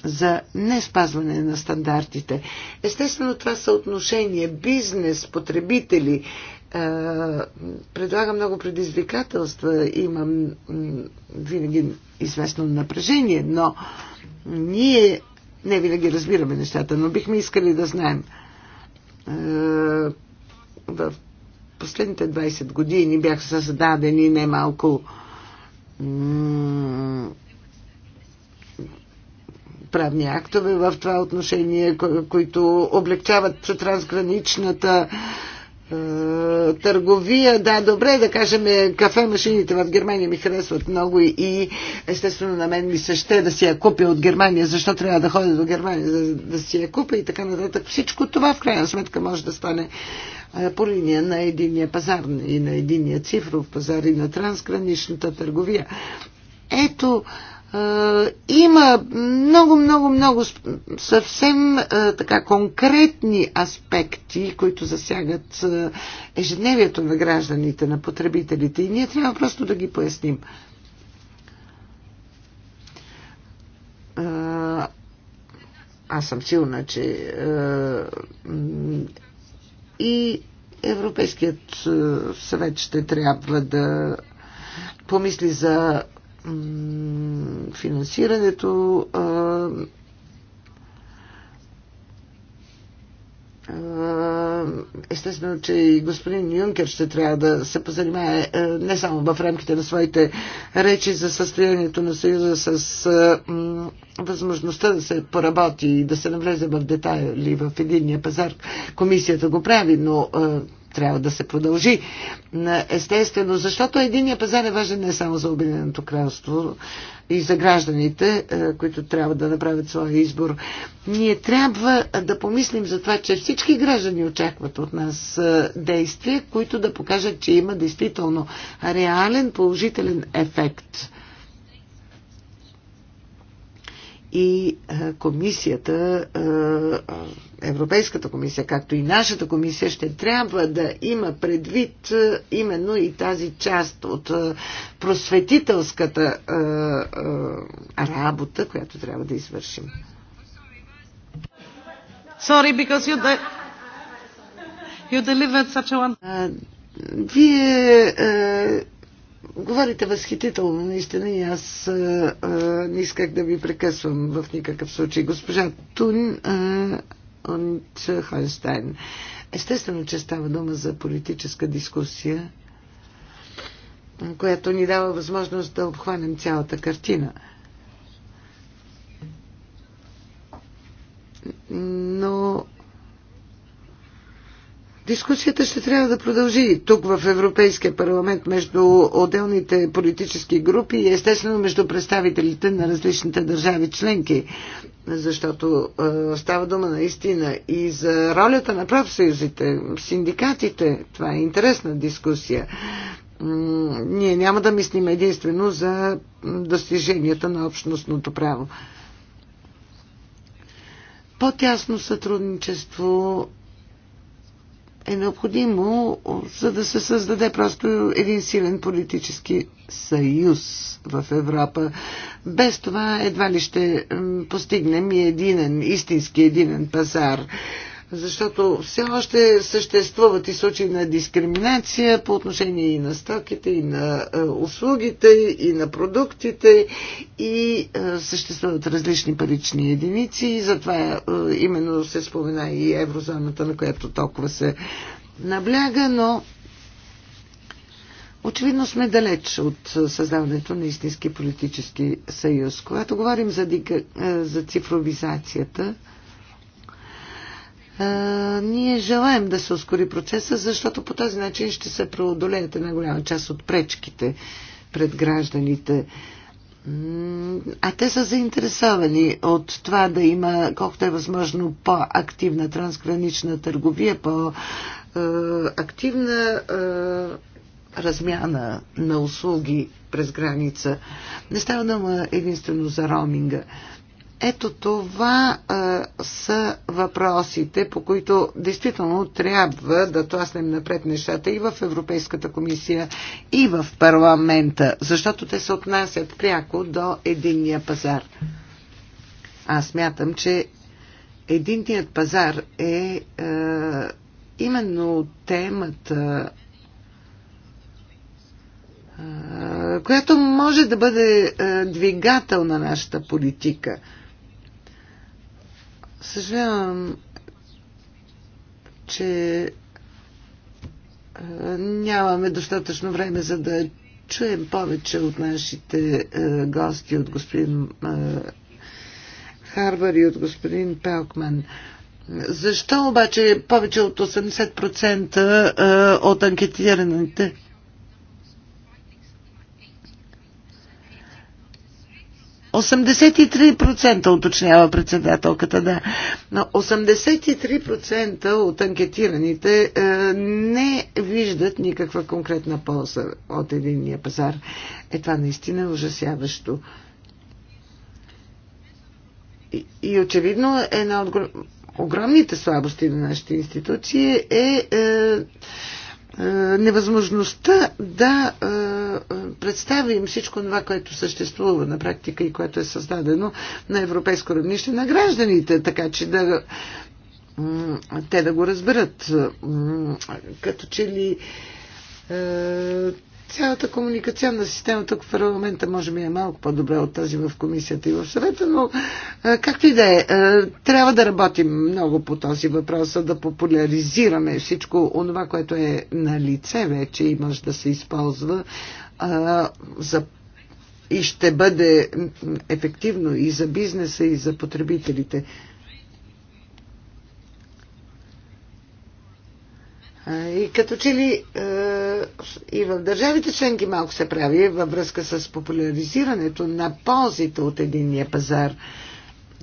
за не спазване на стандартите. Естествено, това са отношения бизнес, потребители. Е, предлага много предизвикателства. Имам винаги известно напрежение, но ние не винаги разбираме нещата, но бихме искали да знаем. Е, в последните 20 години бяха създадени немалко правни актове в това отношение, които облегчават трансграничната търговия, да, добре, да кажем, кафе машините в Германия ми харесват много и естествено на мен ми се ще да си я купя от Германия, защо трябва да ходя до Германия за да, да си я купя и така нататък. Всичко това в крайна сметка може да стане по линия на единия пазар и на единия цифров пазар и на трансграничната търговия. Ето, има много, много, много съвсем така конкретни аспекти, които засягат ежедневието на гражданите, на потребителите и ние трябва просто да ги поясним. Аз съм силна, че и Европейският съвет ще трябва да помисли за финансирането Естествено, че и господин Юнкер ще трябва да се позанимае не само в рамките на своите речи за състоянието на Съюза, с възможността да се поработи и да се навлезе в детайли в единния пазар. Комисията го прави, но трябва да се продължи. Естествено, защото единия пазар е важен не само за Обединеното кралство и за гражданите, е, които трябва да направят своя избор. Ние трябва да помислим за това, че всички граждани очакват от нас е, действия, които да покажат, че има действително реален положителен ефект и комисията, Европейската комисия, както и нашата комисия, ще трябва да има предвид именно и тази част от просветителската работа, която трябва да извършим. Sorry, because you, de- you delivered such a one. Вие Говорите възхитително, наистина, и аз а, а, не исках да ви прекъсвам в никакъв случай. Госпожа Тун от Естествено, че става дума за политическа дискусия, която ни дава възможност да обхванем цялата картина. Но Дискусията ще трябва да продължи тук в Европейския парламент между отделните политически групи и естествено между представителите на различните държави членки, защото е, става дума наистина и за ролята на профсъюзите, синдикатите. Това е интересна дискусия. Ние няма да мислим единствено за достиженията на общностното право. По-тясно сътрудничество е необходимо, за да се създаде просто един силен политически съюз в Европа. Без това едва ли ще постигнем и единен, истински единен пазар защото все още съществуват и случаи на дискриминация по отношение и на стоките, и на е, услугите, и на продуктите, и е, съществуват различни парични единици, и затова е, именно се спомена и еврозоната, на която толкова се набляга, но Очевидно сме далеч от създаването на истински политически съюз. Когато говорим за, за цифровизацията, ние желаем да се ускори процеса, защото по този начин ще се преодолеят една голяма част от пречките пред гражданите. А те са заинтересовани от това да има колкото е възможно по-активна трансгранична търговия, по-активна размяна на услуги през граница. Не става дума единствено за роуминга. Ето това а, са въпросите, по които действително трябва да тласнем напред нещата и в Европейската комисия, и в парламента, защото те се отнасят пряко до единния пазар. Аз мятам, че единният пазар е а, именно темата която може да бъде двигател на нашата политика – Съжалявам, че нямаме достатъчно време за да чуем повече от нашите гости, от господин Харбър и от господин Пелкман. Защо обаче повече от 80% от анкетираните 83% уточнява председателката, да. Но 83% от анкетираните е, не виждат никаква конкретна полза от единния пазар. Е това наистина е ужасяващо. И, и очевидно една от огромните слабости на нашите институции е, е е, невъзможността да е, представим всичко това, което съществува на практика и което е създадено на европейско равнище на гражданите, така че да те да го разберат. Като че ли е, Цялата комуникационна система тук в парламента може би е малко по добра от тази в комисията и в съвета, но както и да е, трябва да работим много по този въпрос, да популяризираме всичко онова, което е на лице вече и може да се използва за и ще бъде ефективно и за бизнеса, и за потребителите. И като че ли и в държавите членки малко се прави във връзка с популяризирането на ползите от единния пазар.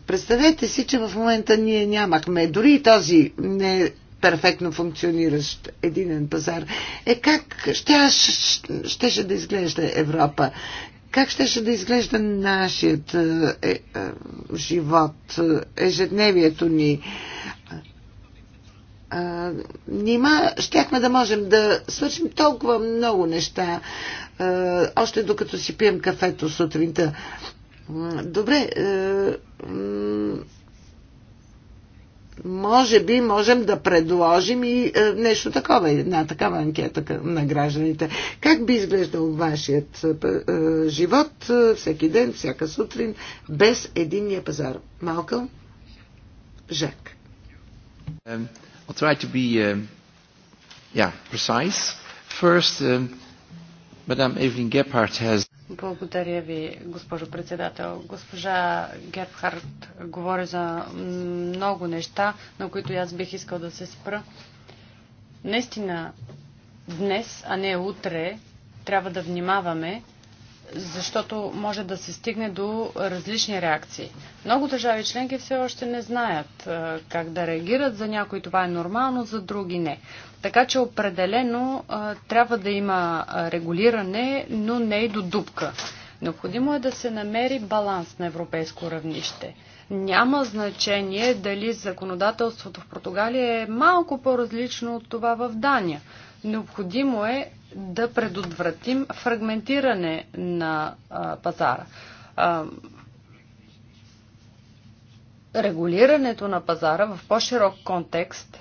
Представете си, че в момента ние нямахме дори и този не перфектно функциониращ единен пазар. Е как ще, щеше да изглежда Европа? Как щеше да изглежда нашият е, е, живот, ежедневието ни? Е, нима щяхме да можем да свършим толкова много неща, а, още докато си пием кафето сутринта. Добре, може би можем да предложим и нещо такова, една такава анкета на гражданите. Как би изглеждал вашият живот всеки ден, всяка сутрин, без единния пазар? Малкъл? Жак. I'll try to be um, yeah, precise. First, um, Madame Evelyn Gephardt has благодаря ви, госпожо председател. Госпожа Гербхарт говори за много неща, на които аз бих искал да се спра. Наистина, днес, а не утре, трябва да внимаваме, защото може да се стигне до различни реакции. Много държави членки все още не знаят как да реагират. За някои това е нормално, за други не. Така че определено трябва да има регулиране, но не и до дупка. Необходимо е да се намери баланс на европейско равнище. Няма значение дали законодателството в Португалия е малко по-различно от това в Дания. Необходимо е да предотвратим фрагментиране на а, пазара. А, регулирането на пазара в по-широк контекст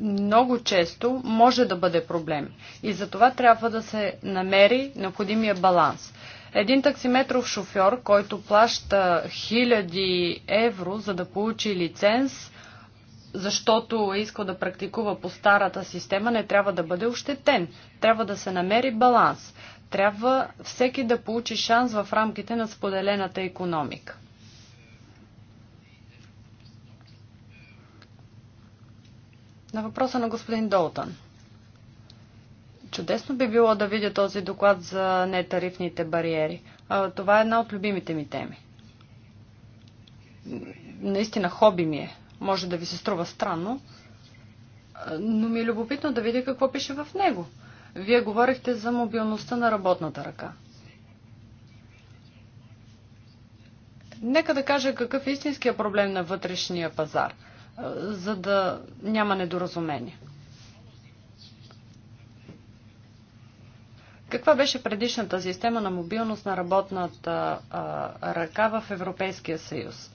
много често може да бъде проблем. И за това трябва да се намери необходимия баланс. Един таксиметров шофьор, който плаща хиляди евро за да получи лиценз, защото е искал да практикува по старата система, не трябва да бъде ощетен. Трябва да се намери баланс. Трябва всеки да получи шанс в рамките на споделената економика. На въпроса на господин Долтан. Чудесно би било да видя този доклад за нетарифните бариери. Това е една от любимите ми теми. Наистина хоби ми е може да ви се струва странно, но ми е любопитно да видя какво пише в него. Вие говорихте за мобилността на работната ръка. Нека да кажа какъв е истинския проблем на вътрешния пазар, за да няма недоразумение. Каква беше предишната система на мобилност на работната а, ръка в Европейския съюз?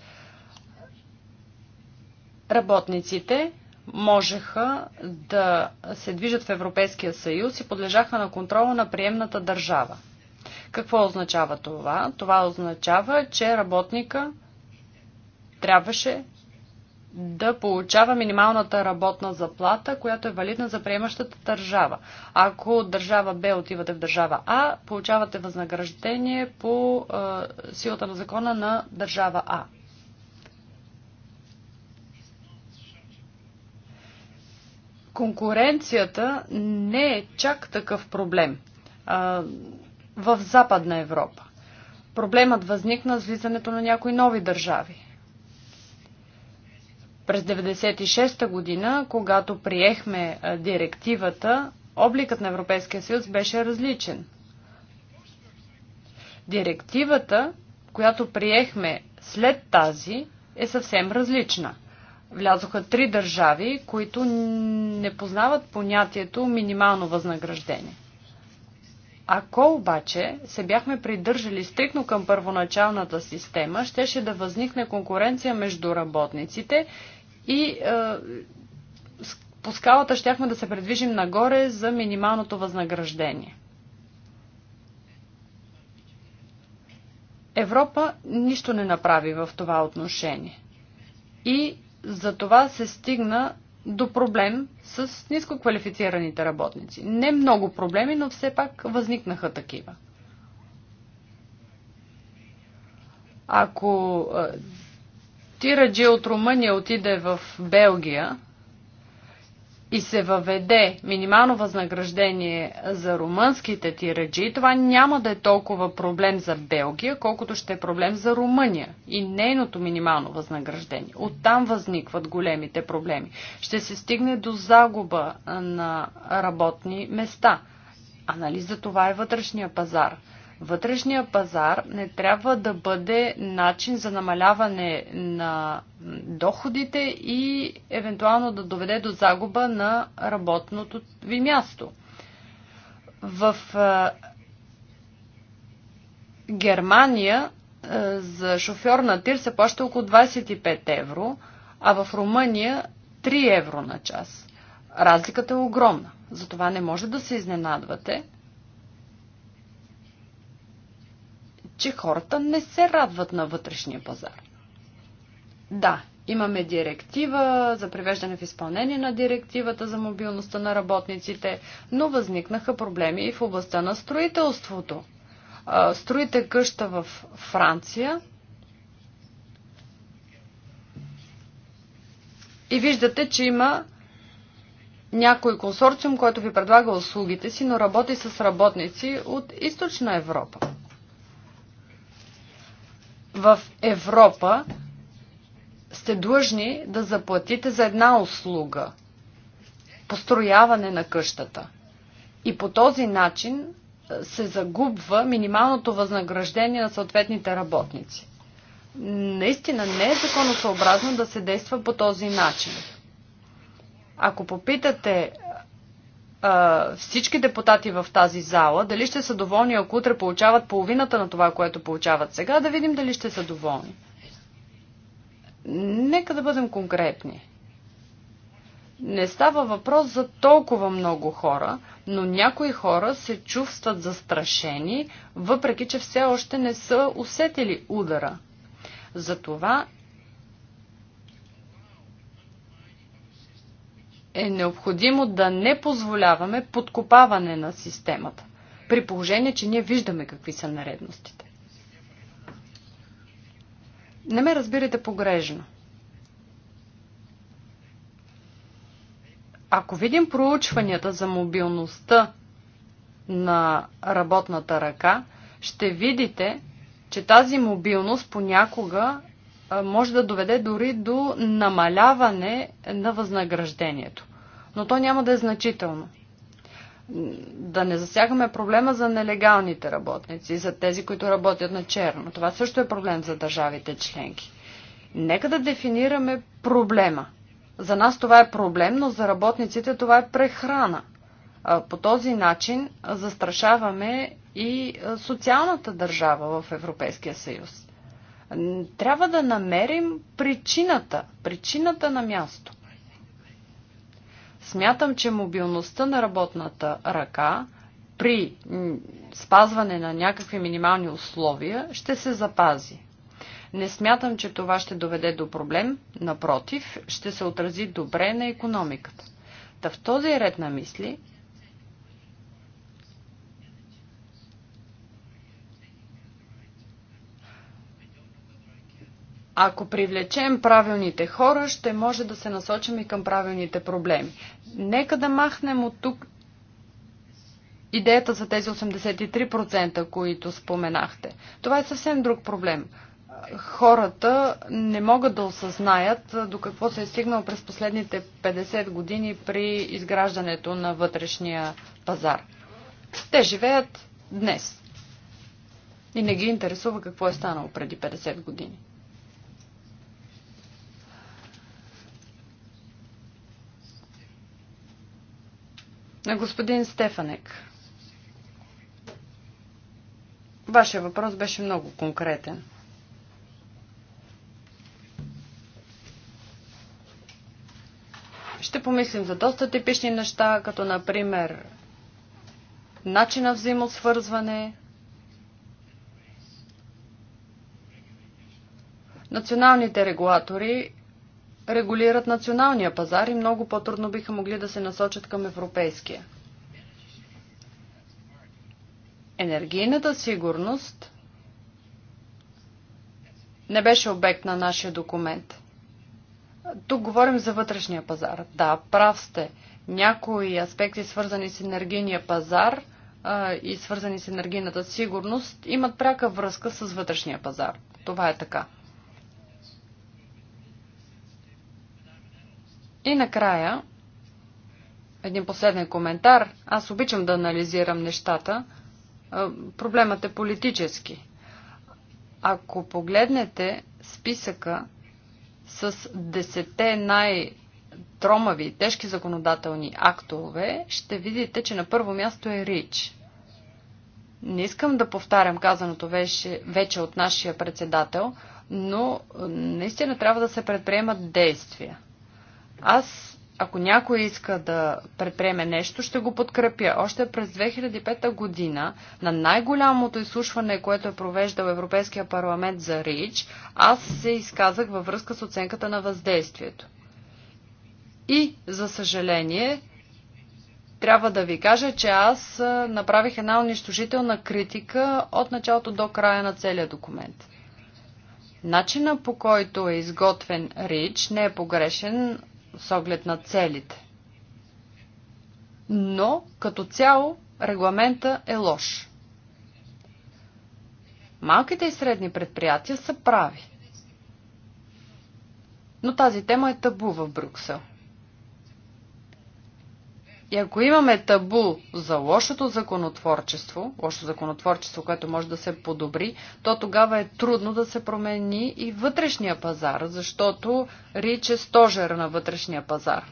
работниците можеха да се движат в Европейския съюз и подлежаха на контрола на приемната държава. Какво означава това? Това означава, че работника трябваше да получава минималната работна заплата, която е валидна за приемащата държава. Ако от държава Б отивате в държава А, получавате възнаграждение по е, силата на закона на държава А. конкуренцията не е чак такъв проблем а, в Западна Европа. Проблемът възникна с влизането на някои нови държави. През 1996 година, когато приехме директивата, обликът на Европейския съюз беше различен. Директивата, която приехме след тази, е съвсем различна – влязоха три държави, които не познават понятието минимално възнаграждение. Ако обаче се бяхме придържали стрикно към първоначалната система, щеше да възникне конкуренция между работниците и е, по скалата щяхме да се предвижим нагоре за минималното възнаграждение. Европа нищо не направи в това отношение. И за това се стигна до проблем с нискоквалифицираните работници. Не много проблеми, но все пак възникнаха такива. Ако е, Тираджи от Румъния отиде в Белгия, и се въведе минимално възнаграждение за румънските тираджи, това няма да е толкова проблем за Белгия, колкото ще е проблем за Румъния и нейното минимално възнаграждение. Оттам възникват големите проблеми. Ще се стигне до загуба на работни места. А нали за това е вътрешния пазар – Вътрешния пазар не трябва да бъде начин за намаляване на доходите и евентуално да доведе до загуба на работното ви място. В Германия за шофьор на тир се плаща около 25 евро, а в Румъния 3 евро на час. Разликата е огромна. Затова не може да се изненадвате, че хората не се радват на вътрешния пазар. Да, имаме директива за привеждане в изпълнение на директивата за мобилността на работниците, но възникнаха проблеми и в областта на строителството. Строите къща в Франция и виждате, че има някой консорциум, който ви предлага услугите си, но работи с работници от източна Европа в Европа сте длъжни да заплатите за една услуга построяване на къщата. И по този начин се загубва минималното възнаграждение на съответните работници. Наистина не е законосъобразно да се действа по този начин. Ако попитате всички депутати в тази зала, дали ще са доволни, ако утре получават половината на това, което получават сега, да видим дали ще са доволни. Нека да бъдем конкретни. Не става въпрос за толкова много хора, но някои хора се чувстват застрашени, въпреки че все още не са усетили удара. Затова е необходимо да не позволяваме подкопаване на системата, при положение, че ние виждаме какви са наредностите. Не ме разбирате погрежно. Ако видим проучванията за мобилността на работната ръка, ще видите, че тази мобилност понякога може да доведе дори до намаляване на възнаграждението. Но то няма да е значително. Да не засягаме проблема за нелегалните работници, за тези, които работят на черно. Това също е проблем за държавите членки. Нека да дефинираме проблема. За нас това е проблем, но за работниците това е прехрана. По този начин застрашаваме и социалната държава в Европейския съюз. Трябва да намерим причината, причината на място. Смятам, че мобилността на работната ръка при спазване на някакви минимални условия ще се запази. Не смятам, че това ще доведе до проблем, напротив, ще се отрази добре на економиката. Та в този ред на мисли Ако привлечем правилните хора, ще може да се насочим и към правилните проблеми. Нека да махнем от тук идеята за тези 83%, които споменахте. Това е съвсем друг проблем. Хората не могат да осъзнаят до какво се е стигнал през последните 50 години при изграждането на вътрешния пазар. Те живеят днес и не ги интересува какво е станало преди 50 години. На господин Стефанек. Вашия въпрос беше много конкретен. Ще помислим за доста типични неща, като например начин на взаимосвързване, националните регулатори регулират националния пазар и много по-трудно биха могли да се насочат към европейския. Енергийната сигурност не беше обект на нашия документ. Тук говорим за вътрешния пазар. Да, прав сте. Някои аспекти, свързани с енергийния пазар а, и свързани с енергийната сигурност, имат пряка връзка с вътрешния пазар. Това е така. И накрая, един последен коментар. Аз обичам да анализирам нещата. Е, проблемът е политически. Ако погледнете списъка с десете най- тромави, тежки законодателни актове, ще видите, че на първо място е РИЧ. Не искам да повтарям казаното вече, вече от нашия председател, но наистина трябва да се предприемат действия. Аз, ако някой иска да предприеме нещо, ще го подкрепя. Още през 2005 година, на най-голямото изслушване, което е провеждал Европейския парламент за РИЧ, аз се изказах във връзка с оценката на въздействието. И, за съжаление, трябва да ви кажа, че аз направих една унищожителна критика от началото до края на целия документ. Начина по който е изготвен Рич не е погрешен, с оглед на целите. Но, като цяло, регламента е лош. Малките и средни предприятия са прави. Но тази тема е табу в Брюксел. И ако имаме табу за лошото законотворчество, лошо законотворчество, което може да се подобри, то тогава е трудно да се промени и вътрешния пазар, защото Рич е стожер на вътрешния пазар.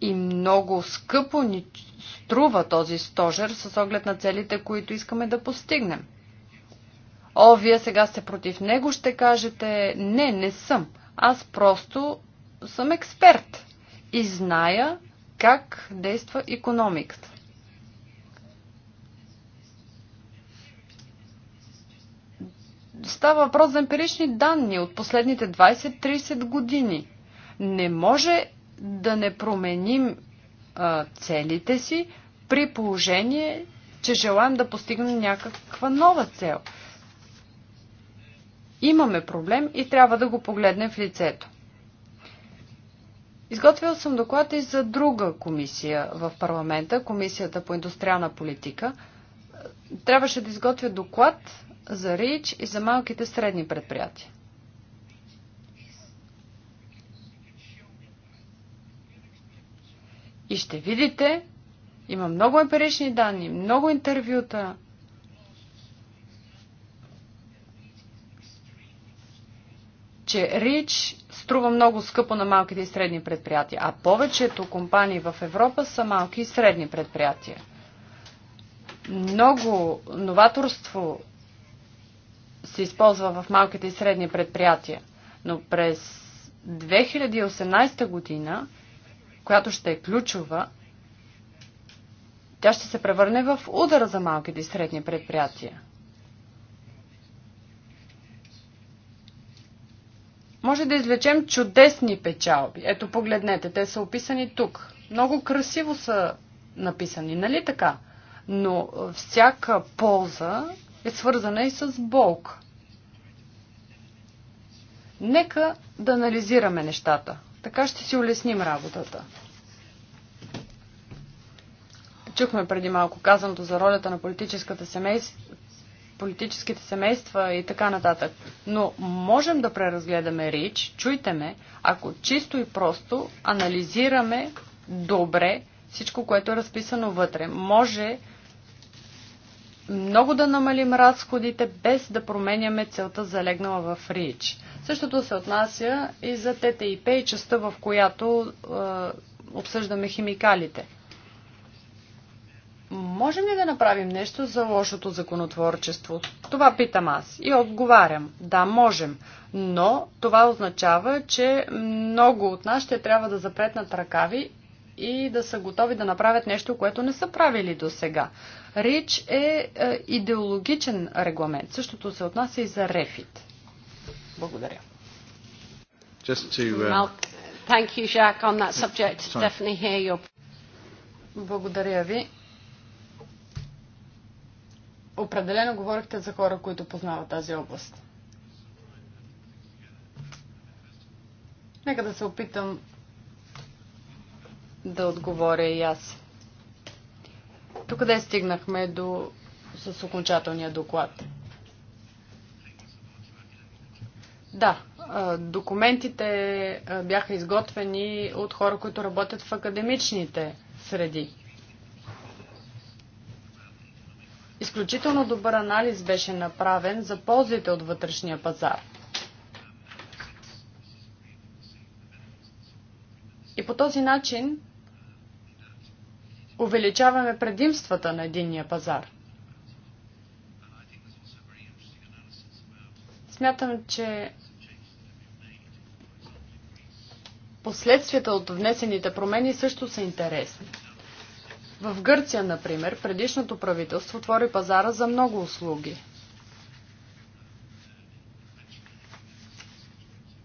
И много скъпо ни струва този стожер с оглед на целите, които искаме да постигнем. О, вие сега сте против него, ще кажете, не, не съм. Аз просто съм експерт и зная как действа економиката. Става въпрос за емпирични данни от последните 20-30 години. Не може да не променим а, целите си при положение, че желаем да постигнем някаква нова цел. Имаме проблем и трябва да го погледнем в лицето. Изготвил съм доклад и за друга комисия в парламента, комисията по индустриална политика. Трябваше да изготвя доклад за РИЧ и за малките средни предприятия. И ще видите, има много емпирични данни, много интервюта, че РИЧ струва много скъпо на малките и средни предприятия, а повечето компании в Европа са малки и средни предприятия. Много новаторство се използва в малките и средни предприятия, но през 2018 година, която ще е ключова, тя ще се превърне в удар за малките и средни предприятия. може да извлечем чудесни печалби. Ето погледнете, те са описани тук. Много красиво са написани, нали така? Но всяка полза е свързана и с болк. Нека да анализираме нещата. Така ще си улесним работата. Чухме преди малко казаното за ролята на политическата семейство, политическите семейства и така нататък. Но можем да преразгледаме РИЧ, чуйте ме, ако чисто и просто анализираме добре всичко, което е разписано вътре. Може много да намалим разходите, без да променяме целта залегнала в РИЧ. Същото се отнася и за ТТИП и частта, в която е, обсъждаме химикалите. Можем ли да направим нещо за лошото законотворчество? Това питам аз и отговарям. Да, можем. Но това означава, че много от нас ще трябва да запретнат ръкави и да са готови да направят нещо, което не са правили до сега. Рич е, е идеологичен регламент. Същото се отнася и за Рефит. Благодаря. To... Uh, you, your... Благодаря ви. Определено говорихте за хора, които познават тази област. Нека да се опитам да отговоря и аз. Тук къде стигнахме до, с окончателния доклад? Да, документите бяха изготвени от хора, които работят в академичните среди. Изключително добър анализ беше направен за ползите от вътрешния пазар. И по този начин увеличаваме предимствата на единния пазар. Смятам, че последствията от внесените промени също са интересни. В Гърция, например, предишното правителство отвори пазара за много услуги.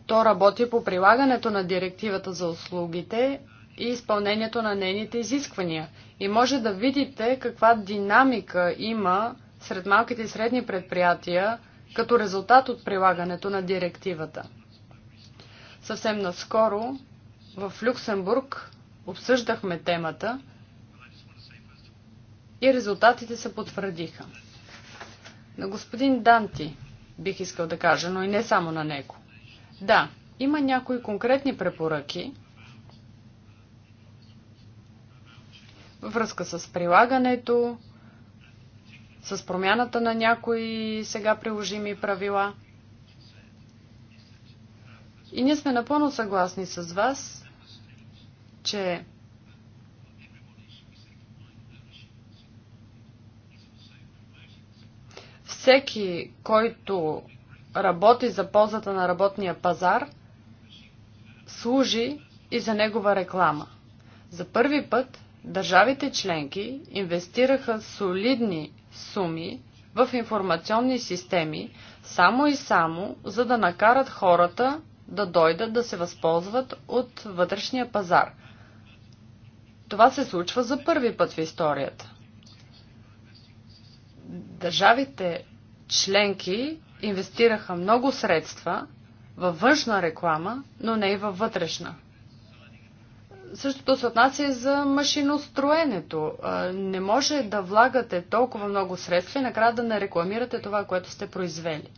То работи по прилагането на директивата за услугите и изпълнението на нейните изисквания. И може да видите каква динамика има сред малките и средни предприятия като резултат от прилагането на директивата. Съвсем наскоро в Люксембург обсъждахме темата – и резултатите се потвърдиха. На господин Данти бих искал да кажа, но и не само на него. Да, има някои конкретни препоръки във връзка с прилагането, с промяната на някои сега приложими правила. И ние сме напълно съгласни с вас, че всеки, който работи за ползата на работния пазар, служи и за негова реклама. За първи път държавите членки инвестираха солидни суми в информационни системи, само и само, за да накарат хората да дойдат да се възползват от вътрешния пазар. Това се случва за първи път в историята. Държавите членки инвестираха много средства във външна реклама, но не и във вътрешна. Същото се отнася и за машиностроенето. Не може да влагате толкова много средства и накрая да не рекламирате това, което сте произвели.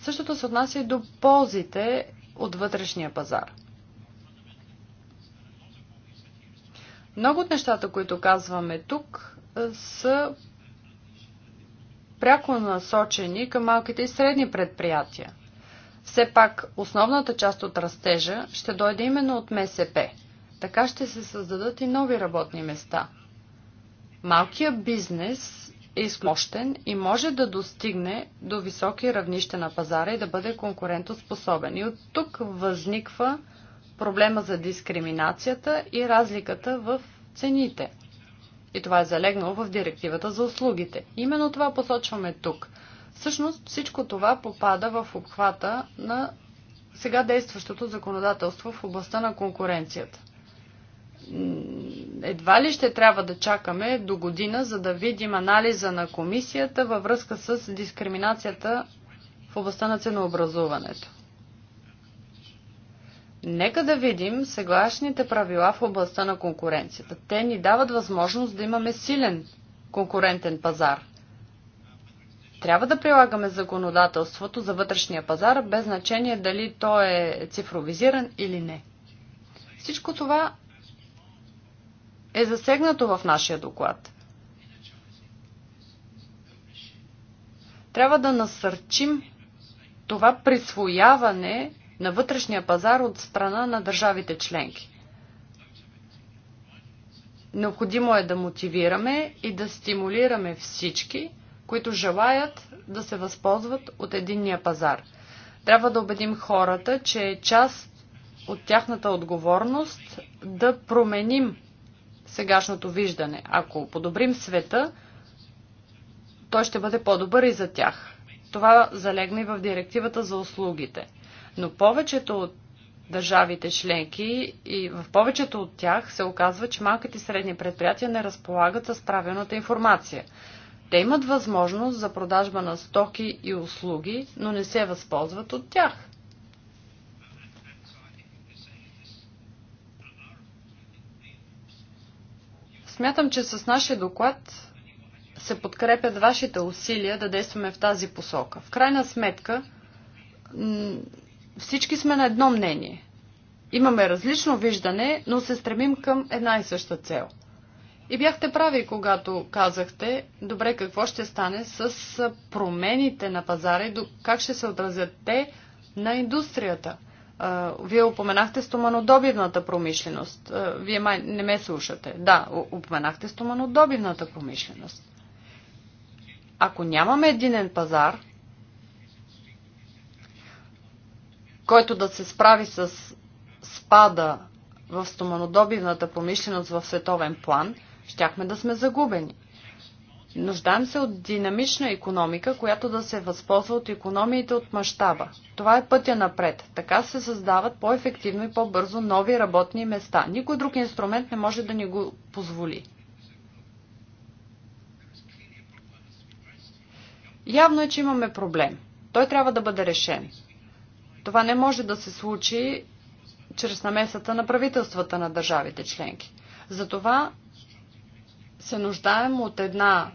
Същото се отнася и до ползите от вътрешния пазар. Много от нещата, които казваме тук, са пряко насочени към малките и средни предприятия. Все пак основната част от растежа ще дойде именно от МСП. Така ще се създадат и нови работни места. Малкият бизнес е изкощен и може да достигне до високи равнища на пазара и да бъде конкурентоспособен. И от тук възниква проблема за дискриминацията и разликата в цените – и това е залегнало в директивата за услугите. Именно това посочваме тук. Всъщност всичко това попада в обхвата на сега действащото законодателство в областта на конкуренцията. Едва ли ще трябва да чакаме до година, за да видим анализа на комисията във връзка с дискриминацията в областта на ценообразуването. Нека да видим сегашните правила в областта на конкуренцията. Те ни дават възможност да имаме силен конкурентен пазар. Трябва да прилагаме законодателството за вътрешния пазар, без значение дали той е цифровизиран или не. Всичко това е засегнато в нашия доклад. Трябва да насърчим това присвояване на вътрешния пазар от страна на държавите членки. Необходимо е да мотивираме и да стимулираме всички, които желаят да се възползват от единния пазар. Трябва да убедим хората, че е част от тяхната отговорност да променим сегашното виждане. Ако подобрим света, той ще бъде по-добър и за тях. Това залегна и в директивата за услугите но повечето от държавите членки и в повечето от тях се оказва, че малките и средни предприятия не разполагат с правилната информация. Те имат възможност за продажба на стоки и услуги, но не се възползват от тях. Смятам, че с нашия доклад се подкрепят вашите усилия да действаме в тази посока. В крайна сметка, всички сме на едно мнение. Имаме различно виждане, но се стремим към една и съща цел. И бяхте прави, когато казахте, добре, какво ще стане с промените на пазара и как ще се отразят те на индустрията. Вие упоменахте стоманодобивната промишленост. Вие май не ме слушате. Да, упоменахте стоманодобивната промишленост. Ако нямаме единен пазар, който да се справи с спада в стоманодобивната промишленост в световен план, щяхме да сме загубени. Нуждаем се от динамична економика, която да се възползва от економиите от мащаба. Това е пътя напред. Така се създават по-ефективно и по-бързо нови работни места. Никой друг инструмент не може да ни го позволи. Явно е, че имаме проблем. Той трябва да бъде решен. Това не може да се случи чрез намесата на правителствата на държавите членки. Затова се нуждаем от една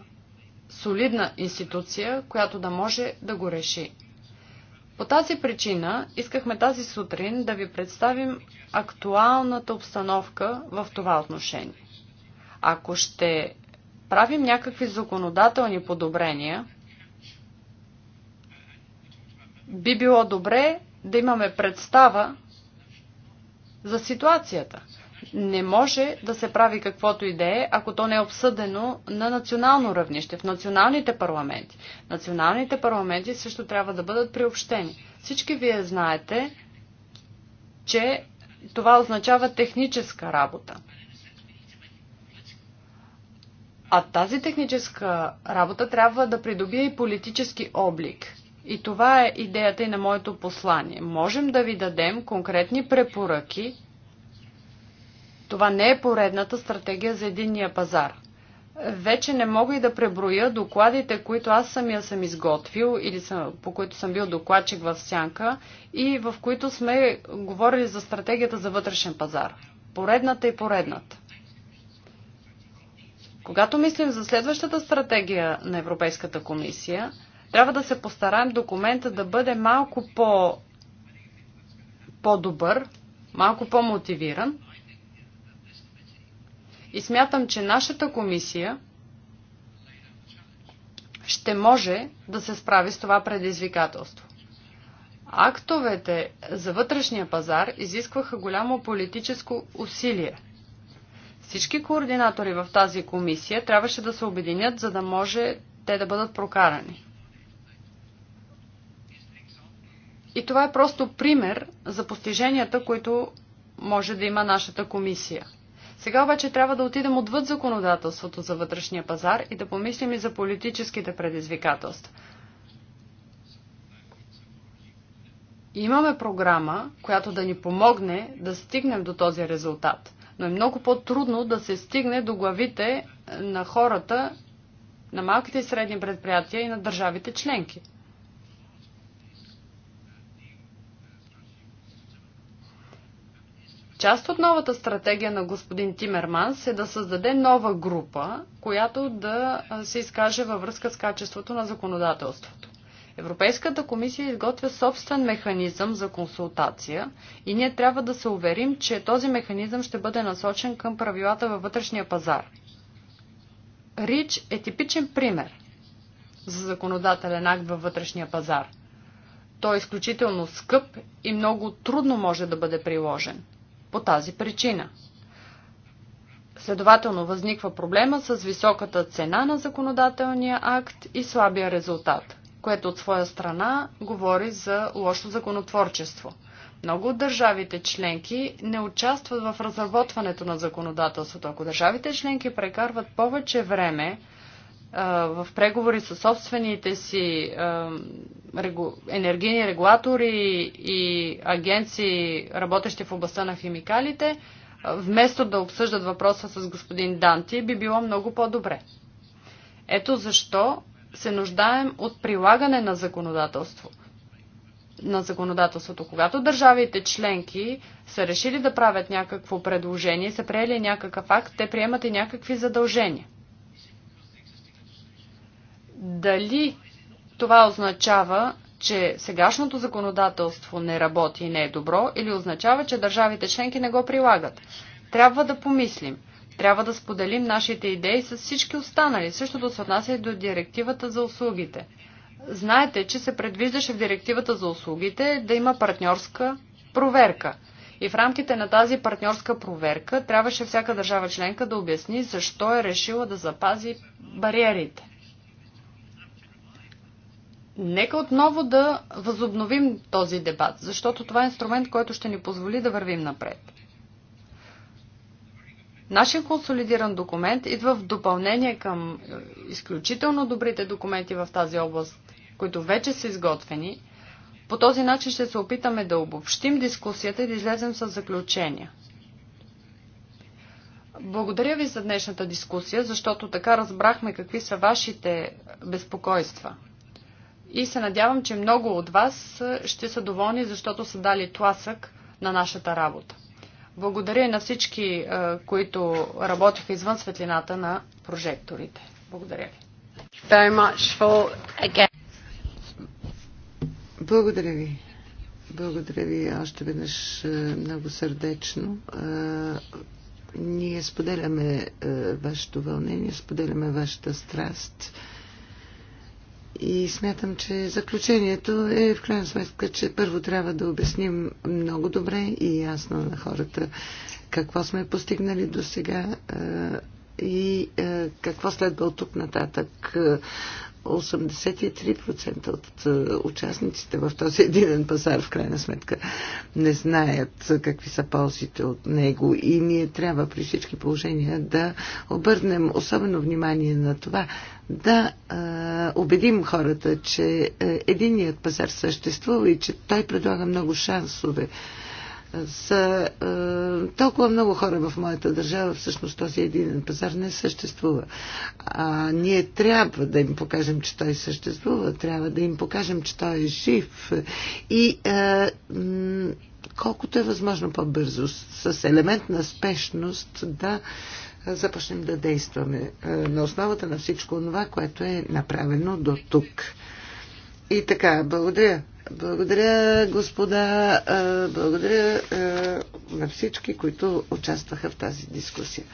солидна институция, която да може да го реши. По тази причина искахме тази сутрин да ви представим актуалната обстановка в това отношение. Ако ще правим някакви законодателни подобрения, би било добре да имаме представа за ситуацията. Не може да се прави каквото и да е, ако то не е обсъдено на национално равнище, в националните парламенти. Националните парламенти също трябва да бъдат приобщени. Всички вие знаете, че това означава техническа работа. А тази техническа работа трябва да придобие и политически облик. И това е идеята и на моето послание. Можем да ви дадем конкретни препоръки. Това не е поредната стратегия за единния пазар. Вече не мога и да преброя докладите, които аз самия съм изготвил или съм, по които съм бил докладчик в Сянка и в които сме говорили за стратегията за вътрешен пазар. Поредната и поредната. Когато мислим за следващата стратегия на Европейската комисия, трябва да се постараем документа да бъде малко по, по-добър, малко по-мотивиран. И смятам, че нашата комисия ще може да се справи с това предизвикателство. Актовете за вътрешния пазар изискваха голямо политическо усилие. Всички координатори в тази комисия трябваше да се обединят, за да може те да бъдат прокарани. И това е просто пример за постиженията, които може да има нашата комисия. Сега обаче трябва да отидем отвъд законодателството за вътрешния пазар и да помислим и за политическите предизвикателства. Имаме програма, която да ни помогне да стигнем до този резултат, но е много по-трудно да се стигне до главите на хората, на малките и средни предприятия и на държавите членки. Част от новата стратегия на господин Тимерманс е да създаде нова група, която да се изкаже във връзка с качеството на законодателството. Европейската комисия изготвя собствен механизъм за консултация и ние трябва да се уверим, че този механизъм ще бъде насочен към правилата във вътрешния пазар. РИЧ е типичен пример за законодателен акт във вътрешния пазар. Той е изключително скъп и много трудно може да бъде приложен – по тази причина. Следователно възниква проблема с високата цена на законодателния акт и слабия резултат, което от своя страна говори за лошо законотворчество. Много от държавите членки не участват в разработването на законодателството. Ако държавите членки прекарват повече време в преговори с собствените си енергийни регулатори и агенции, работещи в областта на химикалите, вместо да обсъждат въпроса с господин Данти, би било много по-добре. Ето защо се нуждаем от прилагане на законодателство. На законодателството. Когато държавите членки са решили да правят някакво предложение, са приели някакъв акт, те приемат и някакви задължения – дали това означава, че сегашното законодателство не работи и не е добро, или означава, че държавите членки не го прилагат? Трябва да помислим. Трябва да споделим нашите идеи с всички останали. Същото се отнася и до директивата за услугите. Знаете, че се предвиждаше в директивата за услугите да има партньорска проверка. И в рамките на тази партньорска проверка трябваше всяка държава членка да обясни защо е решила да запази бариерите. Нека отново да възобновим този дебат, защото това е инструмент, който ще ни позволи да вървим напред. Нашия консолидиран документ идва в допълнение към е, изключително добрите документи в тази област, които вече са изготвени. По този начин ще се опитаме да обобщим дискусията и да излезем с заключения. Благодаря ви за днешната дискусия, защото така разбрахме какви са вашите безпокойства. И се надявам, че много от вас ще са доволни, защото са дали тласък на нашата работа. Благодаря на всички, които работиха извън светлината на прожекторите. Благодаря ви. Благодаря ви. Благодаря ви още веднъж много сърдечно. Ние споделяме вашето вълнение, споделяме вашата страст. И смятам, че заключението е в крайна сметка, че първо трябва да обясним много добре и ясно на хората какво сме постигнали до сега и какво следва от тук нататък. 83% от е, участниците в този единен пазар в крайна сметка не знаят какви са ползите от него и ние трябва при всички положения да обърнем особено внимание на това да е, убедим хората, че е, единият пазар съществува и че той предлага много шансове. Е, са е, толкова много хора в моята държава всъщност този единен пазар не съществува. А ние трябва да им покажем, че той съществува, трябва да им покажем, че той е жив и е, колкото е възможно по-бързо, с елемент на спешност да започнем да действаме е, на основата на всичко това, което е направено до тук. И така, благодаря благодаря, господа. Благодаря на всички, които участваха в тази дискусия.